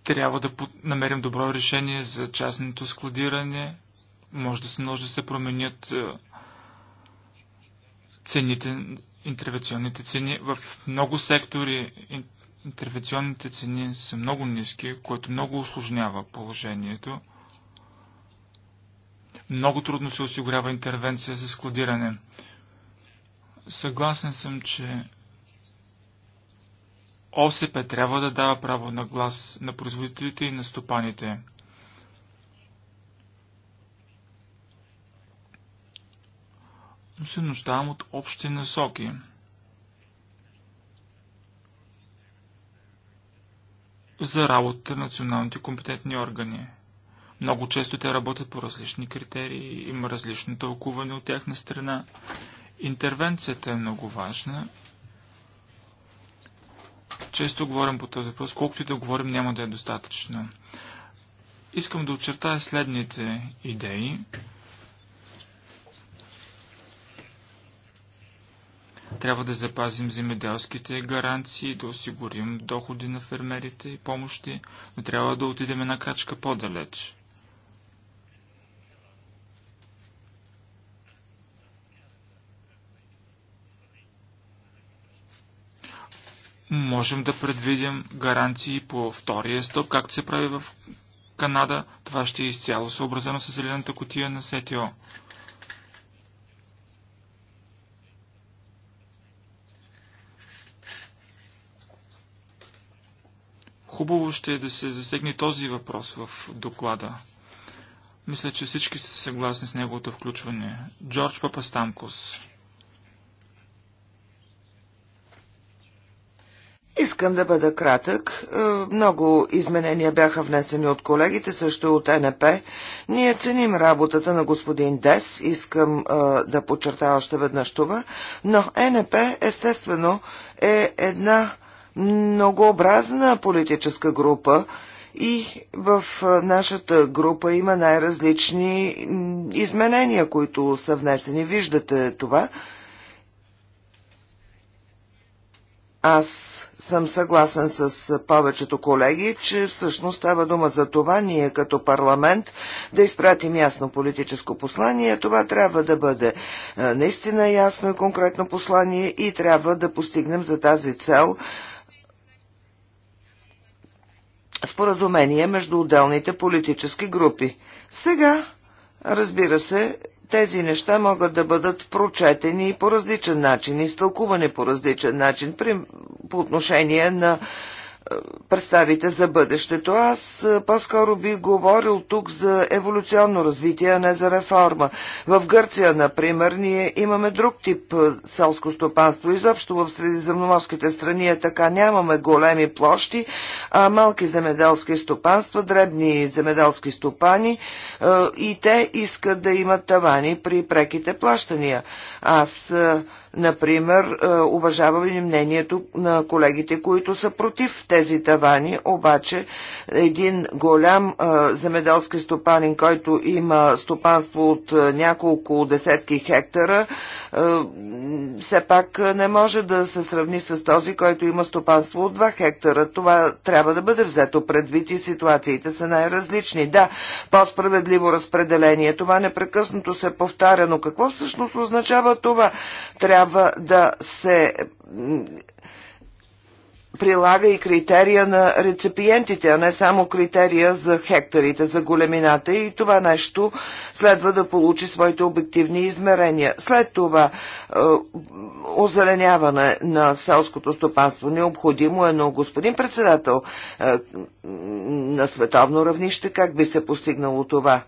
Speaker 1: трябва да по, намерим добро решение за частното складиране, може да се, може да се променят е, цените интервенционните цени в много сектори. Интервенционните цени са много ниски, което много осложнява положението. Много трудно се осигурява интервенция за складиране. Съгласен съм, че ОСП трябва да дава право на глас на производителите и на стопаните – но се нуждаем от общи насоки. за работата на националните компетентни органи. Много често те работят по различни критерии, има различно тълкуване от тяхна страна. Интервенцията е много важна. Често говорим по този въпрос, колкото и да говорим, няма да е достатъчно. Искам да очертая следните идеи. Трябва да запазим земеделските гаранции, да осигурим доходи на фермерите и помощи, но трябва да отидем една крачка по-далеч. Можем да предвидим гаранции по втория стълб, както се прави в Канада. Това ще е изцяло съобразено с зелената котия на СТО. Хубаво ще е да се засегне този въпрос в доклада. Мисля, че всички са съгласни с неговото включване. Джордж Папастамкос.
Speaker 3: Искам да бъда кратък. Е, много изменения бяха внесени от колегите, също от НП. Ние ценим работата на господин Дес, искам е, да подчертая още веднъж това, но НП естествено е една многообразна политическа група и в нашата група има най-различни изменения, които са внесени. Виждате това. Аз съм съгласен с повечето колеги, че всъщност става дума за това ние като парламент да изпратим ясно политическо послание. Това трябва да бъде наистина ясно и конкретно послание и трябва да постигнем за тази цел споразумение между отделните политически групи. Сега, разбира се, тези неща могат да бъдат прочетени по различен начин, изтълкувани по различен начин при, по отношение на представите за бъдещето. Аз по-скоро би говорил тук за еволюционно развитие, а не за реформа. В Гърция, например, ние имаме друг тип селско стопанство. Изобщо в средиземноморските страни е така. Нямаме големи площи, а малки земеделски стопанства, дребни земеделски стопани и те искат да имат тавани при преките плащания. Аз Например, е, уважавам ли мнението на колегите, които са против тези тавани, обаче един голям е, земеделски стопанин, който има стопанство от е, няколко десетки хектара, все пак не може да се сравни с този, който има стопанство от 2 хектара. Това трябва да бъде взето предвид и ситуациите са най-различни. Да, по-справедливо разпределение. Това непрекъснато се повтаря, но какво всъщност означава това? Трябва трябва да се прилага и критерия на реципиентите, а не само критерия за хектарите, за големината и това нещо следва да получи своите обективни измерения. След това е, озеленяване на селското стопанство необходимо е, но господин председател е, на световно равнище как би се постигнало това?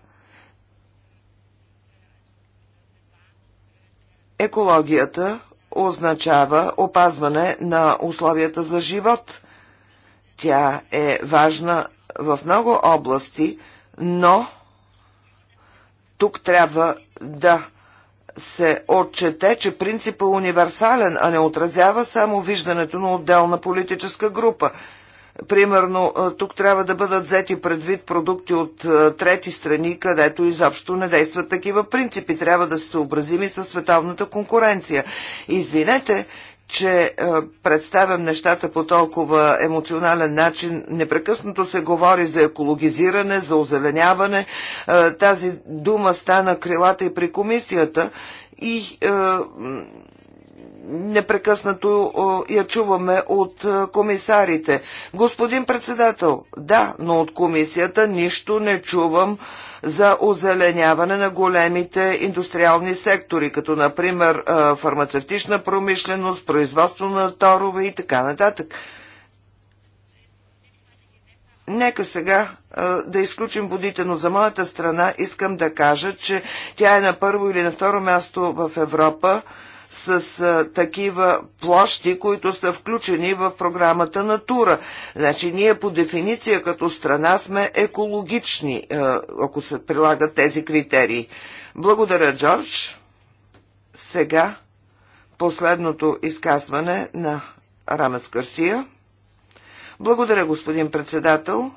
Speaker 3: Екологията означава опазване на условията за живот. Тя е важна в много области, но тук трябва да се отчете, че принципът е универсален, а не отразява само виждането на отделна политическа група. Примерно, тук трябва да бъдат взети предвид продукти от трети страни, където изобщо не действат такива принципи. Трябва да се съобразим и с световната конкуренция. Извинете, че е, представям нещата по толкова емоционален начин. Непрекъснато се говори за екологизиране, за озеленяване. Е, тази дума стана крилата и при комисията и е, непрекъснато я чуваме от е, комисарите. Господин председател, да, но от комисията нищо не чувам за озеленяване на големите индустриални сектори, като например е, фармацевтична промишленост, производство на торове и така нататък. Нека сега а, е, да изключим водите, но за моята страна искам да кажа, че тя е на първо или на второ място в Европа с а, такива площи, които са включени в програмата Натура. Значи ние по дефиниция като страна сме екологични, а, ако се прилагат тези критерии. Благодаря, Джордж. Сега последното изказване на Рамес Карсия. Благодаря, господин председател.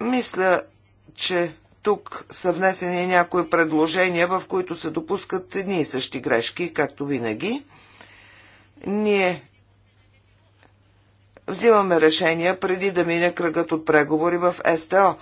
Speaker 3: Мисля, че тук са внесени някои предложения, в които се допускат едни и същи грешки, както винаги. Ние взимаме решения преди да мине кръгът от преговори в СТО.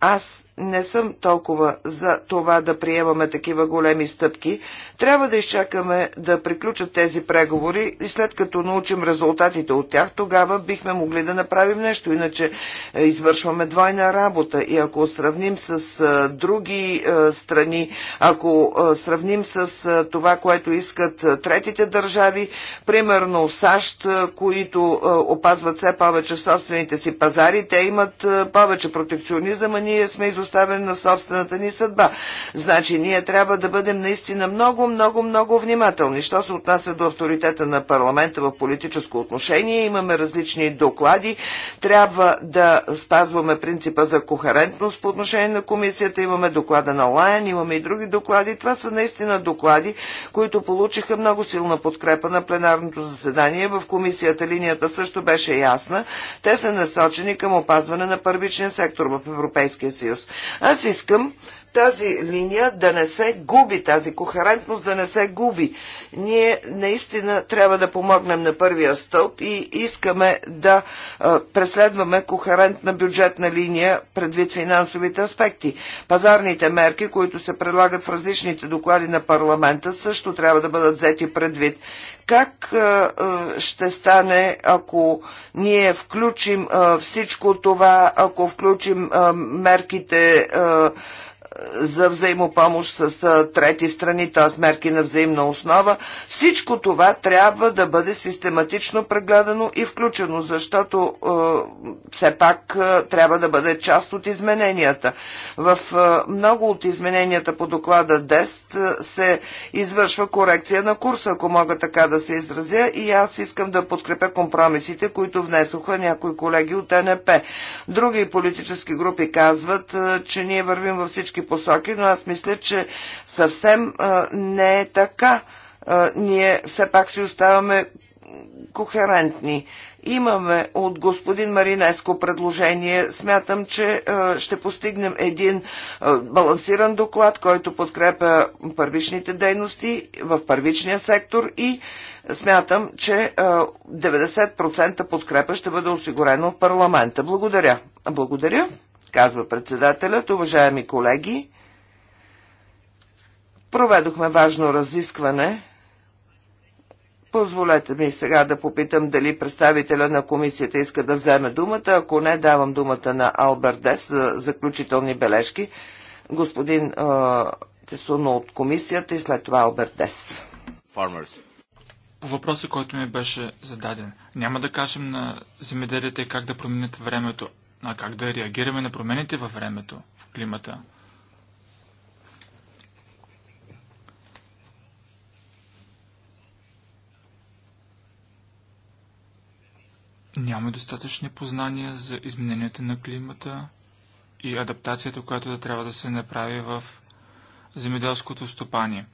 Speaker 3: Аз не съм толкова за това да приемаме такива големи стъпки. Трябва да изчакаме да приключат тези преговори и след като научим резултатите от тях, тогава бихме могли да направим нещо. Иначе е, извършваме двойна работа и ако сравним с е, други е, страни, ако сравним с това, което искат третите държави, примерно САЩ, които опазват все повече собствените си пазари, те имат повече протекционизъм, а ние сме изоставени оставен на собствената ни съдба. Значи ние трябва да бъдем наистина много, много, много внимателни. Що се отнася до авторитета на парламента в политическо отношение, имаме различни доклади. Трябва да спазваме принципа за кохерентност по отношение на комисията. Имаме доклада на Лайен, имаме и други доклади. Това са наистина доклади, които получиха много силна подкрепа на пленарното заседание. В комисията линията също беше ясна. Те са насочени към опазване на първичния сектор в Европейския съюз. Аз искам тази линия да не се губи, тази кохерентност да не се губи. Ние наистина трябва да помогнем на първия стълб и искаме да преследваме кохерентна бюджетна линия предвид финансовите аспекти. Пазарните мерки, които се предлагат в различните доклади на парламента, също трябва да бъдат взети предвид как ще стане, ако ние включим всичко това, ако включим мерките за взаимопомощ с трети страни, т.е. мерки на взаимна основа. Всичко това трябва да бъде систематично прегледано и включено, защото все пак трябва да бъде част от измененията. В много от измененията по доклада ДЕСТ се извършва корекция на курса, ако мога така да се изразя, и аз искам да подкрепя компромисите, които внесоха някои колеги от НП. Други политически групи казват, че ние вървим във всички посоки посоки, но аз мисля, че съвсем не е така. Ние все пак си оставаме кохерентни. Имаме от господин Маринеско предложение. Смятам, че ще постигнем един балансиран доклад, който подкрепя първичните дейности в първичния сектор и смятам, че 90% подкрепа ще бъде осигурено от парламента. Благодаря. Благодаря казва председателят. Уважаеми колеги, проведохме важно разискване. Позволете ми сега да попитам дали представителя на комисията иска да вземе думата. Ако не, давам думата на Алберт Дес за заключителни бележки. Господин Тесуно от комисията и след това Алберт Дес.
Speaker 2: Farmers.
Speaker 1: По въпроса, който ми беше зададен, няма да кажем на земеделите как да променят времето, а как да реагираме на промените във времето, в климата. Няма достатъчни познания за измененията на климата и адаптацията, която да трябва да се направи в земеделското стопание.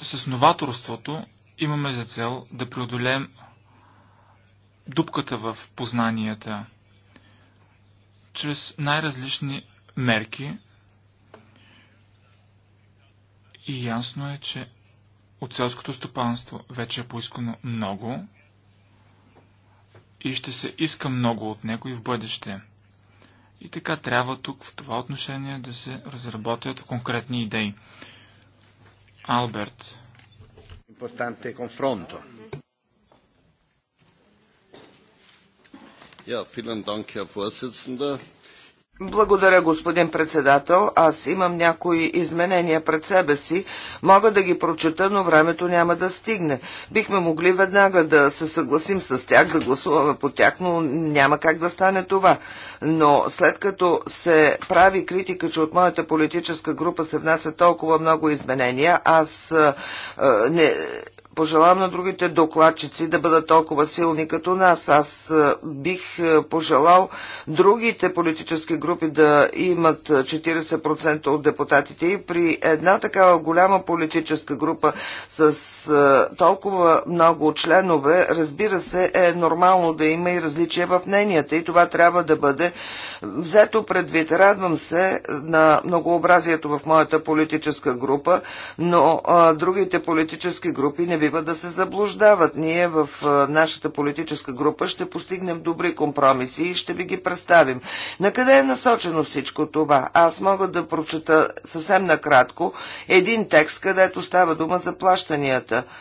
Speaker 1: С новаторството имаме за цел да преодолеем дупката в познанията чрез най-различни мерки. И ясно е, че от селското стопанство вече е поискано много и ще се иска много от него и в бъдеще. И така трябва тук в това отношение да се разработят конкретни идеи. Алберт.
Speaker 2: е конфронто.
Speaker 3: Благодаря, господин председател. Аз имам някои изменения пред себе си. Мога да ги прочета, но времето няма да стигне. Бихме могли веднага да се съгласим с тях, да гласуваме по тях, но няма как да стане това. Но след като се прави критика, че от моята политическа група се внася толкова много изменения, аз а, не пожелавам на другите докладчици да бъдат толкова силни като нас. Аз бих пожелал другите политически групи да имат 40% от депутатите и при една такава голяма политическа група с толкова много членове, разбира се, е нормално да има и различия в мненията и това трябва да бъде взето предвид. Радвам се на многообразието в моята политическа група, но а, другите политически групи не би бива да се заблуждават. Ние в нашата политическа група ще постигнем добри компромиси и ще ви ги представим. На къде е насочено всичко това? Аз мога да прочета съвсем накратко един текст, където става дума за плащанията –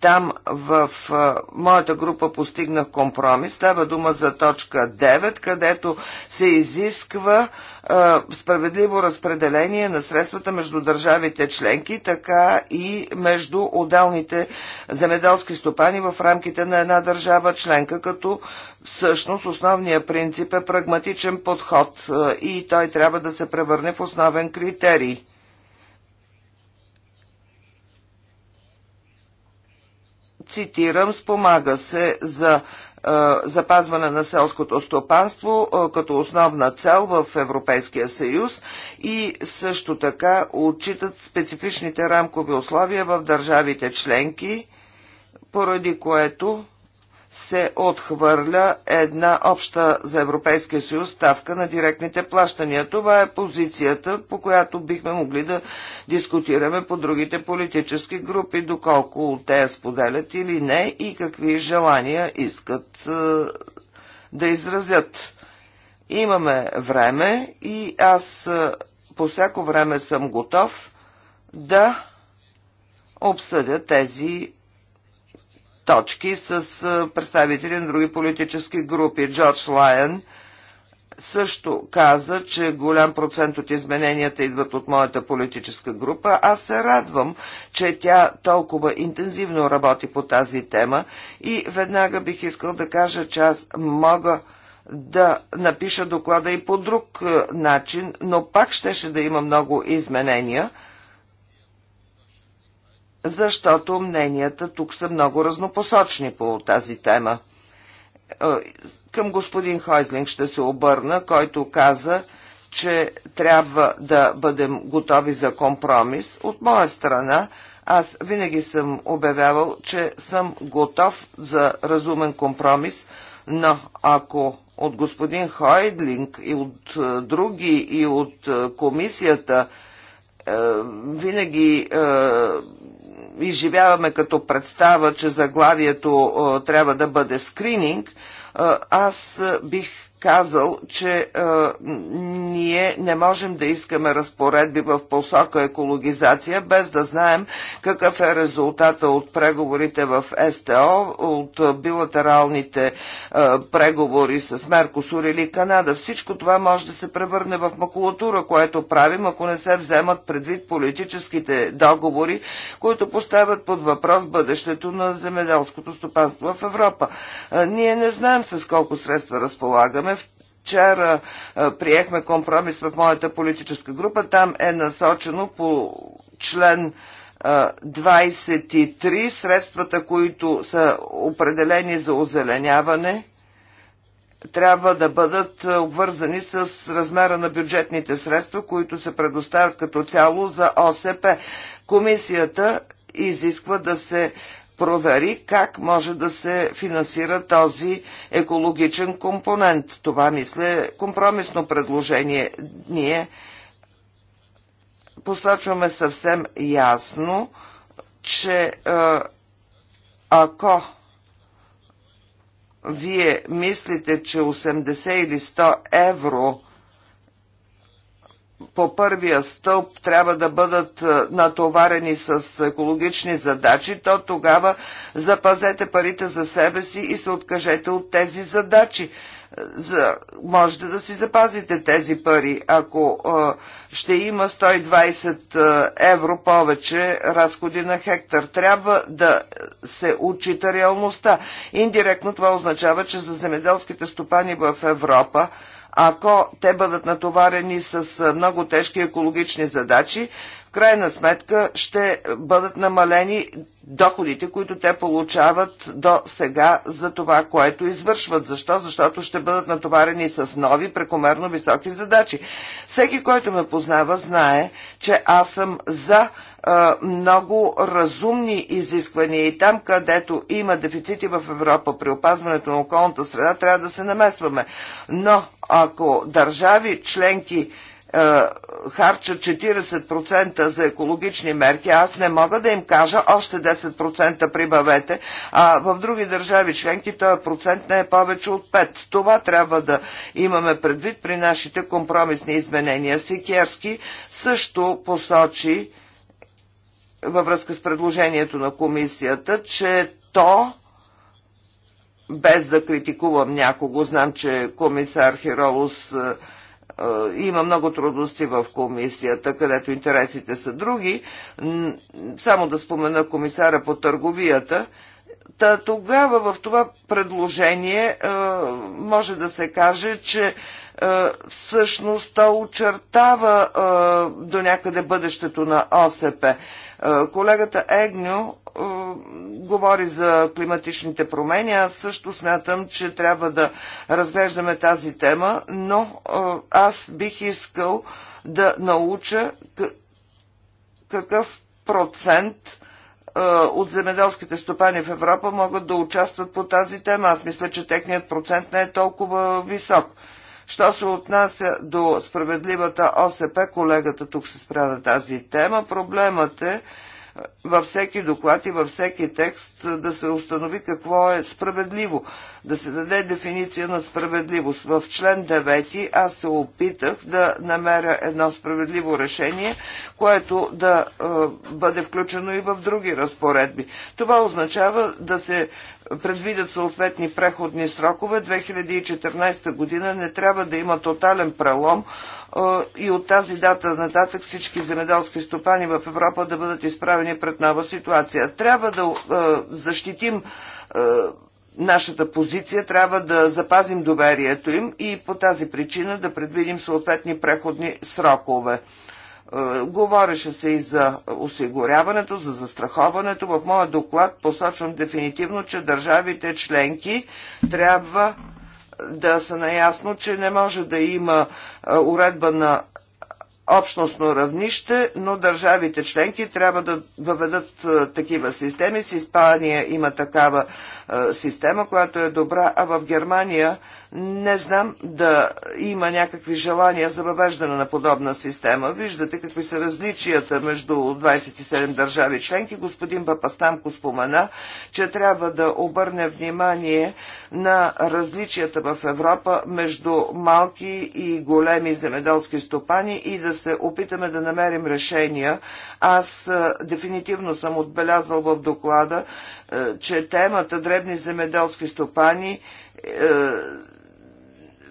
Speaker 3: там в а, моята група постигнах компромис. Става дума за точка 9, където се изисква а, справедливо разпределение на средствата между държавите членки, така и между отделните земеделски стопани в рамките на една държава членка, като всъщност основният принцип е прагматичен подход а, и той трябва да се превърне в основен критерий. цитирам, спомага се за запазване на селското стопанство като основна цел в Европейския съюз и също така отчитат специфичните рамкови условия в държавите членки, поради което се отхвърля една обща за Европейския съюз ставка на директните плащания. Това е позицията, по която бихме могли да дискутираме по другите политически групи, доколко те споделят или не и какви желания искат е, да изразят. Имаме време и аз е, по всяко време съм готов да обсъдя тези точки с представители на други политически групи. Джордж Лайен също каза, че голям процент от измененията идват от моята политическа група. Аз се радвам, че тя толкова интензивно работи по тази тема и веднага бих искал да кажа, че аз мога да напиша доклада и по друг начин, но пак щеше да има много изменения – защото мненията тук са много разнопосочни по тази тема. Е, към господин Хойзлинг ще се обърна, който каза, че трябва да бъдем готови за компромис. От моя страна, аз винаги съм обявявал, че съм готов за разумен компромис, но ако от господин Хойдлинг и от е, други и от е, комисията винаги изживяваме като представа, че заглавието трябва да бъде скрининг, аз бих казал, че а, ние не можем да искаме разпоредби в посока екологизация, без да знаем какъв е резултата от преговорите в СТО, от билатералните а, преговори с Меркосур или Канада. Всичко това може да се превърне в макулатура, което правим, ако не се вземат предвид политическите договори, които поставят под въпрос бъдещето на земеделското стопанство в Европа. А, ние не знаем с колко средства разполагаме Вчера приехме компромис в моята политическа група. Там е насочено по член 23 средствата, които са определени за озеленяване трябва да бъдат обвързани с размера на бюджетните средства, които се предоставят като цяло за ОСП. Комисията изисква да се провери как може да се финансира този екологичен компонент. Това, мисля, е компромисно предложение. Ние посочваме съвсем ясно, че ако вие мислите, че 80 или 100 евро по първия стълб трябва да бъдат е, натоварени с екологични задачи, то тогава запазете парите за себе си и се откажете от тези задачи. Е, за, можете да си запазите тези пари. Ако а, е, ще има 120 евро повече разходи на хектар, трябва да се отчита реалността. Индиректно това означава, че за земеделските стопани в Европа ако те бъдат натоварени с много тежки екологични задачи, в крайна сметка ще бъдат намалени доходите, които те получават до сега за това, което извършват. Защо? Защото ще бъдат натоварени с нови, прекомерно високи задачи. Всеки, който ме познава, знае, че аз съм за много разумни изисквания и там, където има дефицити в Европа при опазването на околната среда, трябва да се намесваме. Но ако държави членки харчат 40% за екологични мерки, аз не мога да им кажа още 10% прибавете, а в други държави членки този процент не е повече от 5. Това трябва да имаме предвид при нашите компромисни изменения. Сикерски също посочи, във връзка с предложението на комисията, че то, без да критикувам някого, знам, че комисар Хиролус е, е, има много трудности в комисията, където интересите са други. Само да спомена комисара по търговията. Та тогава в това предложение е, може да се каже, че е, всъщност то очертава е, до някъде бъдещето на ОСП. Е, колегата Егню е, говори за климатичните промени. Аз също смятам, че трябва да разглеждаме тази тема, но е, аз бих искал да науча какъв процент от земеделските стопани в Европа могат да участват по тази тема. Аз мисля, че техният процент не е толкова висок. Що се отнася до справедливата ОСП, колегата тук се спря на тази тема. Проблемът е, е във всеки доклад и във всеки текст да се установи какво е справедливо, да се даде дефиниция на справедливост. В член 9 аз се опитах да намеря едно справедливо решение, което да е, бъде включено и в други разпоредби. Това означава да се предвидят съответни преходни срокове. 2014 година не трябва да има тотален прелом и от тази дата нататък всички земеделски стопани в Европа да бъдат изправени пред нова ситуация. Трябва да защитим нашата позиция, трябва да запазим доверието им и по тази причина да предвидим съответни преходни срокове. Е, говореше се и за осигуряването, за застраховането. В моя доклад посочвам дефинитивно, че държавите членки трябва да са наясно, че не може да има е, уредба на общностно равнище, но държавите членки трябва да въведат е, такива системи. С Испания има такава система, която е добра, а в Германия – не знам да има някакви желания за въвеждане на подобна система. Виждате какви са различията между 27 държави членки. Господин Бапастамко спомена, че трябва да обърне внимание на различията в Европа между малки и големи земеделски стопани и да се опитаме да намерим решения. Аз е, дефинитивно съм отбелязал в доклада, е, че темата дребни земеделски стопани е,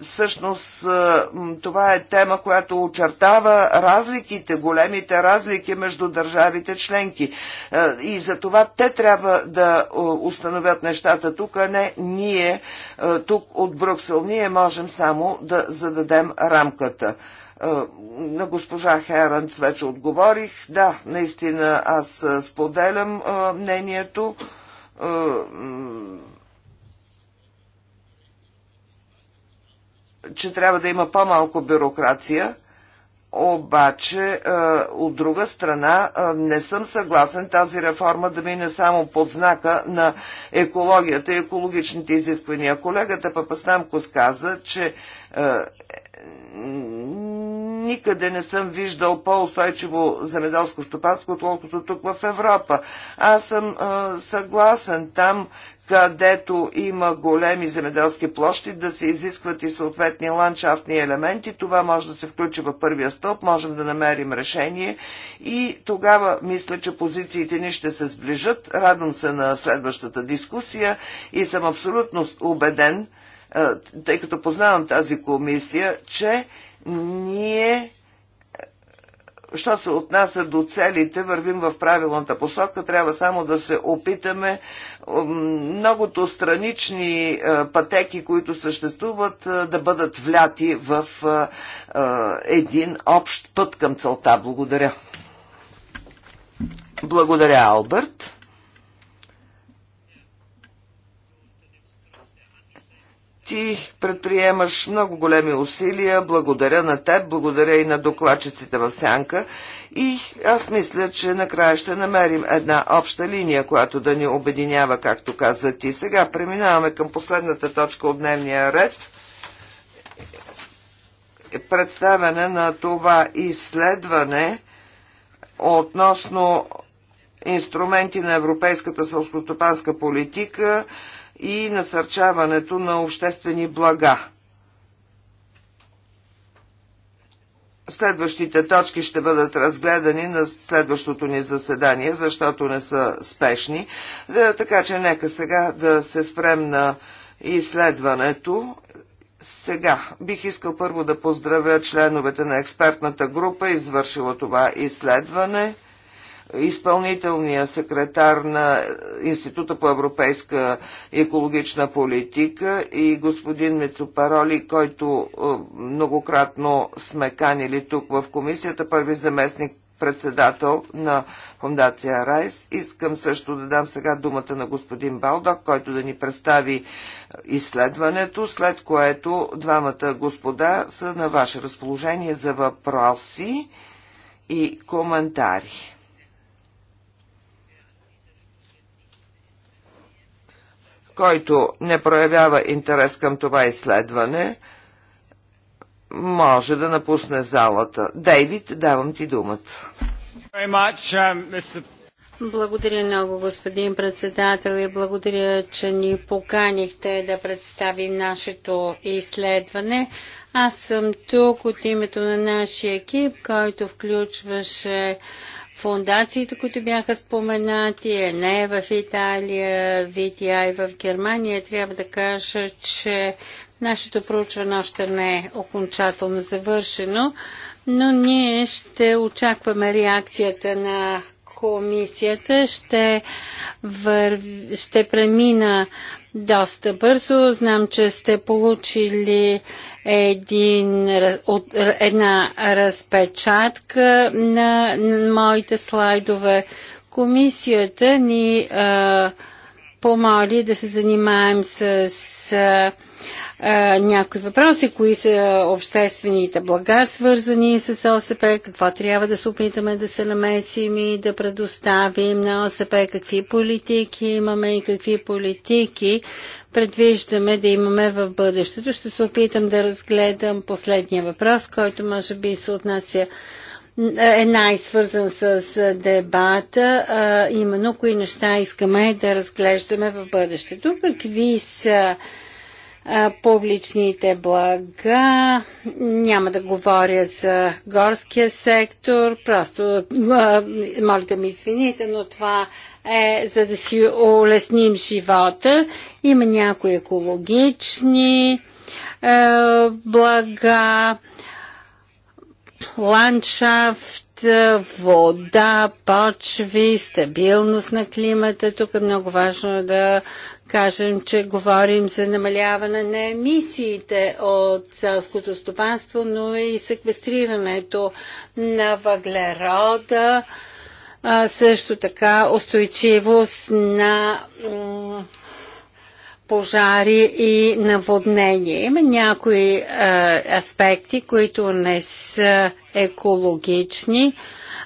Speaker 3: всъщност това е тема, която очертава разликите, големите разлики между държавите членки. И за това те трябва да установят нещата тук, а не ние тук от Брюксел. Ние можем само да зададем рамката на госпожа Херанц вече отговорих. Да, наистина аз споделям мнението. че трябва да има по-малко бюрокрация, обаче е, от друга страна е, не съм съгласен тази реформа да мине само под знака на екологията и екологичните изисквания. Колегата Папастамкос каза, че е, никъде не съм виждал по-устойчиво земеделско стопанство, отколкото тук в Европа. Аз съм съгласен, там където има големи земеделски площи, да се изискват и съответни ландшафтни елементи. Това може да се включи във първия стълб, можем да намерим решение и тогава мисля, че позициите ни ще се сближат. Радвам се на следващата дискусия и съм абсолютно убеден, е, тъй като познавам тази комисия, че ние що се отнася до целите, вървим в правилната посока. Трябва само да се опитаме многото странични е, пътеки, които съществуват, е, да бъдат вляти в е, един общ път към целта. Благодаря. Благодаря, Алберт. Ти предприемаш много големи усилия. Благодаря на теб, благодаря и на докладчиците в Сянка. И аз мисля, че накрая ще намерим една обща линия, която да ни обединява, както каза ти. Сега преминаваме към последната точка от дневния ред представяне на това изследване относно инструменти на европейската сълскостопанска политика и насърчаването на обществени блага. Следващите точки ще бъдат разгледани на следващото ни заседание, защото не са спешни. Да, е, така че нека сега да се спрем на изследването. Сега бих искал първо да поздравя членовете на експертната група, извършила това изследване изпълнителния секретар на Института по европейска екологична политика и господин Мецопароли, който е, многократно сме канили тук в комисията, първи заместник председател на фундация Райс. Искам също да дам сега думата на господин Балдок, който да ни представи е, изследването, след което двамата господа са на ваше разположение за въпроси и коментари. който не проявява интерес към това изследване, може да напусне залата. Дейвид, давам ти думата.
Speaker 1: Um,
Speaker 2: благодаря много, господин председател, и благодаря, че ни поканихте да представим нашето изследване. Аз съм тук от името на нашия екип, който включваше фундациите, които бяха споменати, е не в Италия, VTI в Германия, трябва да кажа, че нашето проучване още не е окончателно завършено, но ние ще очакваме реакцията на комисията. Ще, вър... ще премина доста бързо. Знам, че сте получили един, от, една разпечатка на моите слайдове. Комисията ни а, помоли да се занимаем с, а, а, някои въпроси, кои са обществените блага, свързани с ОСП, какво трябва да се опитаме да се намесим и да предоставим на ОСП, какви политики имаме и какви политики предвиждаме да имаме в бъдещето. Ще се опитам да разгледам последния въпрос, който може би се отнася е най-свързан с дебата, а именно кои неща искаме да разглеждаме в бъдещето. Какви са публичните блага. Няма да говоря за горския сектор, просто моля да ми извините, но това е за да си улесним живота. Има някои екологични е, блага, ландшафт, вода, почви, стабилност на климата. Тук е много важно да кажем, че говорим за намаляване на емисиите от селското стопанство, но и секвестрирането на въглерода, а, също така устойчивост на пожари и наводнения. Има някои а, аспекти, които не са екологични. А,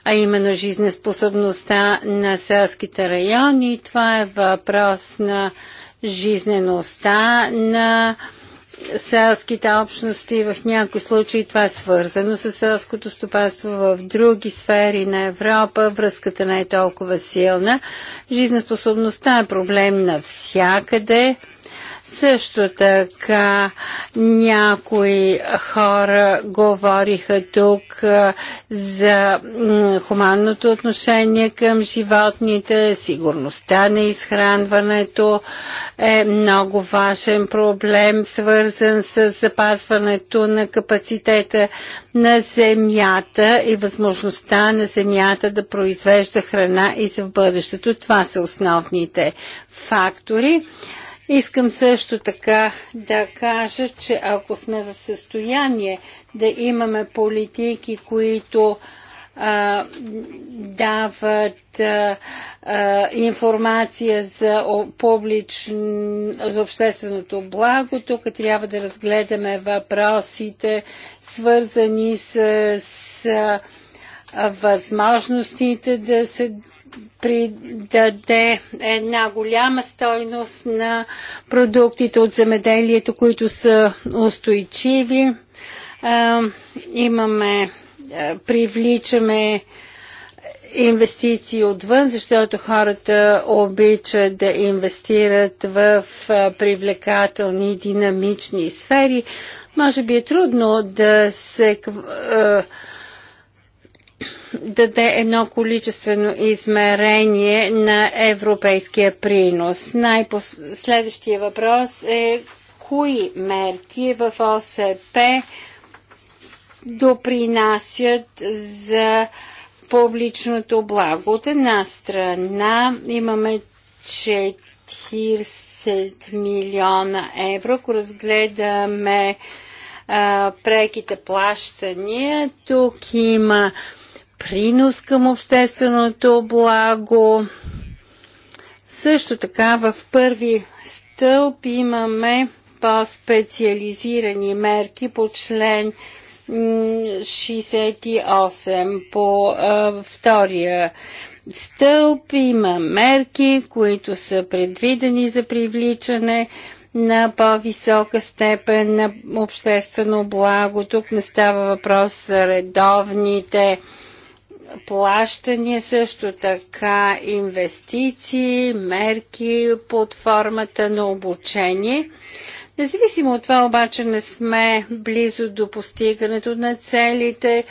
Speaker 2: а именно жизнеспособността на селските райони. Това е въпрос на жизнеността на селските общности. В някои случаи това е свързано с селското стопанство. В други сфери на Европа връзката не е толкова силна. Жизнеспособността е проблем навсякъде. Също така някои хора говориха тук за хуманното отношение към животните, сигурността на изхранването е много важен проблем, свързан с запазването на капацитета на земята и възможността на земята да произвежда храна и за в бъдещето. Това са основните фактори. Искам също така да кажа, че ако сме в състояние да имаме политики, които а, дават а, а, информация за, публичн, за общественото благо. Тук трябва да разгледаме въпросите, свързани с, с а, възможностите да се придаде една голяма стойност на продуктите от земеделието, които са устойчиви. имаме, привличаме инвестиции отвън, защото хората обичат да инвестират в привлекателни, динамични сфери. Може би е трудно да се даде едно количествено измерение на европейския принос. Най-следващия въпрос е кои мерки в ОСП допринасят за публичното благо. От една страна имаме 40 милиона евро. Ако разгледаме а, преките плащания, тук има принос към общественото благо. Също така в първи стълб имаме по-специализирани мерки по член 68 по а, втория стълб има мерки, които са предвидени за привличане на по-висока степен на обществено благо. Тук не става въпрос за редовните плащания, също така инвестиции, мерки под формата на обучение. Независимо от това обаче не сме близо до постигането на целите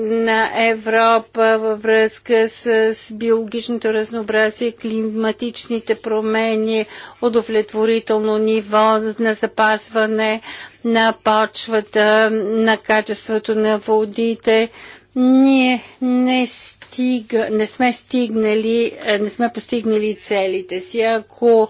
Speaker 2: на Европа във връзка с биологичното разнообразие, климатичните промени, удовлетворително ниво на запазване на почвата, на качеството на водите ние не, стига, не сме стигнали, е, не сме постигнали целите си. Ако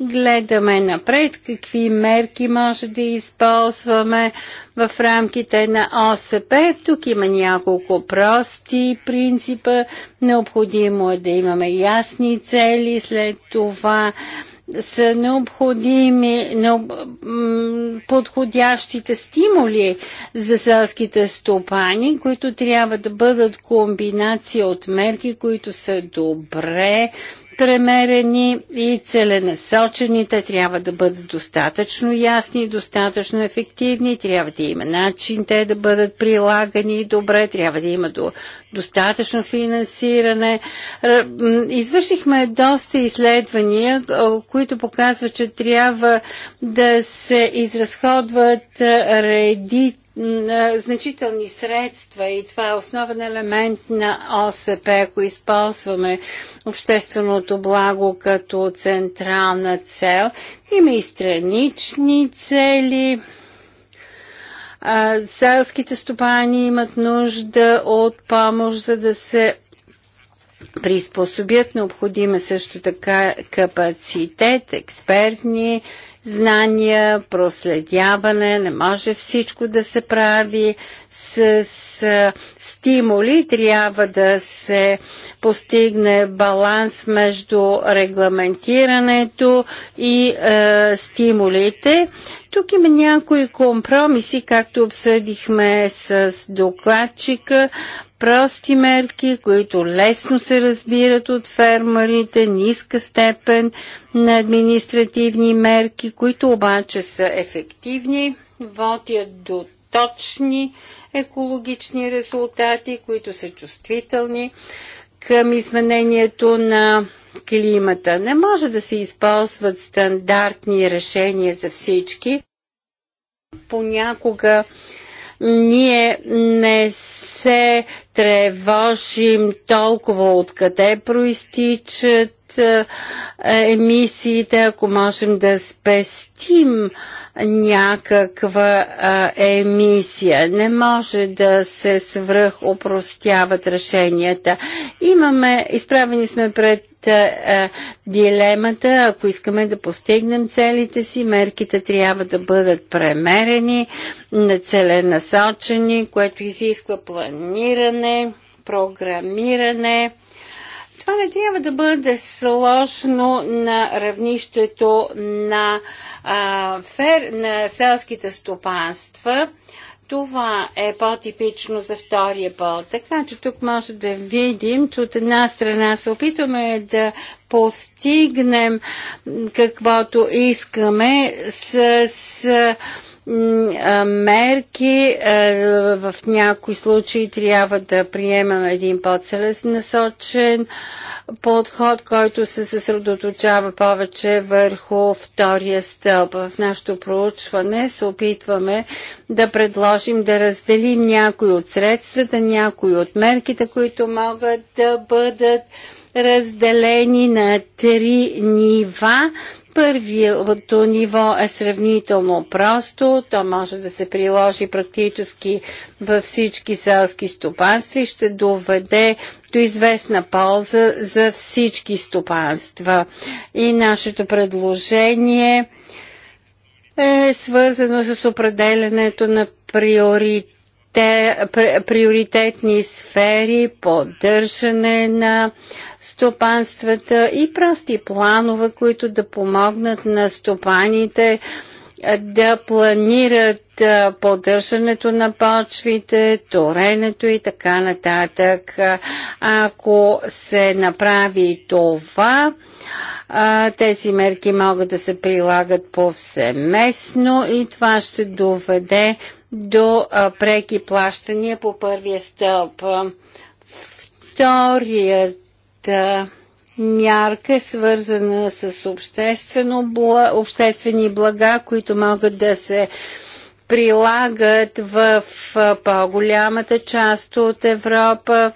Speaker 2: гледаме напред, какви мерки може да използваме в рамките на ОСП, тук има няколко прости принципа. Необходимо е да имаме ясни цели, след това са необходими необ... подходящите стимули за селските стопани, които трябва да бъдат комбинация от мерки, които са добре премерени и целенасочени. Те трябва да бъдат достатъчно ясни, достатъчно ефективни, трябва да има начин те да бъдат прилагани добре, трябва да има до, достатъчно финансиране. Извършихме доста изследвания, които показват, че трябва да се изразходват редит значителни средства и това е основен елемент на ОСП, ако използваме общественото благо като централна цел. Има и странични цели. Селските стопани имат нужда от помощ, за да се приспособят. Необходим е също така капацитет, експертни знания, проследяване, не може всичко да се прави с, с стимули, трябва да се постигне баланс между регламентирането и е, стимулите. Тук има някои компромиси, както обсъдихме с докладчика, прости мерки, които лесно се разбират от фермерите, ниска степен на административни мерки, които обаче са ефективни, водят до точни екологични резултати, които са чувствителни към изменението на климата. Не може да се използват стандартни решения за всички. Понякога ние не се тревожим толкова откъде проистичат е, емисиите, ако можем да спестим някаква емисия. Не може да се свръх опростяват решенията. Имаме, изправени сме пред дилемата, ако искаме да постигнем целите си, мерките трябва да бъдат премерени, нацеленасочени, което изисква планиране, програмиране това не трябва да бъде сложно на равнището на, а, фер, на селските стопанства. Това е по-типично за втория пол. Така че тук може да видим, че от една страна се опитваме да постигнем каквото искаме с, с мерки. В някои случаи трябва да приемем един по-целеснасочен подход, който се съсредоточава повече върху втория стълб. В нашето проучване се опитваме да предложим да разделим някои от средствата, някои от мерките, които могат да бъдат разделени на три нива Първото ниво е сравнително просто, то може да се приложи практически във всички селски стопанства и ще доведе до известна полза за всички стопанства. И нашето предложение е свързано с определенето на приоритет те, приоритетни сфери, поддържане на стопанствата и прости планове, които да помогнат на стопаните да планират поддържането на почвите, торенето и така нататък. Ако се направи това, тези мерки могат да се прилагат повсеместно и това ще доведе до преки плащания по първия стълб. Вторият мярка, свързана с обществено, обществени блага, които могат да се прилагат в по-голямата част от Европа.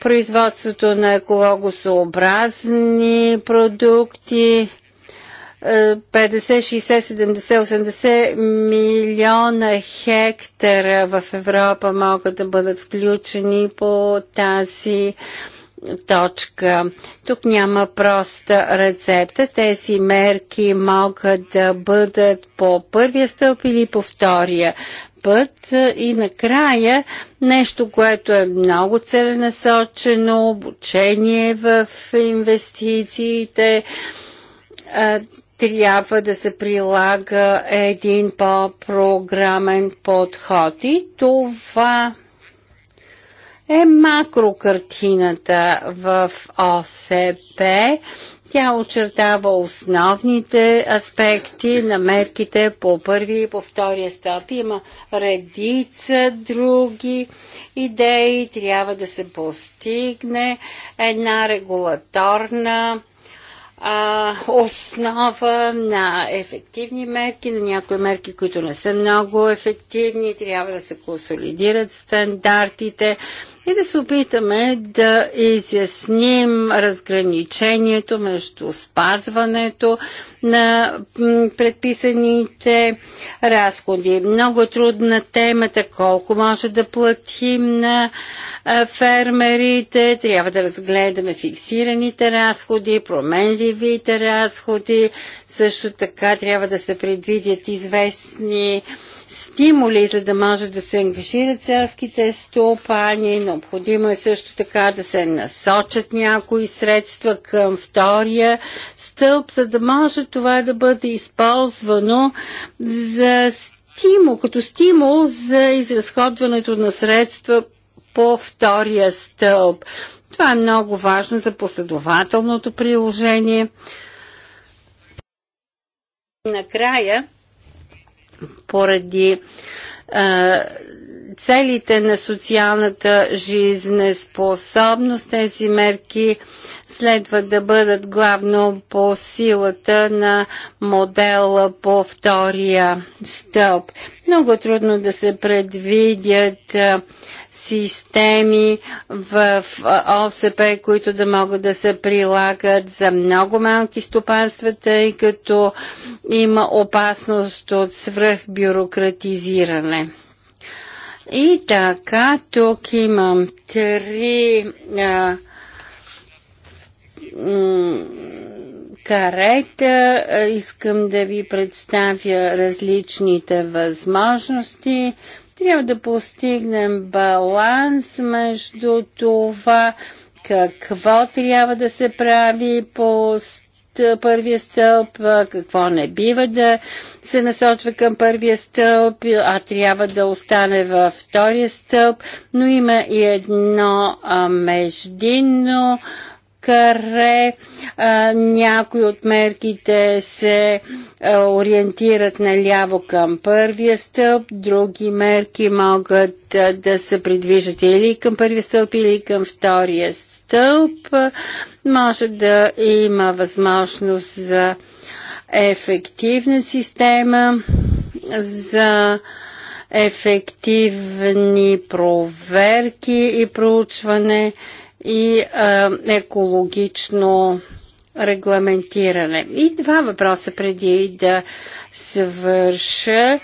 Speaker 2: производството на екологосообразни продукти, 50, 60, 70, 80 милиона хектара в Европа могат да бъдат включени по тази точка. Тук няма проста рецепта. Тези мерки могат да бъдат по първия стълб или по втория път. И накрая нещо, което е много целенасочено, обучение в инвестициите, трябва да се прилага един по-програмен подход. И това е макрокартината в ОСП. Тя очертава основните аспекти на мерките по първи и по втория стълб. Има редица други идеи. Трябва да се постигне една регулаторна а, основа на ефективни мерки, на някои мерки, които не са много ефективни, трябва да се консолидират стандартите, и да се опитаме да изясним разграничението между спазването на предписаните разходи. Много е трудна темата, колко може да платим на фермерите, трябва да разгледаме фиксираните разходи, променливите разходи, също така трябва да се предвидят известни стимули, за да може да се ангажират селските стопани. Необходимо е също така да се насочат някои средства към втория стълб, за да може това да бъде използвано за стимул, като стимул за изразходването на средства по втория стълб. Това е много важно за последователното приложение. Накрая, поради целите на социалната жизнеспособност, тези мерки следва да бъдат главно по силата на модела по втория стълб. Много трудно да се предвидят системи в ОСП, които да могат да се прилагат за много малки стопанства, тъй като има опасност от свръхбюрократизиране. И така, тук имам три а, карета. Искам да ви представя различните възможности. Трябва да постигнем баланс между това какво трябва да се прави по първия стълб, какво не бива да се насочва към първия стълб, а трябва да остане във втория стълб, но има и едно междинно кре а, някои от мерките се а, ориентират наляво към първия стълб, други мерки могат а, да се придвижат или към първия стълб, или към втория стълб. Може да има възможност за ефективна система, за ефективни проверки и проучване и а, екологично регламентиране. И два въпроса преди да свърша.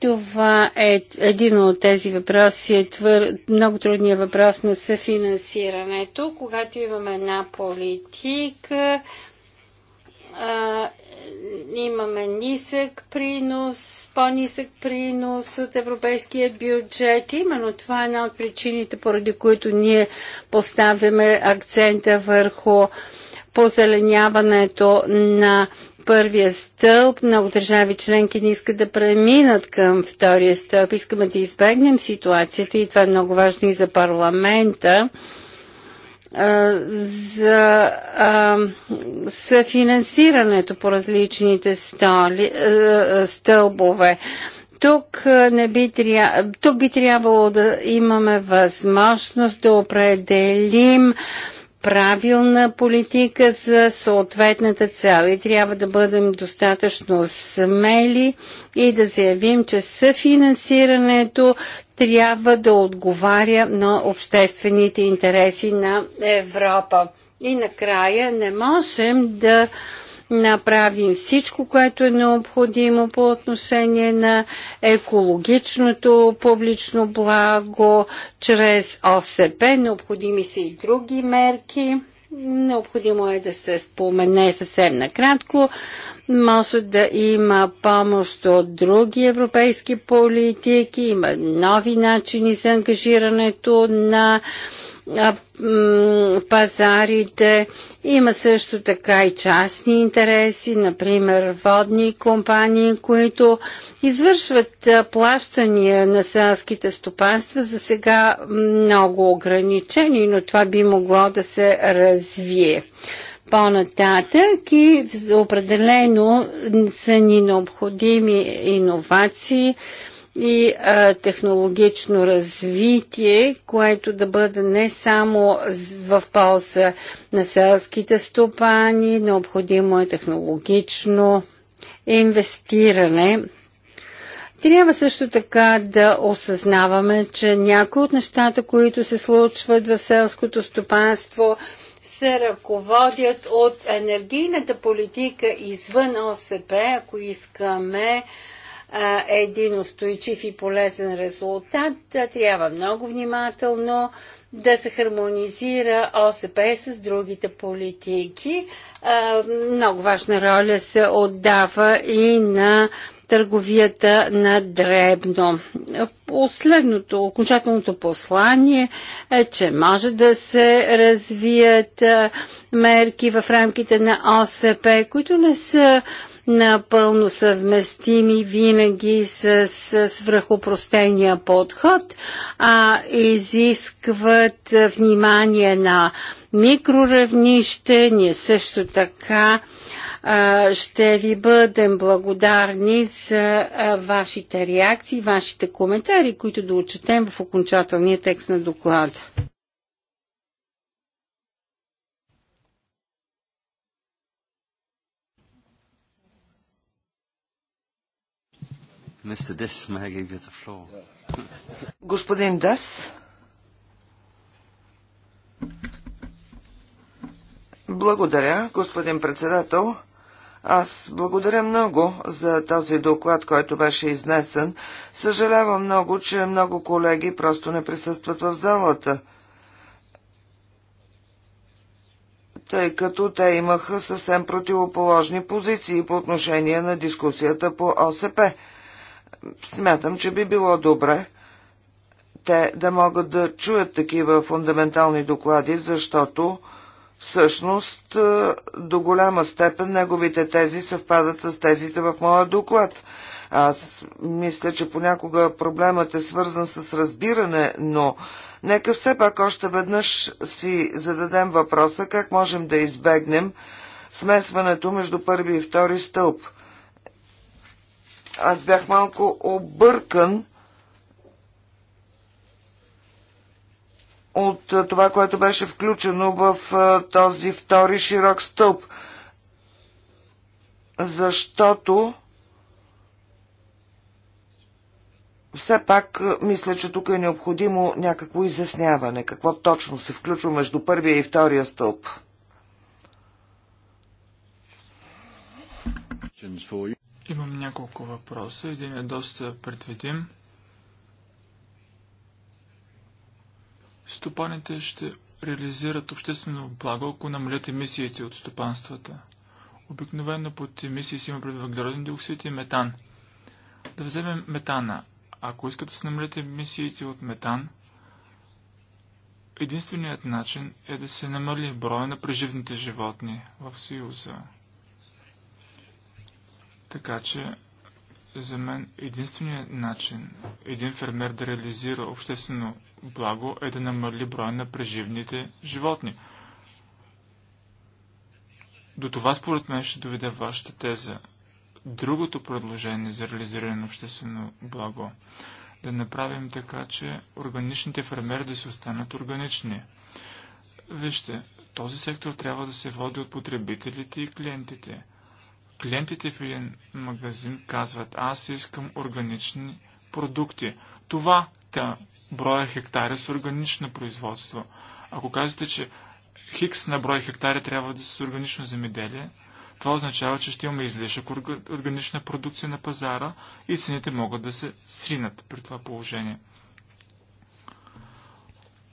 Speaker 2: Това е един от тези въпроси, е твър... много трудният въпрос на съфинансирането. Когато имаме една политика, имаме нисък принос, по-нисък принос от европейския бюджет. Именно това е една от причините, поради които ние поставяме акцента върху позеленяването на първия стълб. Много държави членки не искат да преминат към втория стълб. Искаме да избегнем ситуацията и това е много важно и за парламента за а, съфинансирането по различните стали, а, стълбове. Тук, не би тря... Тук би трябвало да имаме възможност да определим а, правилна политика за съответната цел и трябва да бъдем достатъчно смели и да заявим, че съфинансирането трябва да отговаря на обществените интереси на Европа. И накрая не можем да направим всичко, което е необходимо по отношение на екологичното публично благо чрез ОСП. Необходими са и други мерки. Необходимо е да се спомене съвсем накратко. Може да има помощ от други европейски политики, има нови начини за ангажирането на пазарите. Има също така и частни интереси, например водни компании, които извършват плащания на селските стопанства за сега много ограничени, но това би могло да се развие по-нататък и определено са ни необходими иновации и а, технологично развитие, което да бъде не само в полза на селските стопани, необходимо е технологично инвестиране. Трябва също така да осъзнаваме, че някои от нещата, които се случват в селското стопанство, се ръководят от енергийната политика извън ОСП, ако искаме един устойчив и полезен резултат, трябва много внимателно да се хармонизира ОСП с другите политики. Много важна роля се отдава и на търговията на дребно. Последното, окончателното послание е, че може да се развият мерки в рамките на ОСП, които не са напълно съвместими винаги с, с свръхопростения подход, а изискват внимание на микроравнище. Ние също така ще ви бъдем благодарни за вашите реакции, вашите коментари, които да отчетем в окончателния текст на доклада.
Speaker 3: Господин Дас. Благодаря, господин председател. Аз благодаря много за този доклад, който беше изнесен. Съжалявам много, че много колеги просто не присъстват в залата, тъй като те имаха съвсем противоположни позиции по отношение на дискусията по ОСП смятам, че би било добре те да могат да чуят такива фундаментални доклади, защото всъщност е, до голяма степен неговите тези съвпадат с тезите в моя доклад. Аз мисля, че понякога проблемът е свързан с разбиране, но нека все пак още веднъж си зададем въпроса как можем да избегнем смесването между първи и втори стълб – аз бях малко объркан от това, което беше включено в този втори широк стълб. Защото все пак мисля, че тук е необходимо някакво изясняване, какво точно се включва между първия и втория стълб.
Speaker 1: Имам няколко въпроса. Един е доста предвидим. Стопаните ще реализират обществено благо, ако намалят емисиите от стопанствата. Обикновено под емисии си има предвъглероден диоксид и метан. Да вземем метана. Ако искате да се намалят емисиите от метан, единственият начин е да се намали броя на преживните животни в Съюза. Така че за мен единственият начин един фермер да реализира обществено благо е да намали броя на преживните животни. До това според мен ще доведе вашата теза. Другото предложение за реализиране на обществено благо да направим така, че органичните фермери да се останат органични. Вижте, този сектор трябва да се води от потребителите и клиентите – Клиентите в един магазин казват, аз искам органични продукти. Това та броя хектари с органично производство. Ако казвате, че хикс на брой хектари трябва да са с органично земеделие, това означава, че ще имаме излишък органична продукция на пазара и цените могат да се сринат при това положение.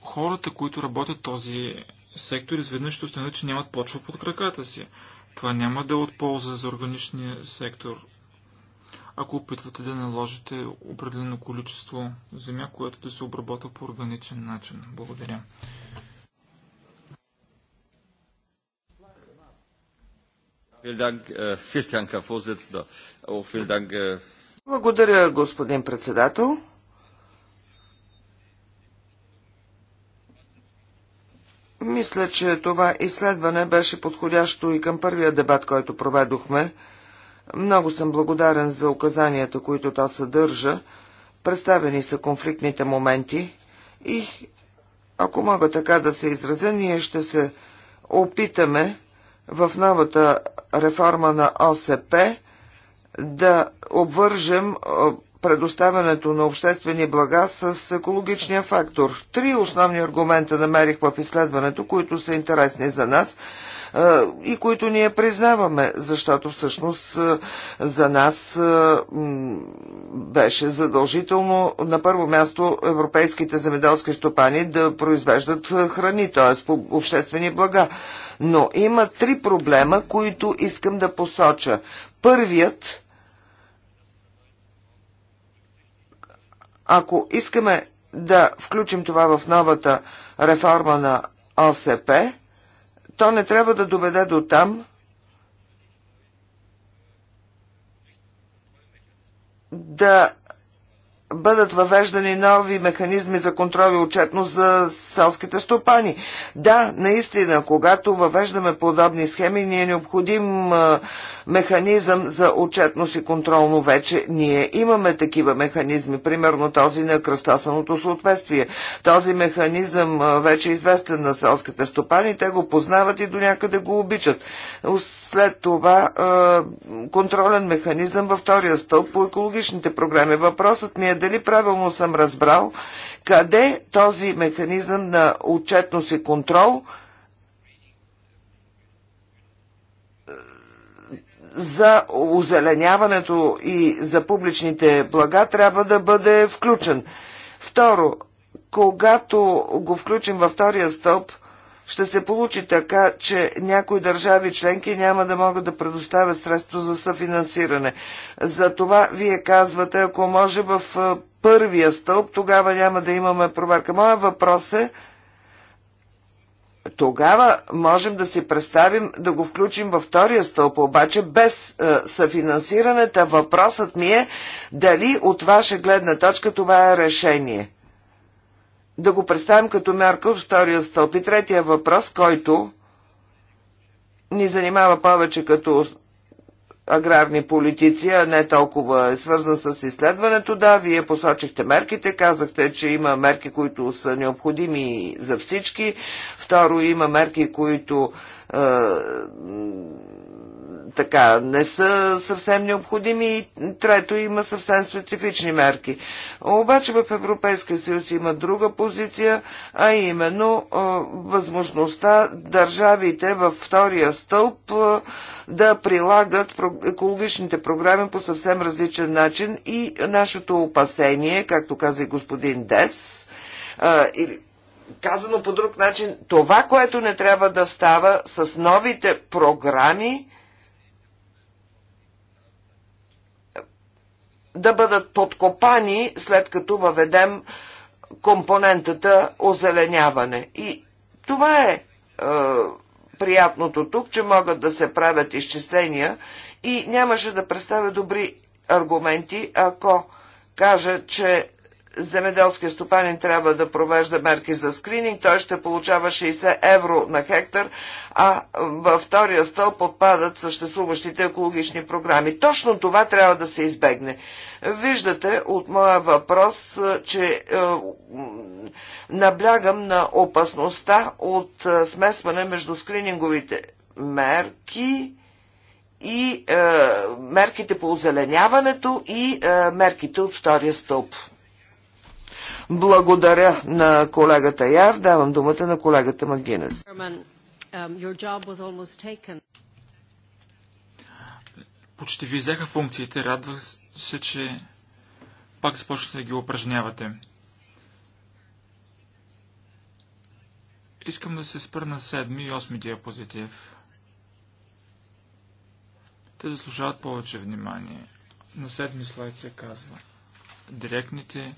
Speaker 1: Хората, които работят този сектор, изведнъж ще установят, че нямат почва под краката си. Това няма да е от полза за органичния сектор, ако опитвате да наложите определено количество земя, което да се обработва по органичен начин. Благодаря.
Speaker 3: Äh, äh, Благодаря, господин председател. Мисля, че това изследване беше подходящо и към първия дебат, който проведохме. Много съм благодарен за указанията, които то съдържа. Представени са конфликтните моменти и, ако мога така да се изразя, ние ще се опитаме в новата реформа на ОСП да обвържем предоставянето на обществени блага с екологичния фактор. Три основни аргумента намерих в изследването, които са интересни за нас и които ние признаваме, защото всъщност за нас беше задължително на първо място европейските земеделски стопани да произвеждат храни, т.е. по обществени блага. Но има три проблема, които искам да посоча. Първият Ако искаме да включим това в новата реформа на ОСП, то не трябва да доведе до там да бъдат въвеждани нови механизми за контрол и отчетност за селските стопани. Да, наистина, когато въвеждаме подобни схеми, ни е необходим механизъм за отчетност и контрол, но вече ние имаме такива механизми, примерно този на кръстосаното съответствие. Този механизъм вече е известен на селските стопани, те го познават и до някъде го обичат. След това контролен механизъм във втория стълб по екологичните програми. Въпросът ми е дали правилно съм разбрал, къде този механизъм на отчетност и контрол за озеленяването и за публичните блага трябва да бъде включен. Второ, когато го включим във втория стълб, ще се получи така, че някои държави членки няма да могат да предоставят средства за съфинансиране. За това вие казвате, ако може в първия стълб, тогава няма да имаме проверка. Моя въпрос е, тогава можем да си представим да го включим във втория стълб, обаче без е, съфинансирането. Въпросът ми е дали от ваша гледна точка това е решение да го представим като мярка от втория стълб. И третия въпрос, който ни занимава повече като аграрни политици, а не толкова е свързан с изследването. Да, вие посочихте мерките, казахте, че има мерки, които са необходими за всички. Второ, има мерки, които е, така не са съвсем необходими и трето има съвсем специфични мерки. Обаче в Европейския съюз има друга позиция, а именно възможността държавите във втория стълб да прилагат екологичните програми по съвсем различен начин и нашето опасение, както каза и господин Дес, или казано по друг начин, това, което не трябва да става с новите програми, да бъдат подкопани след като въведем компонентата озеленяване. И това е, е приятното тук, че могат да се правят изчисления и нямаше да представя добри аргументи, ако кажа, че земеделския стопанин трябва да провежда мерки за скрининг, той ще получава 60 евро на хектар, а във втория стълб отпадат съществуващите екологични програми. Точно това трябва да се избегне. Виждате от моя въпрос, че е, наблягам на опасността от смесване между скрининговите мерки и е, мерките по озеленяването и е, мерките от втория стълб. Благодаря на колегата Яр. Давам думата на колегата Магинес.
Speaker 2: Um,
Speaker 1: Почти ви взеха функциите. Радвах се, че пак започнете да ги упражнявате. Искам да се спра на седми и осми диапозитив. Те заслужават повече внимание. На седми слайд се казва. Директните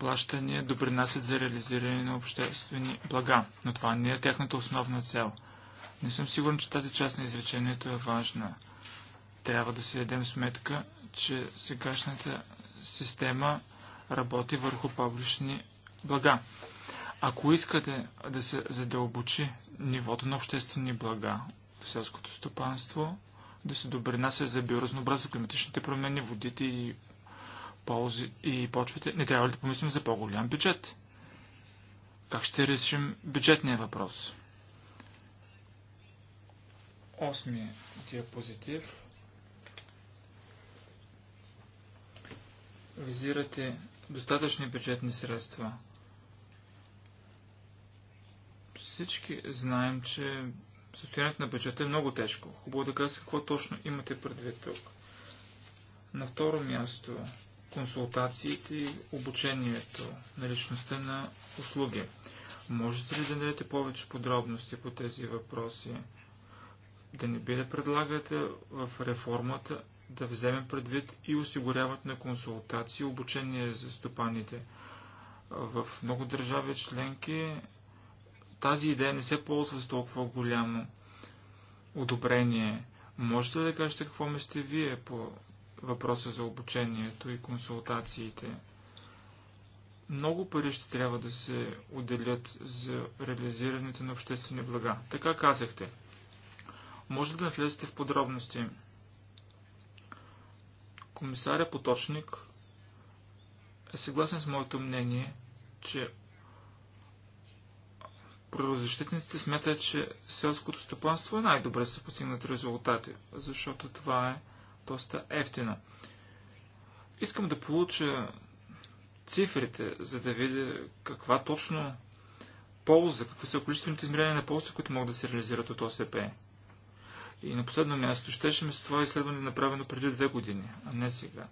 Speaker 1: плащания допринасят за реализиране на обществени блага, но това не е тяхната основна цел. Не съм сигурен, че тази част на изречението е важна. Трябва да си дадем сметка, че сегашната система работи върху публични блага. Ако искате да се задълбочи нивото на обществени блага в селското стопанство, да се добринася за биоразнообразно климатичните промени, водите и ползи и почвите, не трябва ли да помислим за по-голям бюджет? Как ще решим бюджетния въпрос? Осмия диапозитив. Визирате достатъчни бюджетни средства. Всички знаем, че състоянието на бюджета е много тежко. Хубаво да кажа какво точно имате предвид тук. На второ място, консултациите и обучението на личността на услуги. Можете ли да дадете повече подробности по тези въпроси? Да не би да предлагате в реформата да вземем предвид и осигуряват на консултации и обучение за стопаните. В много държави членки тази идея не се ползва с толкова голямо одобрение. Можете ли да кажете какво мислите вие по въпроса за обучението и консултациите. Много пари ще трябва да се отделят за реализирането на обществени блага. Така казахте. Може ли да влезете в подробности? Комисаря Поточник е съгласен с моето мнение, че природозащитниците смятат, че селското стопанство е най-добре да се постигнат резултати, защото това е доста ефтина. Искам да получа цифрите, за да видя каква точно полза, какви са количествените измерения на полза, които могат да се реализират от ОСП. И на последно място, щеше ми с това изследване направено преди две години, а не сега.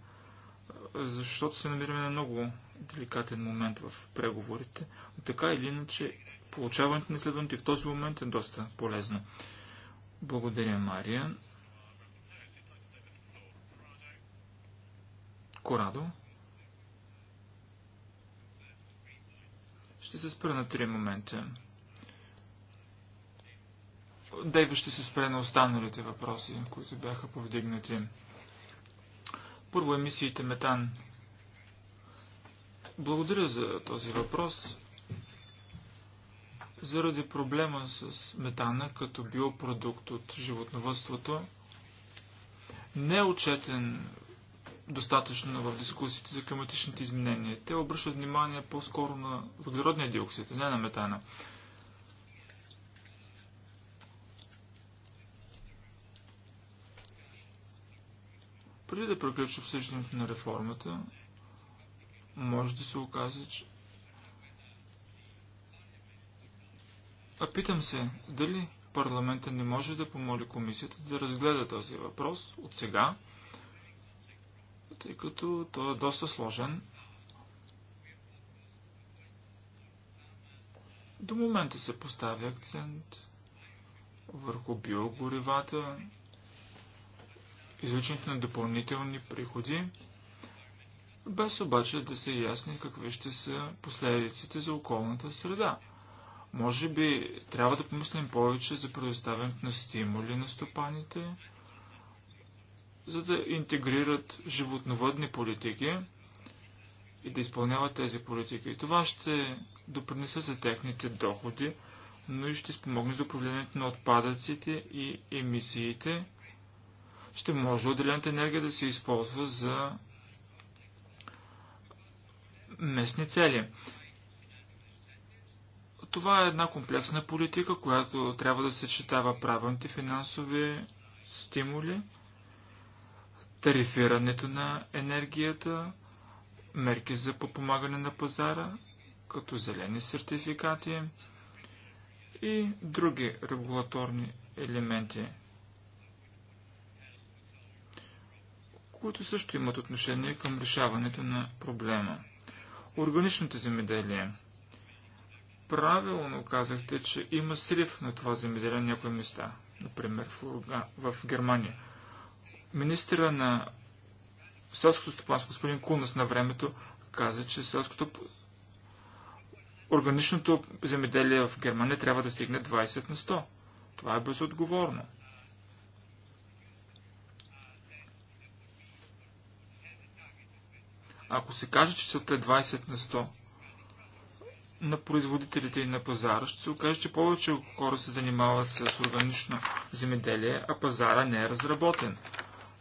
Speaker 1: Защото се намираме на много деликатен момент в преговорите, но така или иначе получаването на изследването и в този момент е доста полезно. Благодаря, Мария. Корадо. Ще се спра на три момента. Дейва ще се спре на останалите въпроси, които бяха повдигнати. Първо емисиите метан. Благодаря за този въпрос. Заради проблема с метана като биопродукт от животновътството, не е отчетен достатъчно в дискусиите за климатичните изменения. Те обръщат внимание по-скоро на въглеродния диоксид, а не на метана. Преди да приключи обсъждането на реформата, може да се окаже, че... А питам се, дали парламента не може да помоли комисията да разгледа този въпрос от сега, тъй като той е доста сложен. До момента се поставя акцент върху биогоривата, извличането на допълнителни приходи, без обаче да се ясни какви ще са последиците за околната среда. Може би трябва да помислим повече за предоставянето на стимули на стопаните, за да интегрират животновъдни политики и да изпълняват тези политики. И това ще допринесе за техните доходи, но и ще спомогне за управлението на отпадъците и емисиите. Ще може отделената енергия да се използва за местни цели. Това е една комплексна политика, която трябва да съчетава правилните финансови стимули – тарифирането на енергията, мерки за подпомагане на пазара, като зелени сертификати и други регулаторни елементи, които също имат отношение към решаването на проблема. Органичното земеделие. Правилно казахте, че има срив на това земеделие на някои места, например в, в Германия – Министра на селското стопанство, господин Кунас на времето, каза, че селското органичното земеделие в Германия трябва да стигне 20 на 100. Това е безотговорно. Ако се каже, че целта е 20 на 100 на производителите и на пазара, ще се окаже, че повече хора се занимават с органично земеделие, а пазара не е разработен.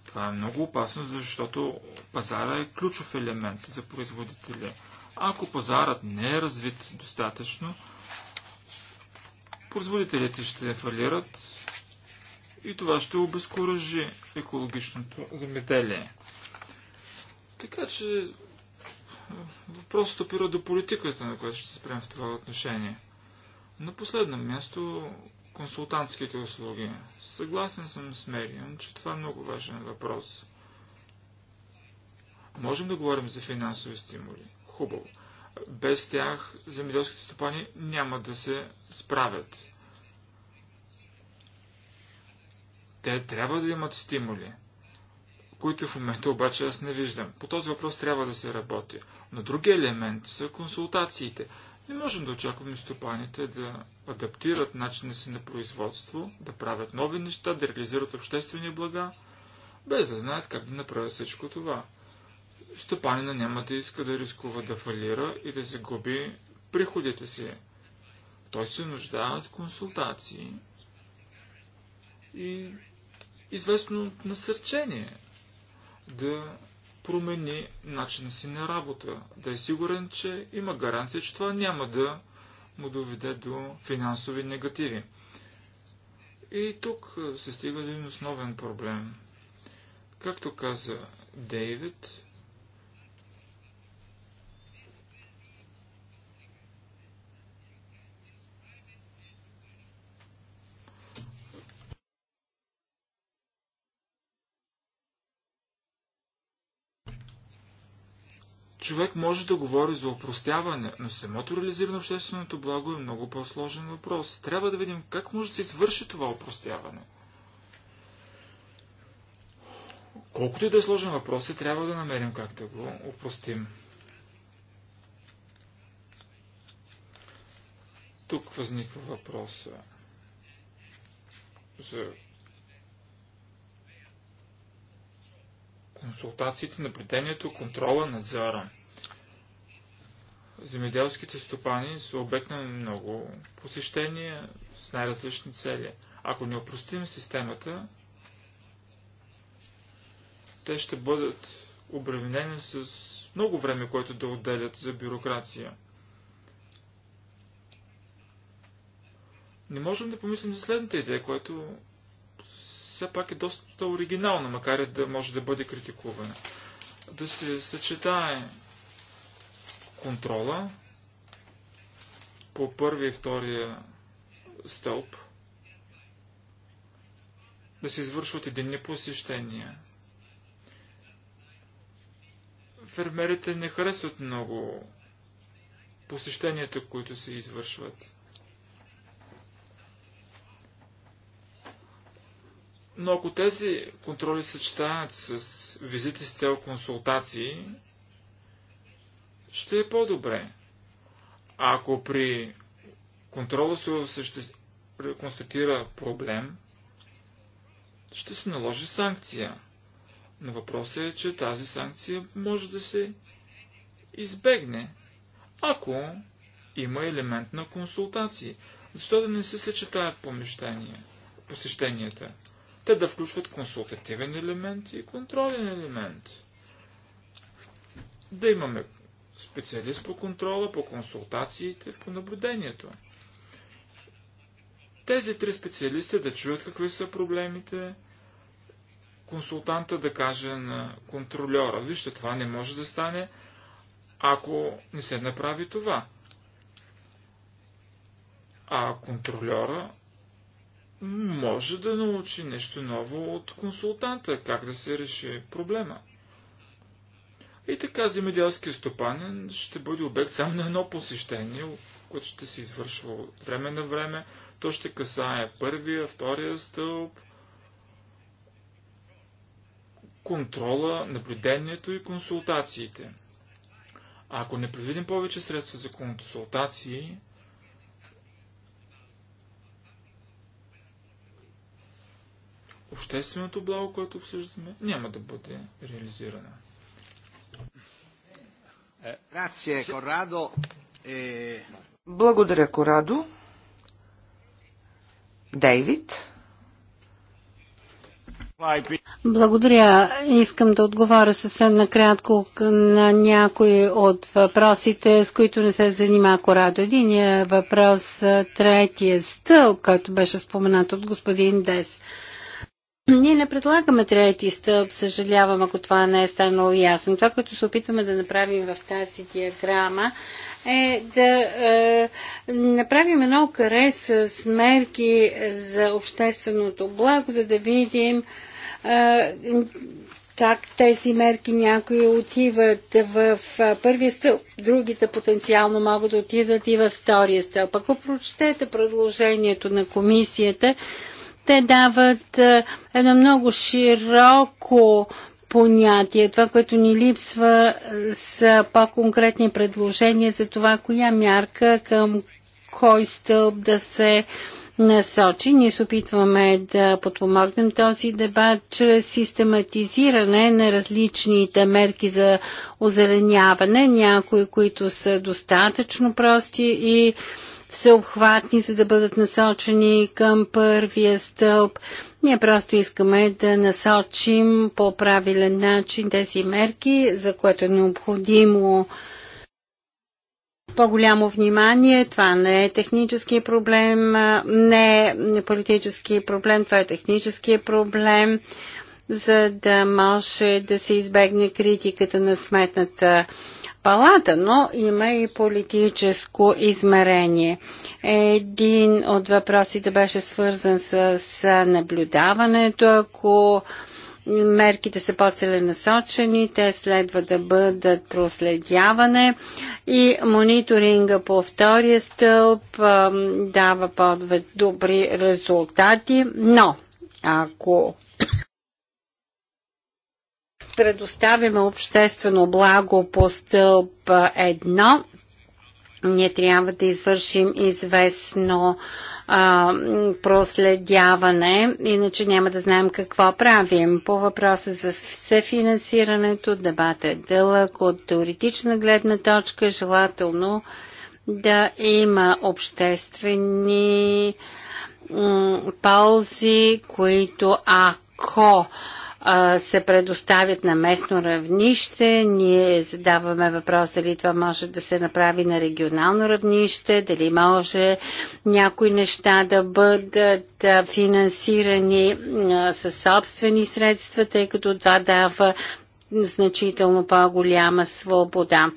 Speaker 1: Това е много опасно, защото пазара е ключов елемент за производителя. Ако пазарът не е развит достатъчно, производителите ще фалират и това ще обезкуражи екологичното замеделие. Така че въпросът е опира до политиката, на която ще се спрем в това отношение. На последно място консултантските услуги. Съгласен съм с Мериан, че това е много важен въпрос. Можем да говорим за финансови стимули. Хубаво. Без тях земеделските стопани няма да се справят. Те трябва да имат стимули, които в момента обаче аз не виждам. По този въпрос трябва да се работи. Но другия елемент са консултациите. Не можем да очакваме стопаните да адаптират начина си на производство, да правят нови неща, да реализират обществени блага, без да знаят как да направят всичко това. Стопанина няма да иска да рискува да фалира и да загуби приходите си. Той се нуждае от консултации и известно насърчение да промени начина си на работа, да е сигурен, че има гаранция, че това няма да му доведе до финансови негативи. И тук се стига до един основен проблем. Както каза Дейвид, Човек може да говори за упростяване, но самото реализирано общественото благо е много по-сложен въпрос. Трябва да видим как може да се извърши това упростяване. Колкото и да е сложен въпрос, е, трябва да намерим как да го упростим. Тук възниква въпроса за консултациите, наблюдението, контрола, надзора земеделските стопани са обект на много посещения с най-различни цели. Ако не опростим системата, те ще бъдат обременени с много време, което да отделят за бюрокрация. Не можем да помислим за следната идея, която все пак е доста оригинална, макар и да може да бъде критикувана. Да се съчетае контрола по първи и втория стълб да се извършват единни посещения. Фермерите не харесват много посещенията, които се извършват. Но ако тези контроли съчетаят с визити с цел консултации, ще е по-добре. Ако при контрола се осъществ... констатира проблем, ще се наложи санкция. Но въпросът е, че тази санкция може да се избегне, ако има елемент на консултации. Защо да не се съчетаят помещения, посещенията? Те да включват консултативен елемент и контролен елемент. Да имаме специалист по контрола, по консултациите, по наблюдението. Тези три специалисти да чуят какви са проблемите, консултанта да каже на контролера, вижте, това не може да стане, ако не се направи това. А контролера може да научи нещо ново от консултанта, как да се реши проблема. И така земеделския стопанин ще бъде обект само на едно посещение, което ще се извършва от време на време. То ще касае първия, втория стълб, контрола, наблюдението и консултациите. А ако не предвидим повече средства за консултации, общественото благо, което обсъждаме, няма да бъде реализирано. E-
Speaker 3: Благодаря, Корадо. Дейвид.
Speaker 2: Благодаря. Искам да отговоря съвсем накратко на някои от въпросите, с които не се занима Корадо. Единият въпрос, третия стъл, който беше споменат от господин Дес. Ние не предлагаме трети стълб, съжалявам, ако това не е станало ясно. Това, което се опитваме да направим в тази диаграма, е да е, направим едно каре с мерки за общественото благо, за да видим е, как тези мерки някои отиват в е, първия стълб, другите потенциално могат да отидат и в втория стълб. Ако прочетете предложението на комисията, те дават е, едно много широко понятие. Това, което ни липсва, е, са по-конкретни предложения за това, коя мярка към кой стълб да се насочи. Ние се опитваме да подпомогнем този дебат чрез систематизиране на различните мерки за озеленяване, някои, които са достатъчно прости и всеобхватни, за да бъдат насочени към първия стълб. Ние просто искаме да насочим по правилен начин тези мерки, за което е необходимо по-голямо внимание. Това не е технически проблем, не е политически проблем, това е технически проблем, за да може да се избегне критиката на сметната палата, но има и политическо измерение. Един от въпросите беше свързан с наблюдаването. Ако мерките са по-целенасочени, те следва да бъдат проследяване и мониторинга по втория стълб дава по-добри резултати, но ако предоставяме обществено благо по стълб 1, ние трябва да извършим известно а, проследяване, иначе няма да знаем какво правим. По въпроса за съфинансирането, дебатът е дълъг от теоретична гледна точка, желателно да има обществени ползи, които ако се предоставят на местно равнище. Ние задаваме въпрос дали това може да се направи на регионално равнище, дали може някои неща да бъдат финансирани със собствени средства, тъй като това дава значително по-голяма свобода.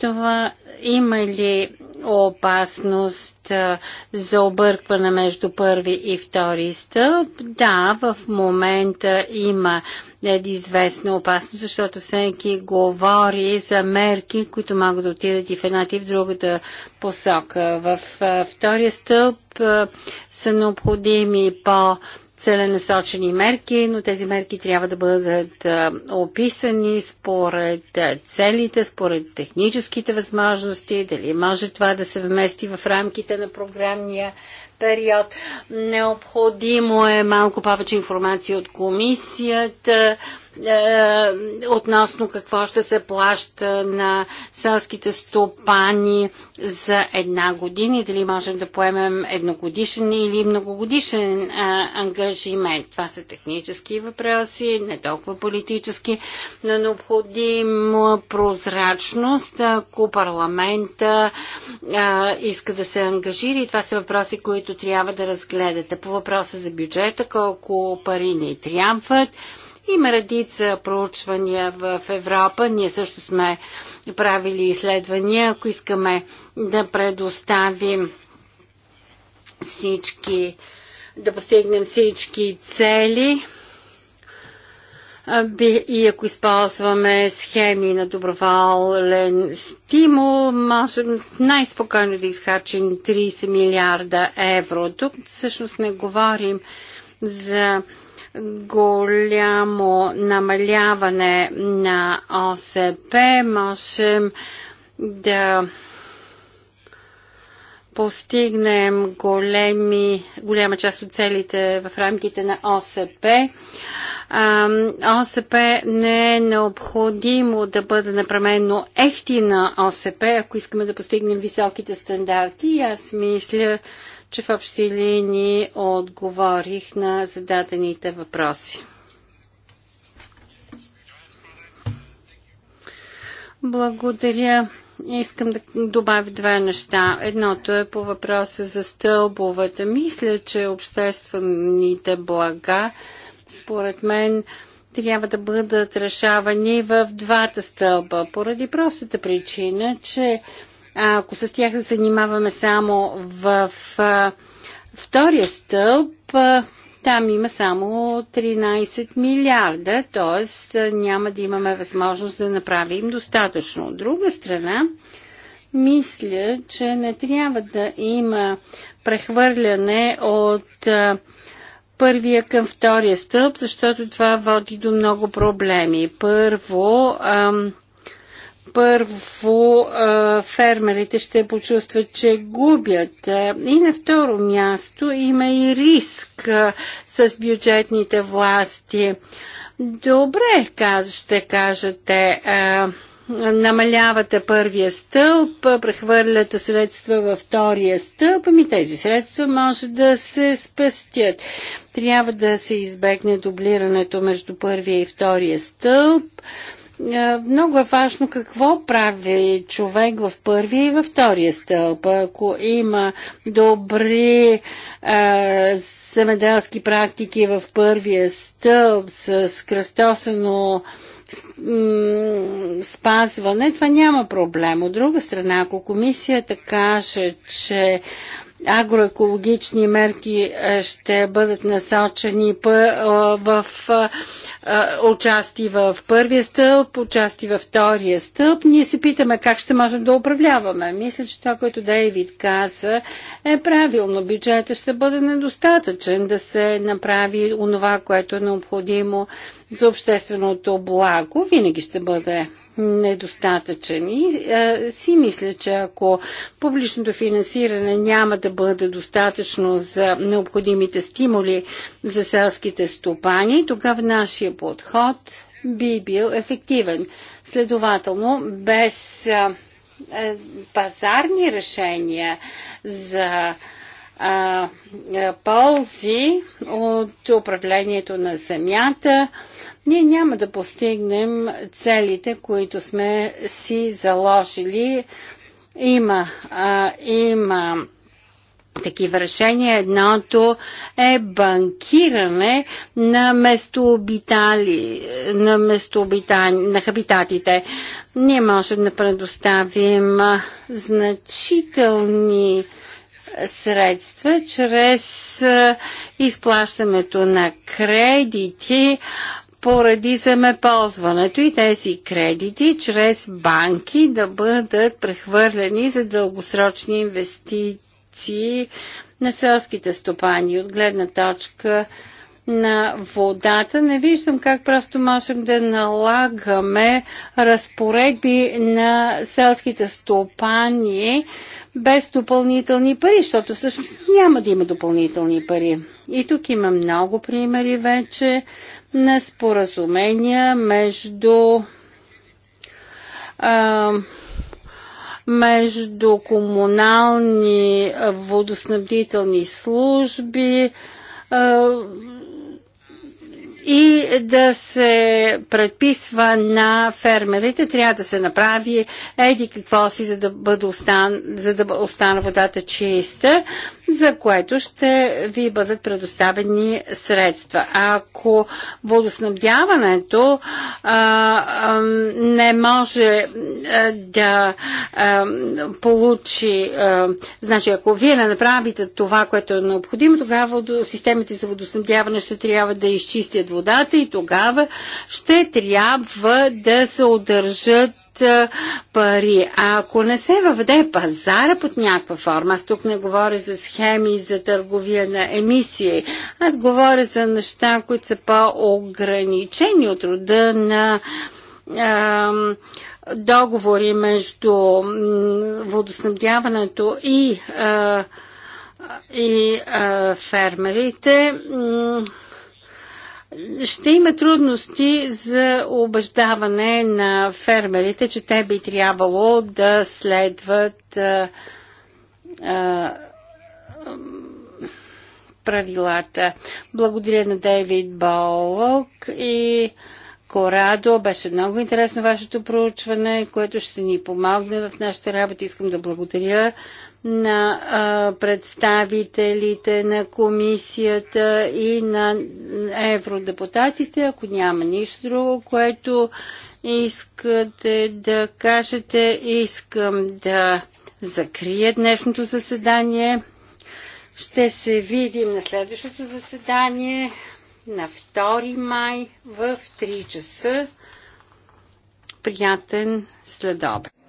Speaker 2: Това има ли опасност за объркване между първи и втори стълб. Да, в момента има известна опасност, защото всеки говори за мерки, които могат да отидат и в едната и в другата посока. В втория стълб са необходими по целенасочени мерки, но тези мерки трябва да бъдат описани според целите, според техническите възможности, дали може това да се вмести в рамките на програмния период. Необходимо е малко повече информация от комисията е, относно какво ще се плаща на селските стопани за една година и дали можем да поемем едногодишен или многогодишен е, ангажимент. Това са технически въпроси, не толкова политически, но необходима прозрачност, ако парламента е, иска да се ангажира и това са въпроси, които трябва да разгледате. По въпроса за бюджета, колко пари ни трябват, има редица проучвания в Европа. Ние също сме правили изследвания. Ако искаме да предоставим всички, да постигнем всички цели, и ако използваме схеми на доброволен стимул, можем най-спокойно да изхарчим 30 милиарда евро. Тук всъщност не говорим за голямо намаляване на ОСП, можем да постигнем големи, голяма част от целите в рамките на ОСП. ОСП не е необходимо да бъде направено ефтина ОСП, ако искаме да постигнем високите стандарти. Аз мисля, че в общи линии отговорих на зададените въпроси. Благодаря. Искам да добавя две неща. Едното е по въпроса за стълбовете. Мисля, че обществените блага, според мен, трябва да бъдат решавани в двата стълба, поради простата причина, че ако с тях се занимаваме само в втория стълб, там има само 13 милиарда, т.е. няма да имаме възможност да направим достатъчно. От друга страна, мисля, че не трябва да има прехвърляне от първия към втория стълб, защото това води до много проблеми. Първо, ам, първо фермерите ще почувстват, че губят. И на второ място има и риск с бюджетните власти. Добре, ще кажете намалявате първия стълб, прехвърляте средства във втория стълб, ами тези средства може да се спестят. Трябва да се избегне дублирането между първия и втория стълб. Е, много е важно какво прави човек в първия и във втория стълб. Ако има добри е, семеделски практики в първия стълб с кръстосано спазване, това няма проблем. От друга страна, ако комисията каже, че агроекологични мерки е, ще бъдат насочени е, в е, участие в първия стълб, участие във втория стълб. Ние се питаме как ще можем да управляваме. Мисля, че това, което Дейвид каза, е правилно. Бюджета ще бъде недостатъчен да се направи онова, което е необходимо за общественото благо. Винаги ще бъде недостатъчен. И а, си мисля, че ако публичното финансиране няма да бъде достатъчно за необходимите стимули за селските стопани, тогава нашия подход би бил ефективен. Следователно, без а, а, пазарни решения за ползи от управлението на земята, ние няма да постигнем целите, които сме си заложили. Има, а, има такива решения. Едното е банкиране на местообитали, на местообитани, на хабитатите. Ние можем да предоставим значителни средства чрез изплащането на кредити поради земеползването и тези кредити чрез банки да бъдат прехвърлени за дългосрочни инвестиции на селските стопани от гледна точка на водата. Не виждам как просто можем да налагаме разпоредби на селските стопани без допълнителни пари, защото всъщност няма да има допълнителни пари. И тук има много примери вече на споразумения между а, между комунални водоснабдителни служби а, и да се предписва на фермерите, трябва да се направи еди какво си, за да, бъде остан, за да остана водата чиста за което ще ви бъдат предоставени средства. Ако водоснабдяването а, а, не може а, да а, получи, а, значи ако вие не направите това, което е необходимо, тогава системите за водоснабдяване ще трябва да изчистят водата и тогава ще трябва да се удържат пари. А ако не се въведе пазара под някаква форма, аз тук не говоря за схеми за търговия на емисии, аз говоря за неща, които са по-ограничени от рода на ам, договори между водоснабдяването и, а, и а, фермерите. М- ще има трудности за убеждаване на фермерите, че те би трябвало да следват а, а, правилата. Благодаря на Дейвид Болок и Корадо. Беше много интересно вашето проучване, което ще ни помогне в нашата работа. Искам да благодаря на а, представителите на комисията и на евродепутатите, ако няма нищо друго, което искате да кажете, искам да закрия днешното заседание. Ще се видим на следващото заседание на 2 май в 3 часа. Приятен следобед!